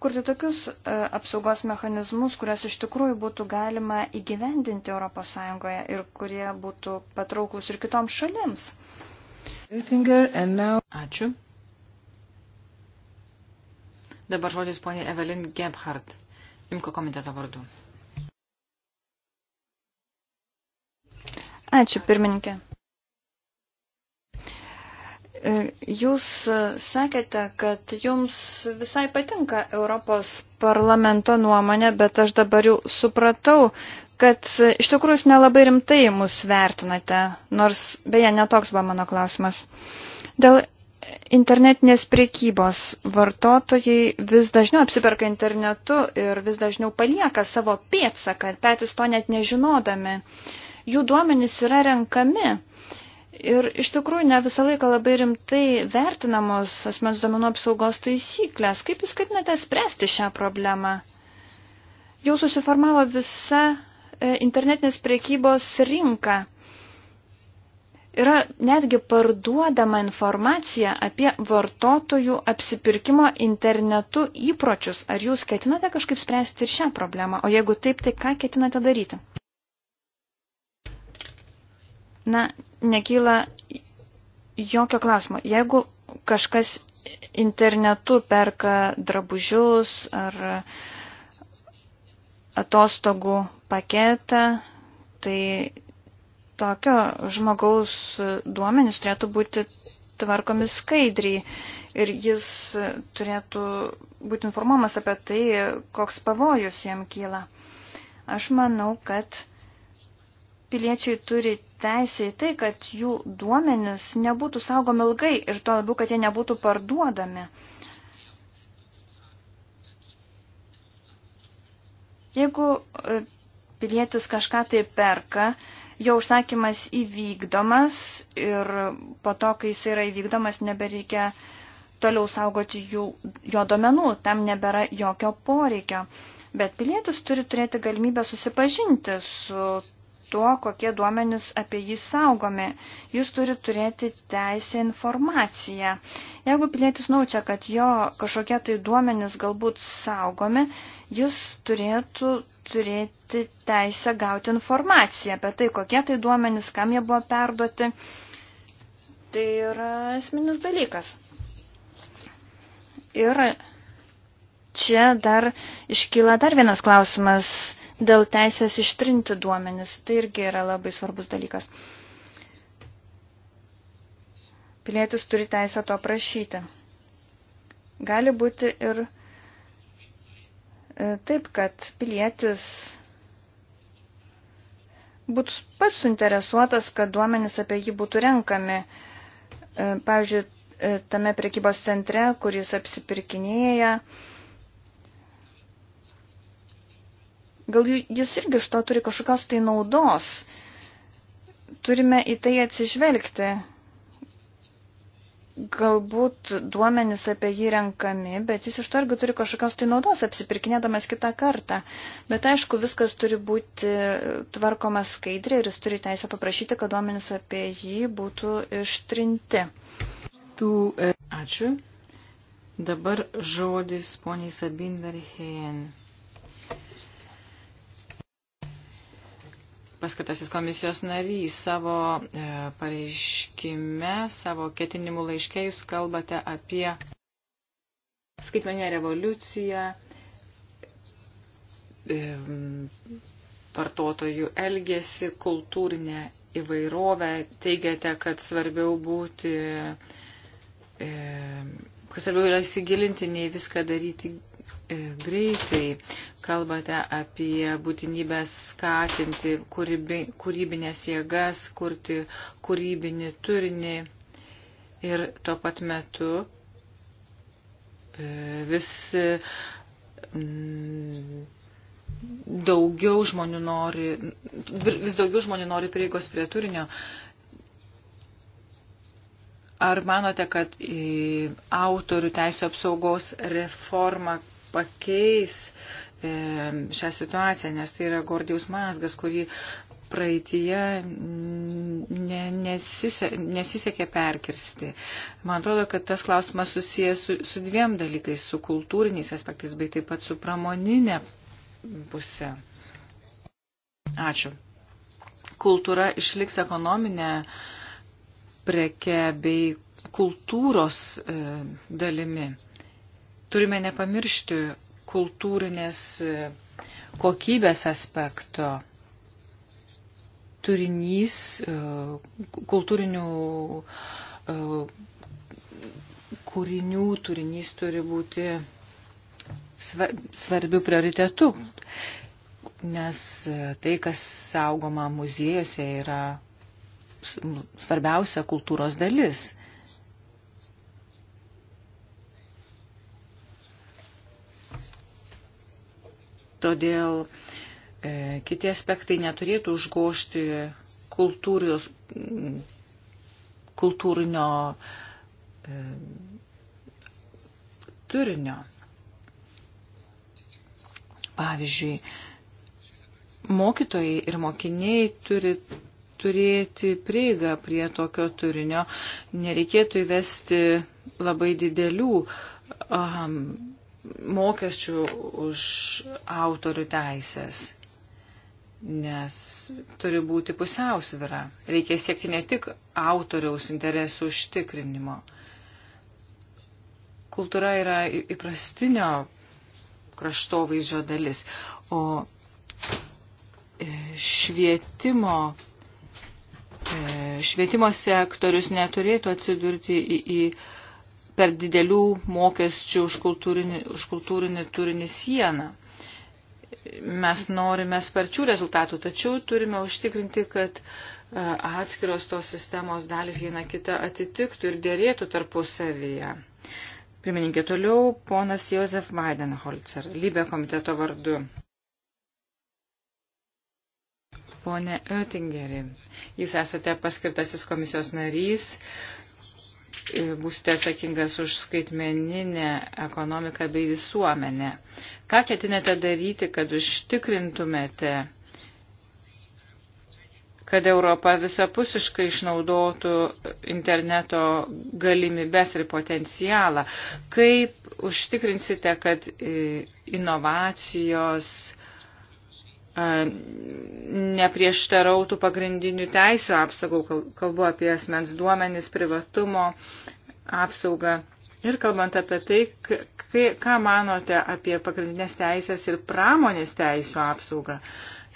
kurti tokius e, apsaugos mechanizmus, kurias iš tikrųjų būtų galima įgyvendinti ES ir kurie būtų patrauklus ir kitoms šalims. Ačiū. Dabar žodis ponė Evelin Gebhardt, Imko komiteto vardu. Ačiū, pirmininkė. E, jūs sakėte, kad jums visai patinka Europos parlamento nuomonė, bet aš dabar jau supratau, kad iš tikrųjų jūs nelabai rimtai mus vertinate, nors beje netoks buvo mano klausimas. Dėl internetinės priekybos vartotojai vis dažniau apsiperka internetu ir vis dažniau palieka savo pėtsaką, patys to net nežinodami. Jų duomenys yra renkami Ir iš tikrųjų ne visą laiką labai rimtai vertinamos asmens duomenų apsaugos taisyklės. Kaip jūs ketinate spręsti šią problemą? Jau susiformavo visa e, internetinės priekybos rinka. Yra netgi parduodama informacija apie vartotojų apsipirkimo internetu įpročius. Ar jūs ketinate kažkaip spręsti ir šią problemą? O jeigu taip, tai ką ketinate daryti? na, nekyla jokio klausimo. Jeigu kažkas internetu perka drabužius ar atostogų paketą, tai tokio žmogaus duomenys turėtų būti tvarkomi skaidriai ir jis turėtų būti informuomas apie tai, koks pavojus jam kyla. Aš manau, kad piliečiai turi teisė į tai, kad jų duomenis nebūtų saugomi ilgai ir tuo labiau, kad jie nebūtų parduodami. Jeigu e, pilietis kažką tai perka, jo užsakymas įvykdomas ir po to, kai jis yra įvykdomas, nebereikia toliau saugoti jų, jo domenų, tam nebėra jokio poreikio. Bet pilietis turi turėti galimybę susipažinti su tuo, kokie duomenys apie jį saugomi. Jis turi turėti teisę informaciją. Jeigu pilietis naučia, kad jo kažkokie tai duomenys galbūt saugomi, jis turėtų turėti teisę gauti informaciją apie tai, kokie tai duomenys, kam jie buvo perduoti. Tai yra esminis dalykas. Ir čia dar iškyla dar vienas klausimas dėl teisės ištrinti duomenis. Tai irgi yra labai svarbus dalykas. Pilietis turi teisę to prašyti. Gali būti ir e, taip, kad pilietis būtų pats suinteresuotas, kad duomenis apie jį būtų renkami. E, pavyzdžiui, e, tame prekybos centre, kuris apsipirkinėja, Gal jis irgi iš to turi kažkokios tai naudos. Turime į tai atsižvelgti. Galbūt duomenys apie jį renkami, bet jis iš to irgi turi kažkokios tai naudos apsipirkinėdamas kitą kartą. Bet aišku, viskas turi būti tvarkoma skaidriai ir jis turi teisę paprašyti, kad duomenys apie jį būtų ištrinti. Tu, e, ačiū. Dabar žodis poniai Sabin Verheyen. paskatasis komisijos narys, savo e, pareiškime, savo ketinimų laiškė jūs kalbate apie skaitmenę revoliuciją, e, vartotojų elgesį, kultūrinę įvairovę. Teigiate, kad svarbiau būti, e, kad svarbiau yra įsigilinti, nei viską daryti E, greitai. Kalbate apie būtinybę skatinti kūrybi, kūrybinės jėgas, kurti kūrybinį turinį ir tuo pat metu e, vis daugiau žmonių nori, vis daugiau žmonių nori prieigos prie turinio. Ar manote, kad autorių teisų apsaugos reforma pakeis e, šią situaciją, nes tai yra Gordijaus mazgas, kurį praeitie mm, ne, nesise, nesisekė perkirsti. Man atrodo, kad tas klausimas susijęs su, su dviem dalykais - su kultūriniais aspektais, bei taip pat su pramoninė pusė. Ačiū. Kultūra išliks ekonominė preke bei kultūros e, dalimi turime nepamiršti kultūrinės kokybės aspekto. Turinys e, kultūrinių e, kūrinių turinys turi būti svarbių prioritetų, nes e, tai, kas saugoma muziejose, yra svarbiausia kultūros dalis. Todėl e, kiti aspektai neturėtų užgošti kultūrios, kultūrinio e, turinio. Pavyzdžiui, mokytojai ir mokiniai turi turėti prieigą prie tokio turinio. Nereikėtų įvesti labai didelių um, mokesčių už autorių teisės, nes turi būti pusiausvyra. Reikia siekti ne tik autoriaus interesų užtikrinimo. Kultūra yra įprastinio kraštovaizdžio dalis, o e, švietimo, e, švietimo sektorius neturėtų atsidurti į, į per didelių mokesčių už kultūrinį, už kultūrinį turinį sieną. Mes norime sparčių rezultatų, tačiau turime užtikrinti, kad e, atskiros tos sistemos dalis viena kita atitiktų ir dėrėtų tarpusavyje. Pirmininkė toliau, ponas Josef Weidenholzer, Lybė komiteto vardu. Pone Oettingeri, jūs esate paskirtasis komisijos narys. Uh, būsite atsakingas už skaitmeninę ekonomiką bei visuomenę. Ką ketinate daryti, kad užtikrintumėte, kad Europa visapusiškai išnaudotų interneto galimybes ir potencialą? Kaip užtikrinsite, kad e, inovacijos, neprieštarautų pagrindinių teisų apsaugų, kalbu apie asmens duomenis, privatumo apsaugą. Ir kalbant apie tai, ką manote apie pagrindinės teisės ir pramonės teisų apsaugą,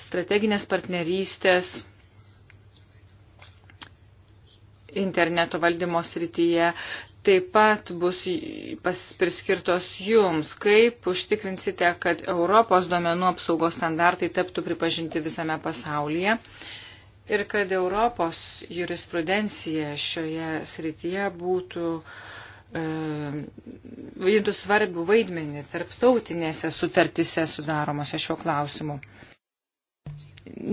strateginės partnerystės interneto valdymo srityje, taip pat bus priskirtos jums. Kaip užtikrinsite, kad Europos duomenų apsaugos standartai taptų pripažinti visame pasaulyje ir kad Europos jurisprudencija šioje srityje būtų e, vaidintų e, svarbių vaidmenį tarptautinėse sutartise sudaromose šiuo klausimu.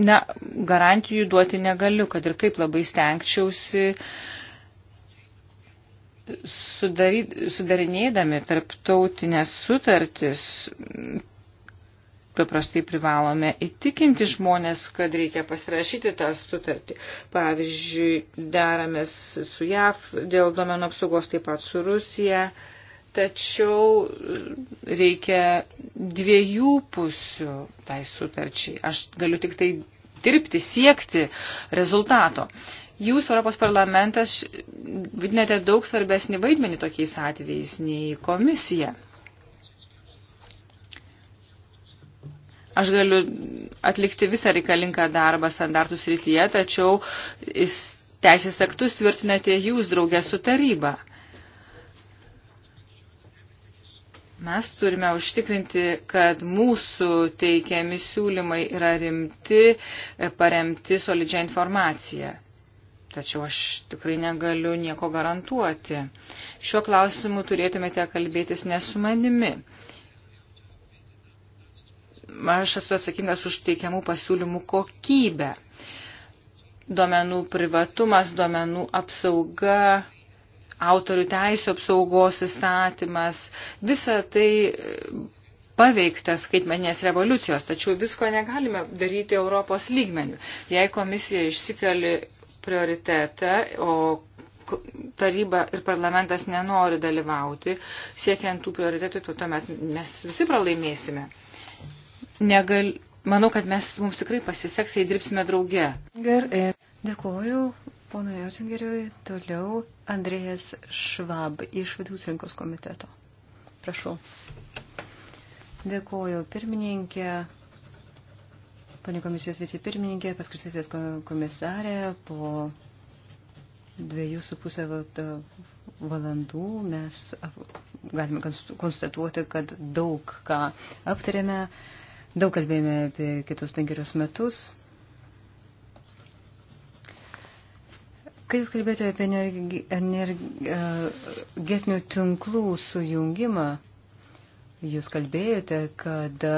Na, garantijų duoti negaliu, kad ir kaip labai stengčiausi, uh, sudary, sudarinėdami tarptautinės sutartis paprastai privalome įtikinti žmonės, kad reikia pasirašyti tą sutartį. Pavyzdžiui, deramės su JAV dėl domenų apsaugos, taip pat su Rusija. Tačiau reikia dviejų pusių tai sutarčiai. Aš galiu tik tai dirbti, siekti rezultato. Jūs, Europos parlamentas, vidinėte daug svarbesnį vaidmenį tokiais atvejais nei komisija. Aš galiu atlikti visą reikalinką darbą standartų srityje, tačiau teisės aktus tvirtinate jūs draugę su taryba. Mes turime užtikrinti, kad mūsų teikiami siūlymai yra rimti, paremti solidžią informaciją. Tačiau aš tikrai negaliu nieko garantuoti. Šiuo klausimu turėtumėte kalbėtis ne su manimi. Aš esu atsakingas už teikiamų pasiūlymų kokybę. Duomenų privatumas, duomenų apsauga, autorių teisų apsaugos įstatymas, visa tai e, paveiktas skaitmeninės revoliucijos, tačiau visko negalime daryti Europos lygmenių. Jei komisija išsikeli prioritetą, o taryba ir parlamentas nenori dalyvauti, siekiant tų prioritetų, tu tuomet mes visi pralaimėsime. Negal, manau, kad mes mums tikrai pasiseks, jei dirbsime drauge. Gerai. E, Dėkuoju pono Josingeriui. Toliau Andrėjas Švab iš Vidaus rinkos komiteto. Prašau. Dėkuoju pirmininkė. Pane komisijos vicepirmininkė, paskirtasis komisarė, po dviejų su pusę valandų mes galime konstatuoti, kad daug ką aptarėme, daug kalbėjome apie kitus penkerius metus. Kai jūs kalbėjote apie energetinių tinklų sujungimą, jūs kalbėjote, kad uh,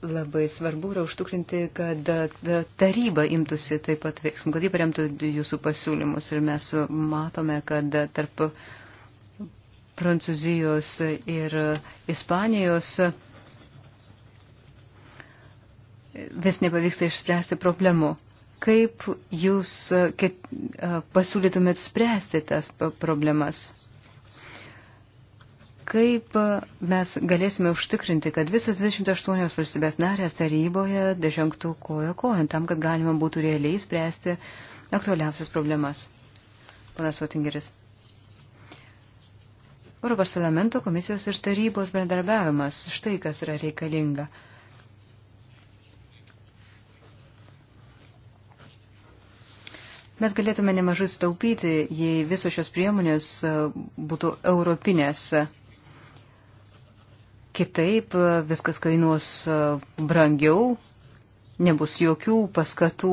Labai svarbu yra užtikrinti, kad e, taryba imtųsi taip pat veiksmų, kad jį paremtų jūsų pasiūlymus. Ir mes matome, kad tarp Prancūzijos ir Ispanijos vis nepavyksta išspręsti problemų. Kaip jūs e, e, pasiūlytumėt spręsti tas problemas? Kaip mes galėsime užtikrinti, kad visos 28 valstybės narės taryboje dežengtų kojo kojant tam, kad galima būtų realiai spręsti aktualiausias problemas? Panas Votingeris. Europos parlamento komisijos ir tarybos bendarbiavimas štai kas yra reikalinga. Mes galėtume nemažai staupyti, jei visos šios priemonės būtų europinės. Kitaip e, viskas kainuos e, brangiau, nebus jokių paskatų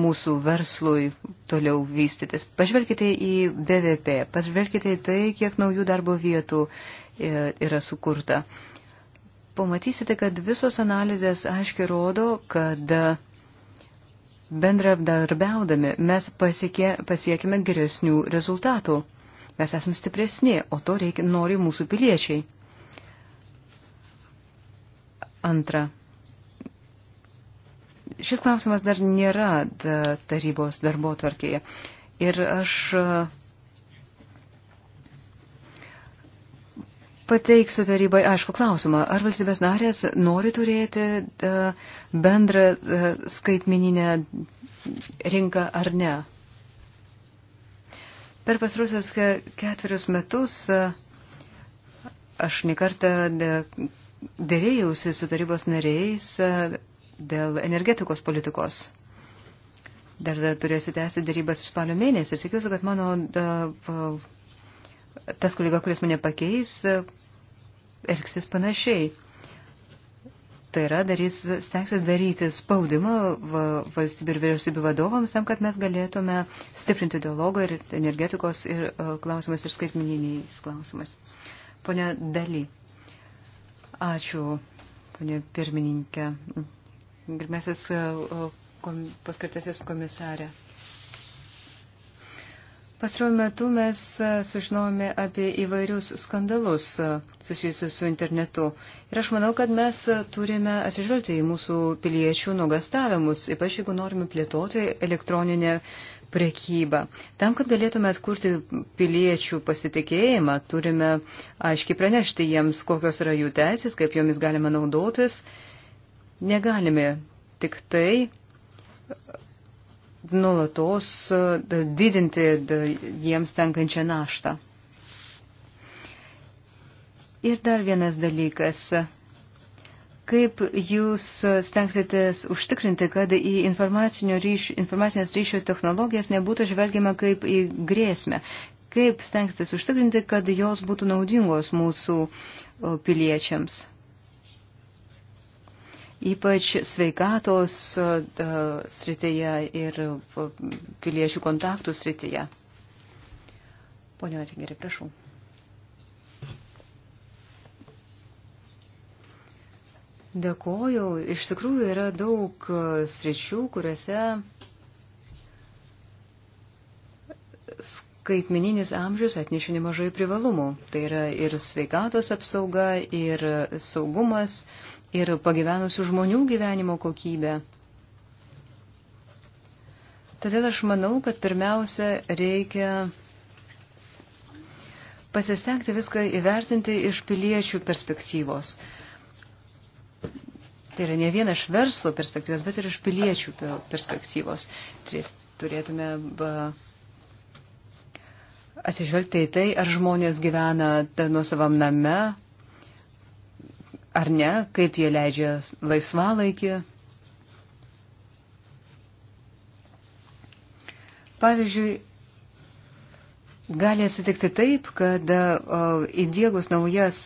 mūsų verslui toliau vystytis. Pažvelkite į BVP, pažvelkite į tai, kiek naujų darbo vietų e, yra sukurta. Pamatysite, kad visos analizės aiškiai rodo, kad bendradarbiaudami mes pasiekė, pasiekime geresnių rezultatų. Mes esame stipresni, o to reikia nori mūsų piliečiai. Antra. Šis klausimas dar nėra tarybos darbo tvarkėje. Ir aš e, pateiksiu tarybai aišku klausimą, ar valstybės narės nori turėti e, bendrą e, skaitmininę rinką ar ne. Per pasrusius ketverius metus aš nekartą dėrėjausi su tarybos nariais e, dėl energetikos politikos. Dar, dar turėsiu tęsti darybas spalio mėnesį ir tikiuosi, kad mano tas kolega, kuris mane pakeis, e, elgsis panašiai. Tai yra, darys, stengsis daryti spaudimą valstybių ir vyriausybių vadovams tam, kad mes galėtume stiprinti dialogą ir energetikos ir, e, klausimais ir skaitmininiais klausimais. Pone Daly. Ačiū, ponė pirmininkė. Girmesis e, e, paskirtasis komisarė. Pastaruoju metu mes e, sužinojome apie įvairius skandalus susijusius su internetu. Ir aš manau, kad mes turime atsižvelgti į mūsų piliečių nuogastavimus, ypač jeigu norime plėtoti elektroninę prekybą. Tam, kad galėtume atkurti piliečių pasitikėjimą, turime aiškiai pranešti jiems, kokios yra jų teisės, kaip jomis galime naudotis. Negalime tik tai e, nulatos e, didinti jiems tenkančią naštą. Ir dar vienas dalykas. Kaip jūs stengsitės užtikrinti, kad į ryšio, informacinės ryšio technologijas nebūtų žvelgiama kaip į grėsmę? Kaip stengsitės užtikrinti, kad jos būtų naudingos mūsų piliečiams? Ypač sveikatos srityje ir piliečių kontaktų srityje. Pone Atingeri, prašau. Dėkoju. Iš tikrųjų yra daug e, sričių, kuriuose skaitmeninis amžius atnešė nemažai privalumų. Tai yra ir sveikatos apsauga, ir saugumas, ir pagyvenusių žmonių gyvenimo kokybė. Todėl aš manau, kad pirmiausia reikia pasistengti viską įvertinti iš piliečių perspektyvos. Tai yra ne vien iš verslo perspektyvos, bet ir iš piliečių perspektyvos. Turėtume atsižvelgti į tai, ar žmonės gyvena nuo savam name, ar ne, kaip jie leidžia laisvalaikį. Pavyzdžiui, gali atsitikti taip, kad įdėgus naujas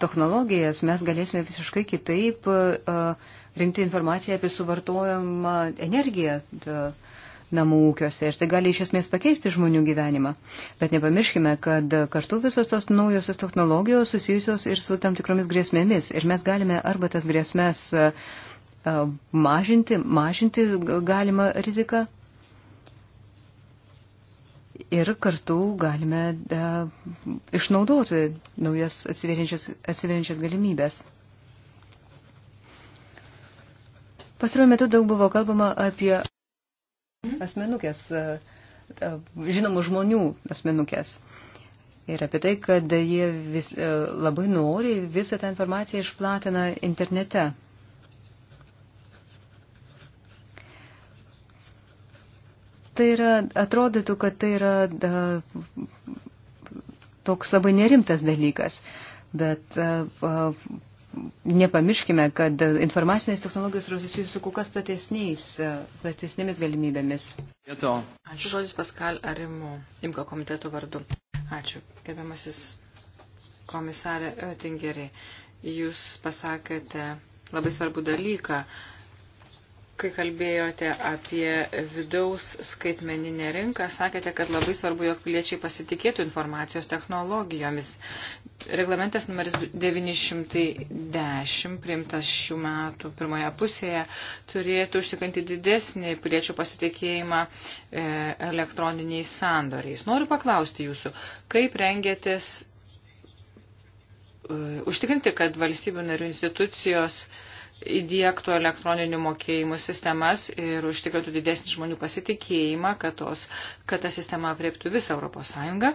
technologijas mes galėsime visiškai kitaip e, rinkti informaciją apie suvartojamą energiją e, namų ūkiuose ir tai gali iš esmės pakeisti žmonių gyvenimą. Bet nepamirškime, kad kartu visos tos naujosios technologijos susijusios ir su tam tikromis grėsmėmis ir mes galime arba tas grėsmės e, mažinti, mažinti galima riziką, ir kartu galime da, e, išnaudoti naujas atsiverinčias galimybės. Pastaruoju metu daug buvo kalbama apie asmenukės, e, e, žinomų žmonių asmenukės. Ir apie tai, kad jie vis, labai nori visą tą informaciją išplatina internete. Tai yra, atrodytų, kad tai yra da, toks labai nerimtas dalykas, bet a, nepamirškime, kad informacinės technologijos yra susijusi su kukas platesnėmis galimybėmis. Ačiū. Ačiū žodis Paskal Arimu, Imko komiteto vardu. Ačiū, gerbiamasis komisarė Oettingeri. Jūs pasakėte labai svarbų dalyką kai kalbėjote apie vidaus skaitmeninę rinką, sakėte, kad labai svarbu, jog piliečiai pasitikėtų informacijos technologijomis. Reglamentas numeris 910, priimtas šių metų pirmoje pusėje, turėtų užtikrinti didesnį piliečių pasitikėjimą e, elektroniniais sandoriais. Noriu paklausti jūsų, kaip rengėtės e, užtikrinti, kad valstybių narių institucijos uh, įdėktų elektroninių mokėjimų sistemas ir užtikrintų didesnį žmonių pasitikėjimą, kad, tos, kad ta sistema apriektų visą Europos Sąjungą.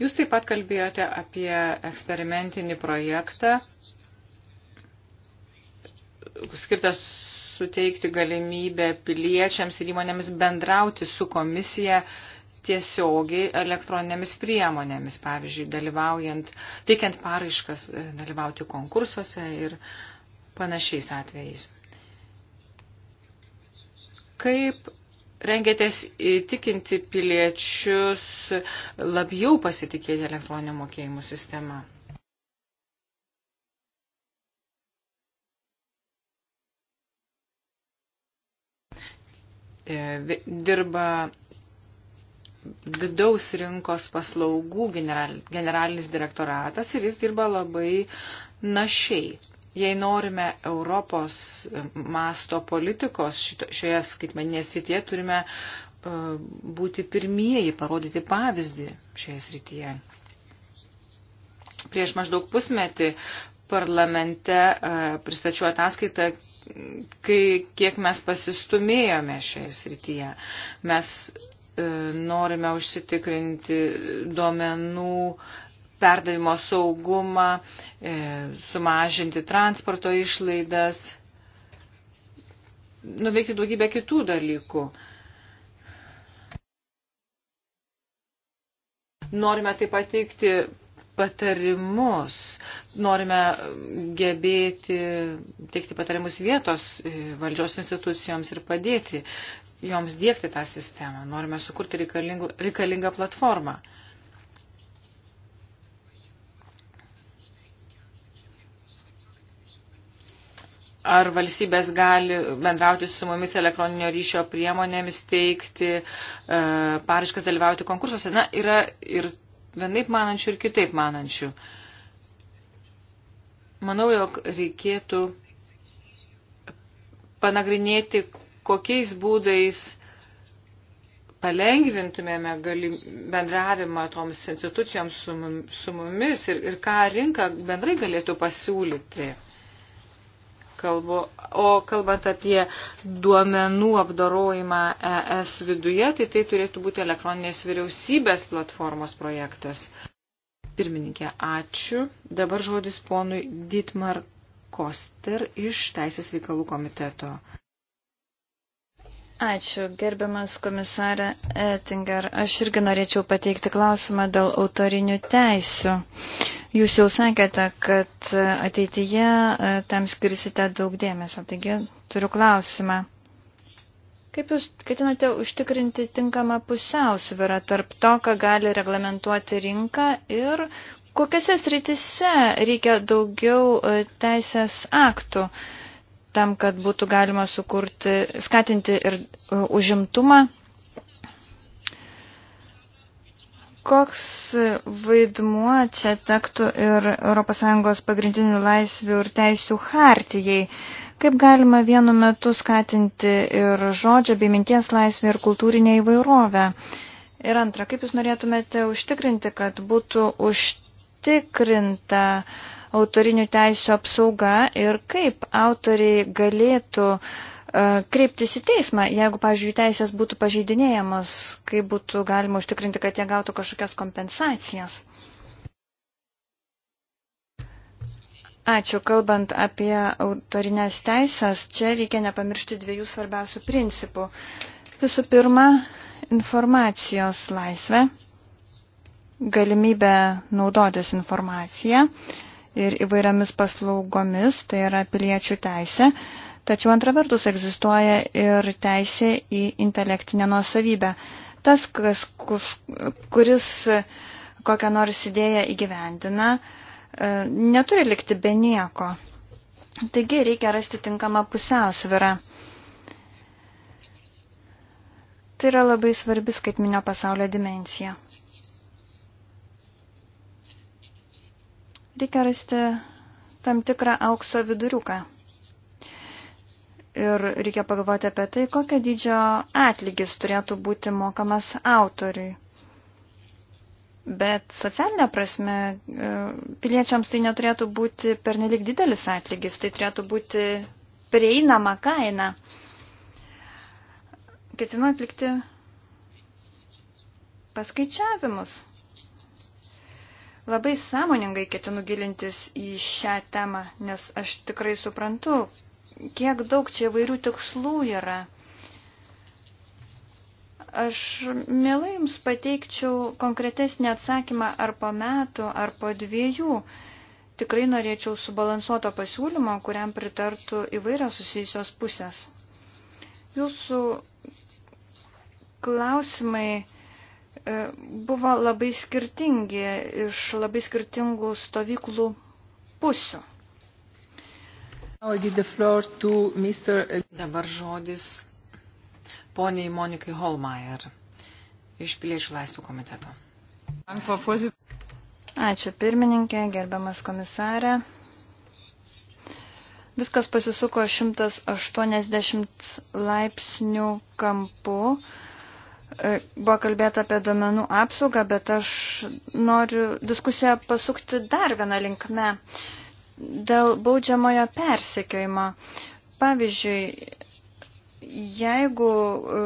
Jūs taip pat kalbėjote apie eksperimentinį projektą, skirtas suteikti galimybę piliečiams ir įmonėms bendrauti su komisija, uh, tiesiogiai elektroninėmis priemonėmis, pavyzdžiui, dalyvaujant, teikiant paraiškas, e, dalyvauti konkursuose ir panašiais atvejais. Kaip rengėtės įtikinti piliečius labiau pasitikėti elektroninio mokėjimų sistemą? E, dirba vidaus rinkos paslaugų general, generalinis direktoratas ir jis dirba labai našiai. Jei norime Europos masto politikos šito, šioje skaitmeninėje srityje, turime uh, būti pirmieji, parodyti pavyzdį šioje srityje. Prieš maždaug pusmetį parlamente uh, pristačiau ataskaitą, kai, kiek mes pasistumėjome šioje srityje. Mes E, norime užsitikrinti duomenų perdavimo saugumą, e, sumažinti transporto išlaidas, nuveikti daugybę kitų dalykų. Norime taip pateikti patarimus, norime gebėti teikti patarimus vietos e, valdžios institucijoms ir padėti joms dėkti tą sistemą, norime sukurti reikalingą platformą. Ar valstybės gali bendrauti su mumis elektroninio ryšio priemonėmis, teikti e, paraškas dalyvauti konkursuose? Na, yra ir vienaip manančių, ir kitaip manančių. Manau, jog reikėtų panagrinėti, kokiais būdais palengvintumėme galim, bendravimą toms institucijoms su, mum, su mumis ir, ir ką rinka bendrai galėtų pasiūlyti. Kalbu, o kalbant apie duomenų apdarojimą ES viduje, tai tai turėtų būti elektroninės vyriausybės platformos projektas. Pirmininkė, ačiū. Dabar žodis ponui Ditmar Koster iš Teisės reikalų komiteto. Ačiū, gerbiamas komisarė Ettinger. Aš irgi norėčiau pateikti klausimą dėl autorinių teisių. Jūs jau sakėte, kad ateityje e, tam skirsite daug dėmesio, taigi turiu klausimą. Kaip Jūs ketinate užtikrinti tinkamą pusiausvyrą tarp to, ką gali reglamentuoti rinka ir kokiuose sritise reikia daugiau e, teisės aktų? Uh, tam, kad būtų galima sukurti, skatinti ir e, užimtumą. Koks vaidmuo čia tektų ir ES pagrindinių laisvių ir teisių hartijai? Kaip galima vienu metu skatinti ir žodžio bei minties laisvę ir kultūrinę įvairovę? Ir antra, kaip Jūs norėtumėte užtikrinti, kad būtų užtikrinta uh, autorinių teisų apsauga ir kaip autoriai galėtų e, kreiptis į teismą, jeigu, pavyzdžiui, teisės būtų pažeidinėjamos, kaip būtų galima užtikrinti, kad jie gautų kažkokias kompensacijas. Ačiū. Kalbant apie autorinės teisės, čia reikia nepamiršti dviejų svarbiausių principų. Visų pirma, informacijos laisvė, galimybė naudotis informaciją. Uh, ir įvairiamis paslaugomis, tai yra piliečių teisė. Tačiau antra vertus egzistuoja ir teisė į intelektinę nuosavybę. Tas, kas, kuris kokią nors idėją įgyvendina, e, neturi likti be nieko. Taigi reikia rasti tinkamą pusiausvirą. Tai yra labai svarbi skaitminio pasaulio dimencija. Reikia rasti tam tikrą aukso viduriuką. Ir reikia pagalvoti apie tai, kokia dydžio atlygis turėtų būti mokamas autoriui. Bet socialinė prasme, e, piliečiams tai neturėtų būti pernelik didelis atlygis, tai turėtų būti prieinama kaina. Ketinu atlikti paskaičiavimus. Labai sąmoningai ketinu gilintis į šią temą, nes aš tikrai suprantu, kiek daug čia įvairių tikslų yra. Aš mielai Jums pateikčiau konkretesnį atsakymą ar po metų, ar po dviejų. Tikrai norėčiau subalansuoto pasiūlymo, kuriam pritartų įvairios susijusios pusės. Jūsų klausimai E, buvo labai skirtingi iš labai skirtingų stovyklų pusių. Dabar žodis poniai Monikai Holmeier iš Piliečių laisvų komiteto. Ačiū pirmininkė, gerbiamas komisarė. Viskas pasisuko 180 laipsnių kampu. E, buvo kalbėta apie domenų apsaugą, bet aš noriu diskusiją pasukti dar vieną linkme dėl baudžiamojo persekiojimo. Pavyzdžiui, jeigu e,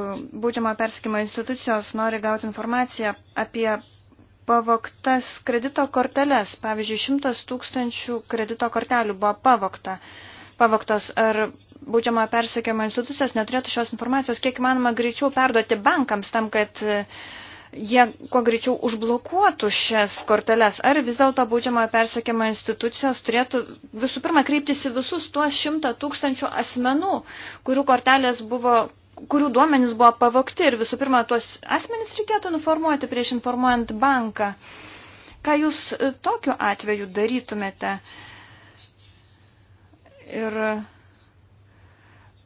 baudžiamojo persekiojimo institucijos nori gauti informaciją apie pavoktas kredito korteles, pavyzdžiui, šimtas tūkstančių kredito kortelių buvo pavokta, pavoktos, ar baudžiamojo persekiojimo institucijos neturėtų šios informacijos kiek įmanoma greičiau perduoti bankams tam, kad e, jie kuo greičiau užblokuotų šias korteles. Ar vis dėlto baudžiamojo persekiojimo institucijos turėtų visų pirma kreiptis į visus tuos šimtą tūkstančių asmenų, kurių kortelės buvo kurių duomenys buvo pavokti ir visų pirma tuos asmenys reikėtų informuoti prieš informuojant banką. Ką jūs e, tokiu atveju darytumėte? Ir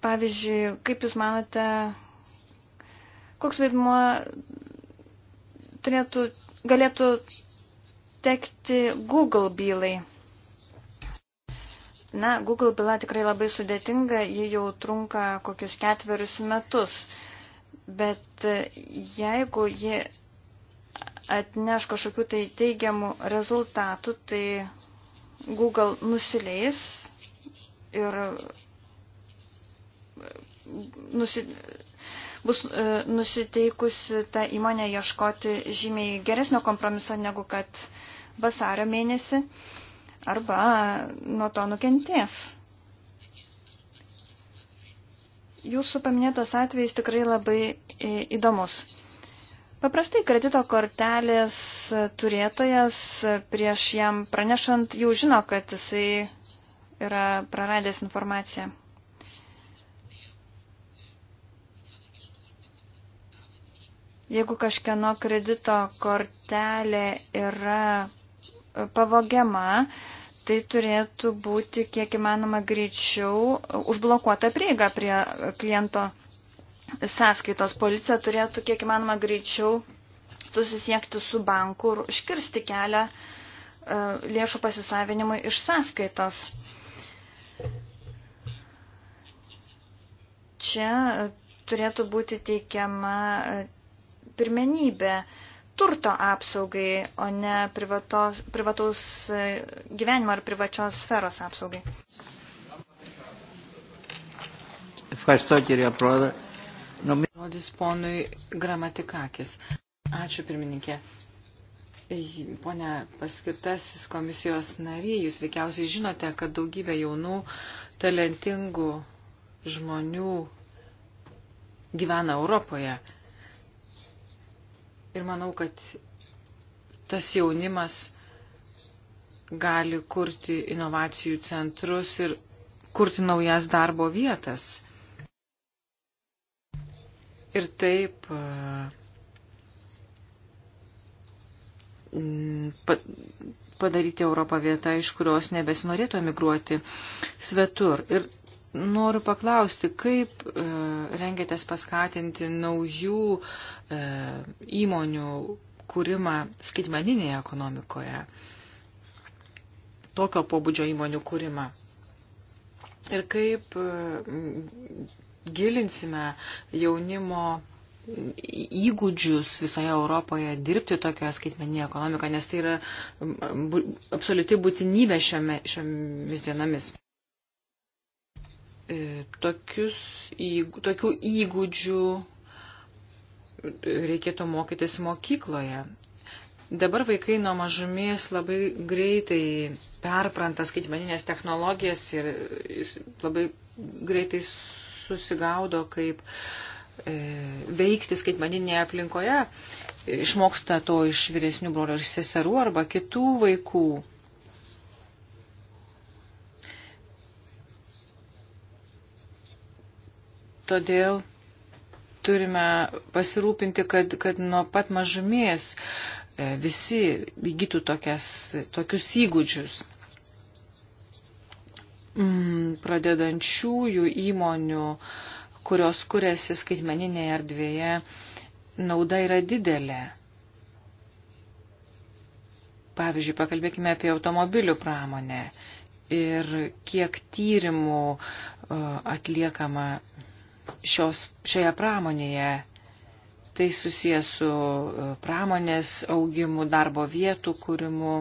Pavyzdžiui, kaip Jūs manote, koks vaidmuo turėtų, galėtų tekti Google bylai? Na, Google byla tikrai labai sudėtinga, ji jau trunka kokius ketverius metus, bet jeigu ji atneš kažkokių tai teigiamų rezultatų, tai Google nusileis ir nusi, bus e, nusiteikusi ta įmonė ieškoti žymiai geresnio kompromiso negu kad vasario mėnesį arba nuo to nukentės. Jūsų paminėtas atvejis tikrai labai e, įdomus. Paprastai kredito kortelės turėtojas prieš jam pranešant jau žino, kad jisai yra praradęs informaciją. Jeigu kažkieno kredito kortelė yra e, pavogiama, tai turėtų būti kiek įmanoma greičiau e, užblokuota prieiga prie e, kliento sąskaitos. Policija turėtų kiek įmanoma greičiau susisiekti su banku ir užkirsti kelią lėšų pasisavinimui iš sąskaitos. Čia turėtų būti teikiama pirmenybė turto apsaugai, o ne privatos, privataus e, gyvenimo ar privačios sferos apsaugai. Ευχαριστώ κυρία Πρόεδρε. Žodis ponui Gramatikakis. Ačiū pirmininkė. Pone paskirtasis komisijos nariai, jūs veikiausiai žinote, kad daugybė jaunų, talentingų žmonių gyvena Europoje Ir manau, kad tas jaunimas gali kurti inovacijų centrus ir kurti naujas darbo vietas. Ir taip mm, padaryti Europą vietą, iš kurios nebesinorėtų emigruoti svetur. Ir Noriu paklausti, kaip e, rengiatės paskatinti naujų e, įmonių kūrimą skaitmeninėje ekonomikoje, tokio pobūdžio įmonių kūrimą. Ir kaip e, gilinsime jaunimo įgūdžius visoje Europoje dirbti tokią skaitmeninę ekonomiką, nes tai yra absoliuti būtinybė šiame, šiomis dienomis. E, tokius, tokių įgūdžių reikėtų mokytis mokykloje. Dabar vaikai nuo mažumės labai greitai perpranta skaitmeninės technologijas ir labai greitai susigaudo, kaip e, veikti skaitmeninėje aplinkoje. Išmoksta to iš vyresnių brolių ir seserų arba kitų vaikų. Todėl turime pasirūpinti, kad, kad nuo pat mažumės e, visi įgytų tokias, tokius įgūdžius. Mm, pradedančiųjų įmonių, kurios kuriasi skaitmeninėje erdvėje, nauda yra didelė. Pavyzdžiui, pakalbėkime apie automobilių pramonę ir kiek tyrimų e, atliekama šios, šioje pramonėje. Tai susijęs su e, pramonės augimu, darbo vietų kūrimu.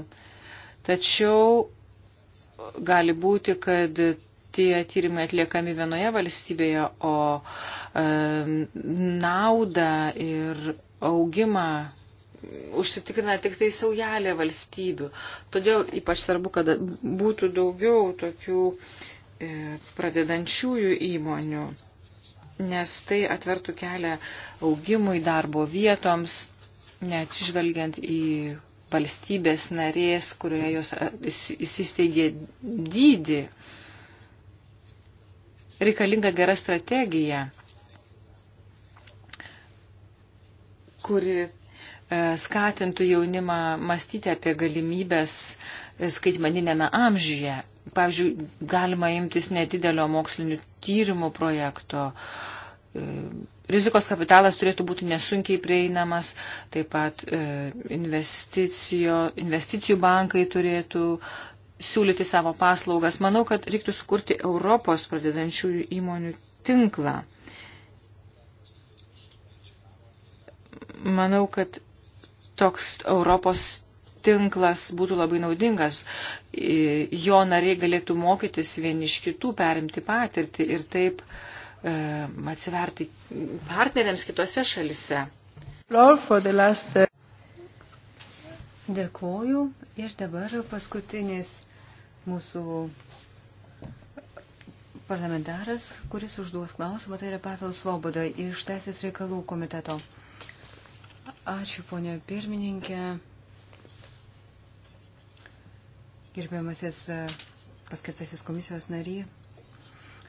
Tačiau gali būti, kad tie tyrimai atliekami vienoje valstybėje, o e, naudą ir augimą užsitikrina tik tai saujelė valstybių. Todėl ypač svarbu, kad būtų daugiau tokių e, pradedančiųjų įmonių nes tai atvertų kelią augimui, darbo vietoms, neatsižvelgiant į valstybės narės, kurioje jos įsisteigė dydį. Reikalinga gera strategija, kuri e, skatintų jaunimą mąstyti apie galimybės uh, skaitmaninėme amžiuje. Pavyzdžiui, galima imtis nedidelio mokslinių tyrimų projekto. E, Rizikos kapitalas turėtų būti nesunkiai prieinamas, taip pat e, investicijų bankai turėtų siūlyti savo paslaugas. Manau, kad reiktų sukurti Europos pradedančiųjų įmonių tinklą. Manau, kad toks Europos tinklas būtų labai naudingas. Jo nariai galėtų mokytis vieni iš kitų, perimti patirtį ir taip e, atsiverti partneriams kitose šalise. Last... Uh, Dėkuoju. Ir dabar paskutinis mūsų parlamentaras, kuris užduos klausimą, tai yra Pavel Svoboda iš Teisės reikalų komiteto. Ačiū, ponio pirmininkė. Gerbiamasis e, paskirtasis komisijos nary,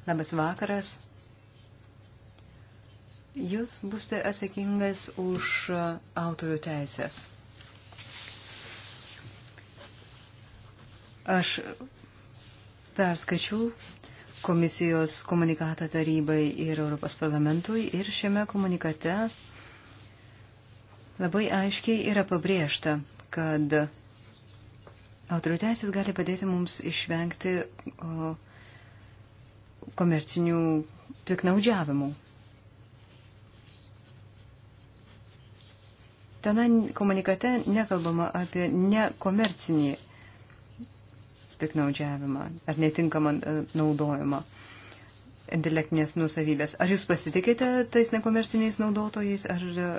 labas vakaras. Jūs būsite atsakingas už e, autorių teisės. Aš perskačiau komisijos komunikatą tarybai ir Europos parlamentui ir šiame komunikate labai aiškiai yra pabrėžta, kad Autorių teisės gali padėti mums išvengti o, komercinių piknaudžiavimų. Tenai komunikate nekalbama apie nekomercinį piknaudžiavimą ar netinkamą e, naudojimą intelektinės nusavybės. Ar jūs pasitikite tais nekomerciniais naudotojais ar, e,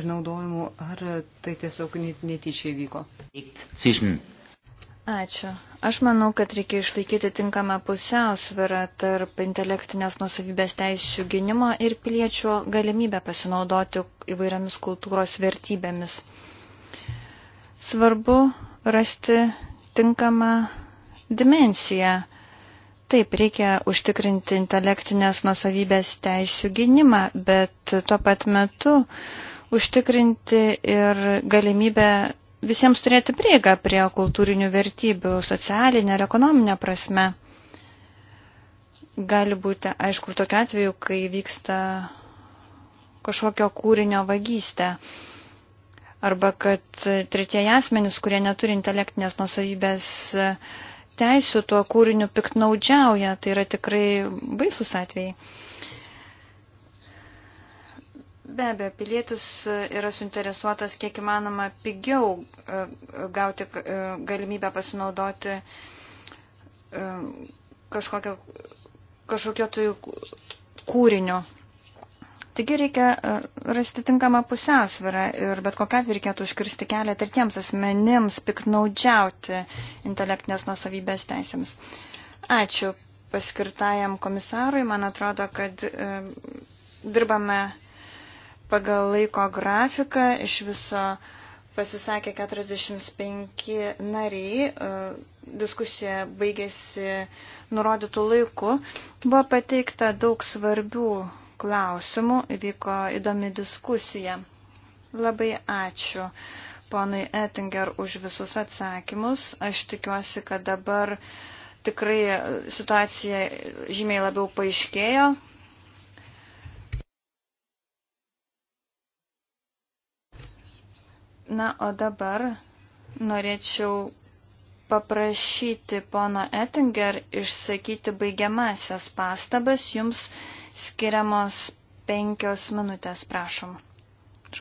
ir naudojimu, ar tai tiesiog netyčiai vyko? Zwischen Ačiū. Aš manau, kad reikia išlaikyti tinkamą pusiausvyrą tarp intelektinės nusavybės teisų gynimo ir piliečio galimybę pasinaudoti įvairiamis kultūros vertybėmis. Svarbu rasti tinkamą dimensiją. Taip, reikia užtikrinti intelektinės nusavybės teisų gynimą, bet tuo pat metu užtikrinti ir galimybę visiems turėti prieigą prie kultūrinių vertybių socialinė ir ekonominė prasme. Gali būti, aišku, tokiu atveju, kai vyksta kažkokio kūrinio vagystė. Arba kad tretieji asmenys, kurie neturi intelektinės nusavybės teisų, tuo kūriniu piktnaudžiauja. Tai yra tikrai baisus atvejai. Be abejo, pilietis e, yra suinteresuotas kiek įmanoma pigiau e, gauti e, galimybę pasinaudoti kažkokio, kažkokio tai kūrinio. Taigi reikia rasti tinkamą pusiausvyrą ir bet kokią atveju reikėtų užkirsti kelią ir tiems asmenims piknaudžiauti intelektinės nusavybės teisėms. Ačiū paskirtajam komisarui. Man atrodo, kad dirbame pagal laiko grafiką iš viso pasisakė 45 nariai, e, diskusija baigėsi nurodytų laiku, buvo pateikta daug svarbių klausimų, įvyko įdomi diskusija. Labai ačiū ponui Ettinger už visus atsakymus. Aš tikiuosi, kad dabar tikrai situacija žymiai labiau paaiškėjo, Na, o dabar norėčiau paprašyti pono Ettinger išsakyti baigiamasias pastabas. Jums skiriamos penkios minutės, prašom.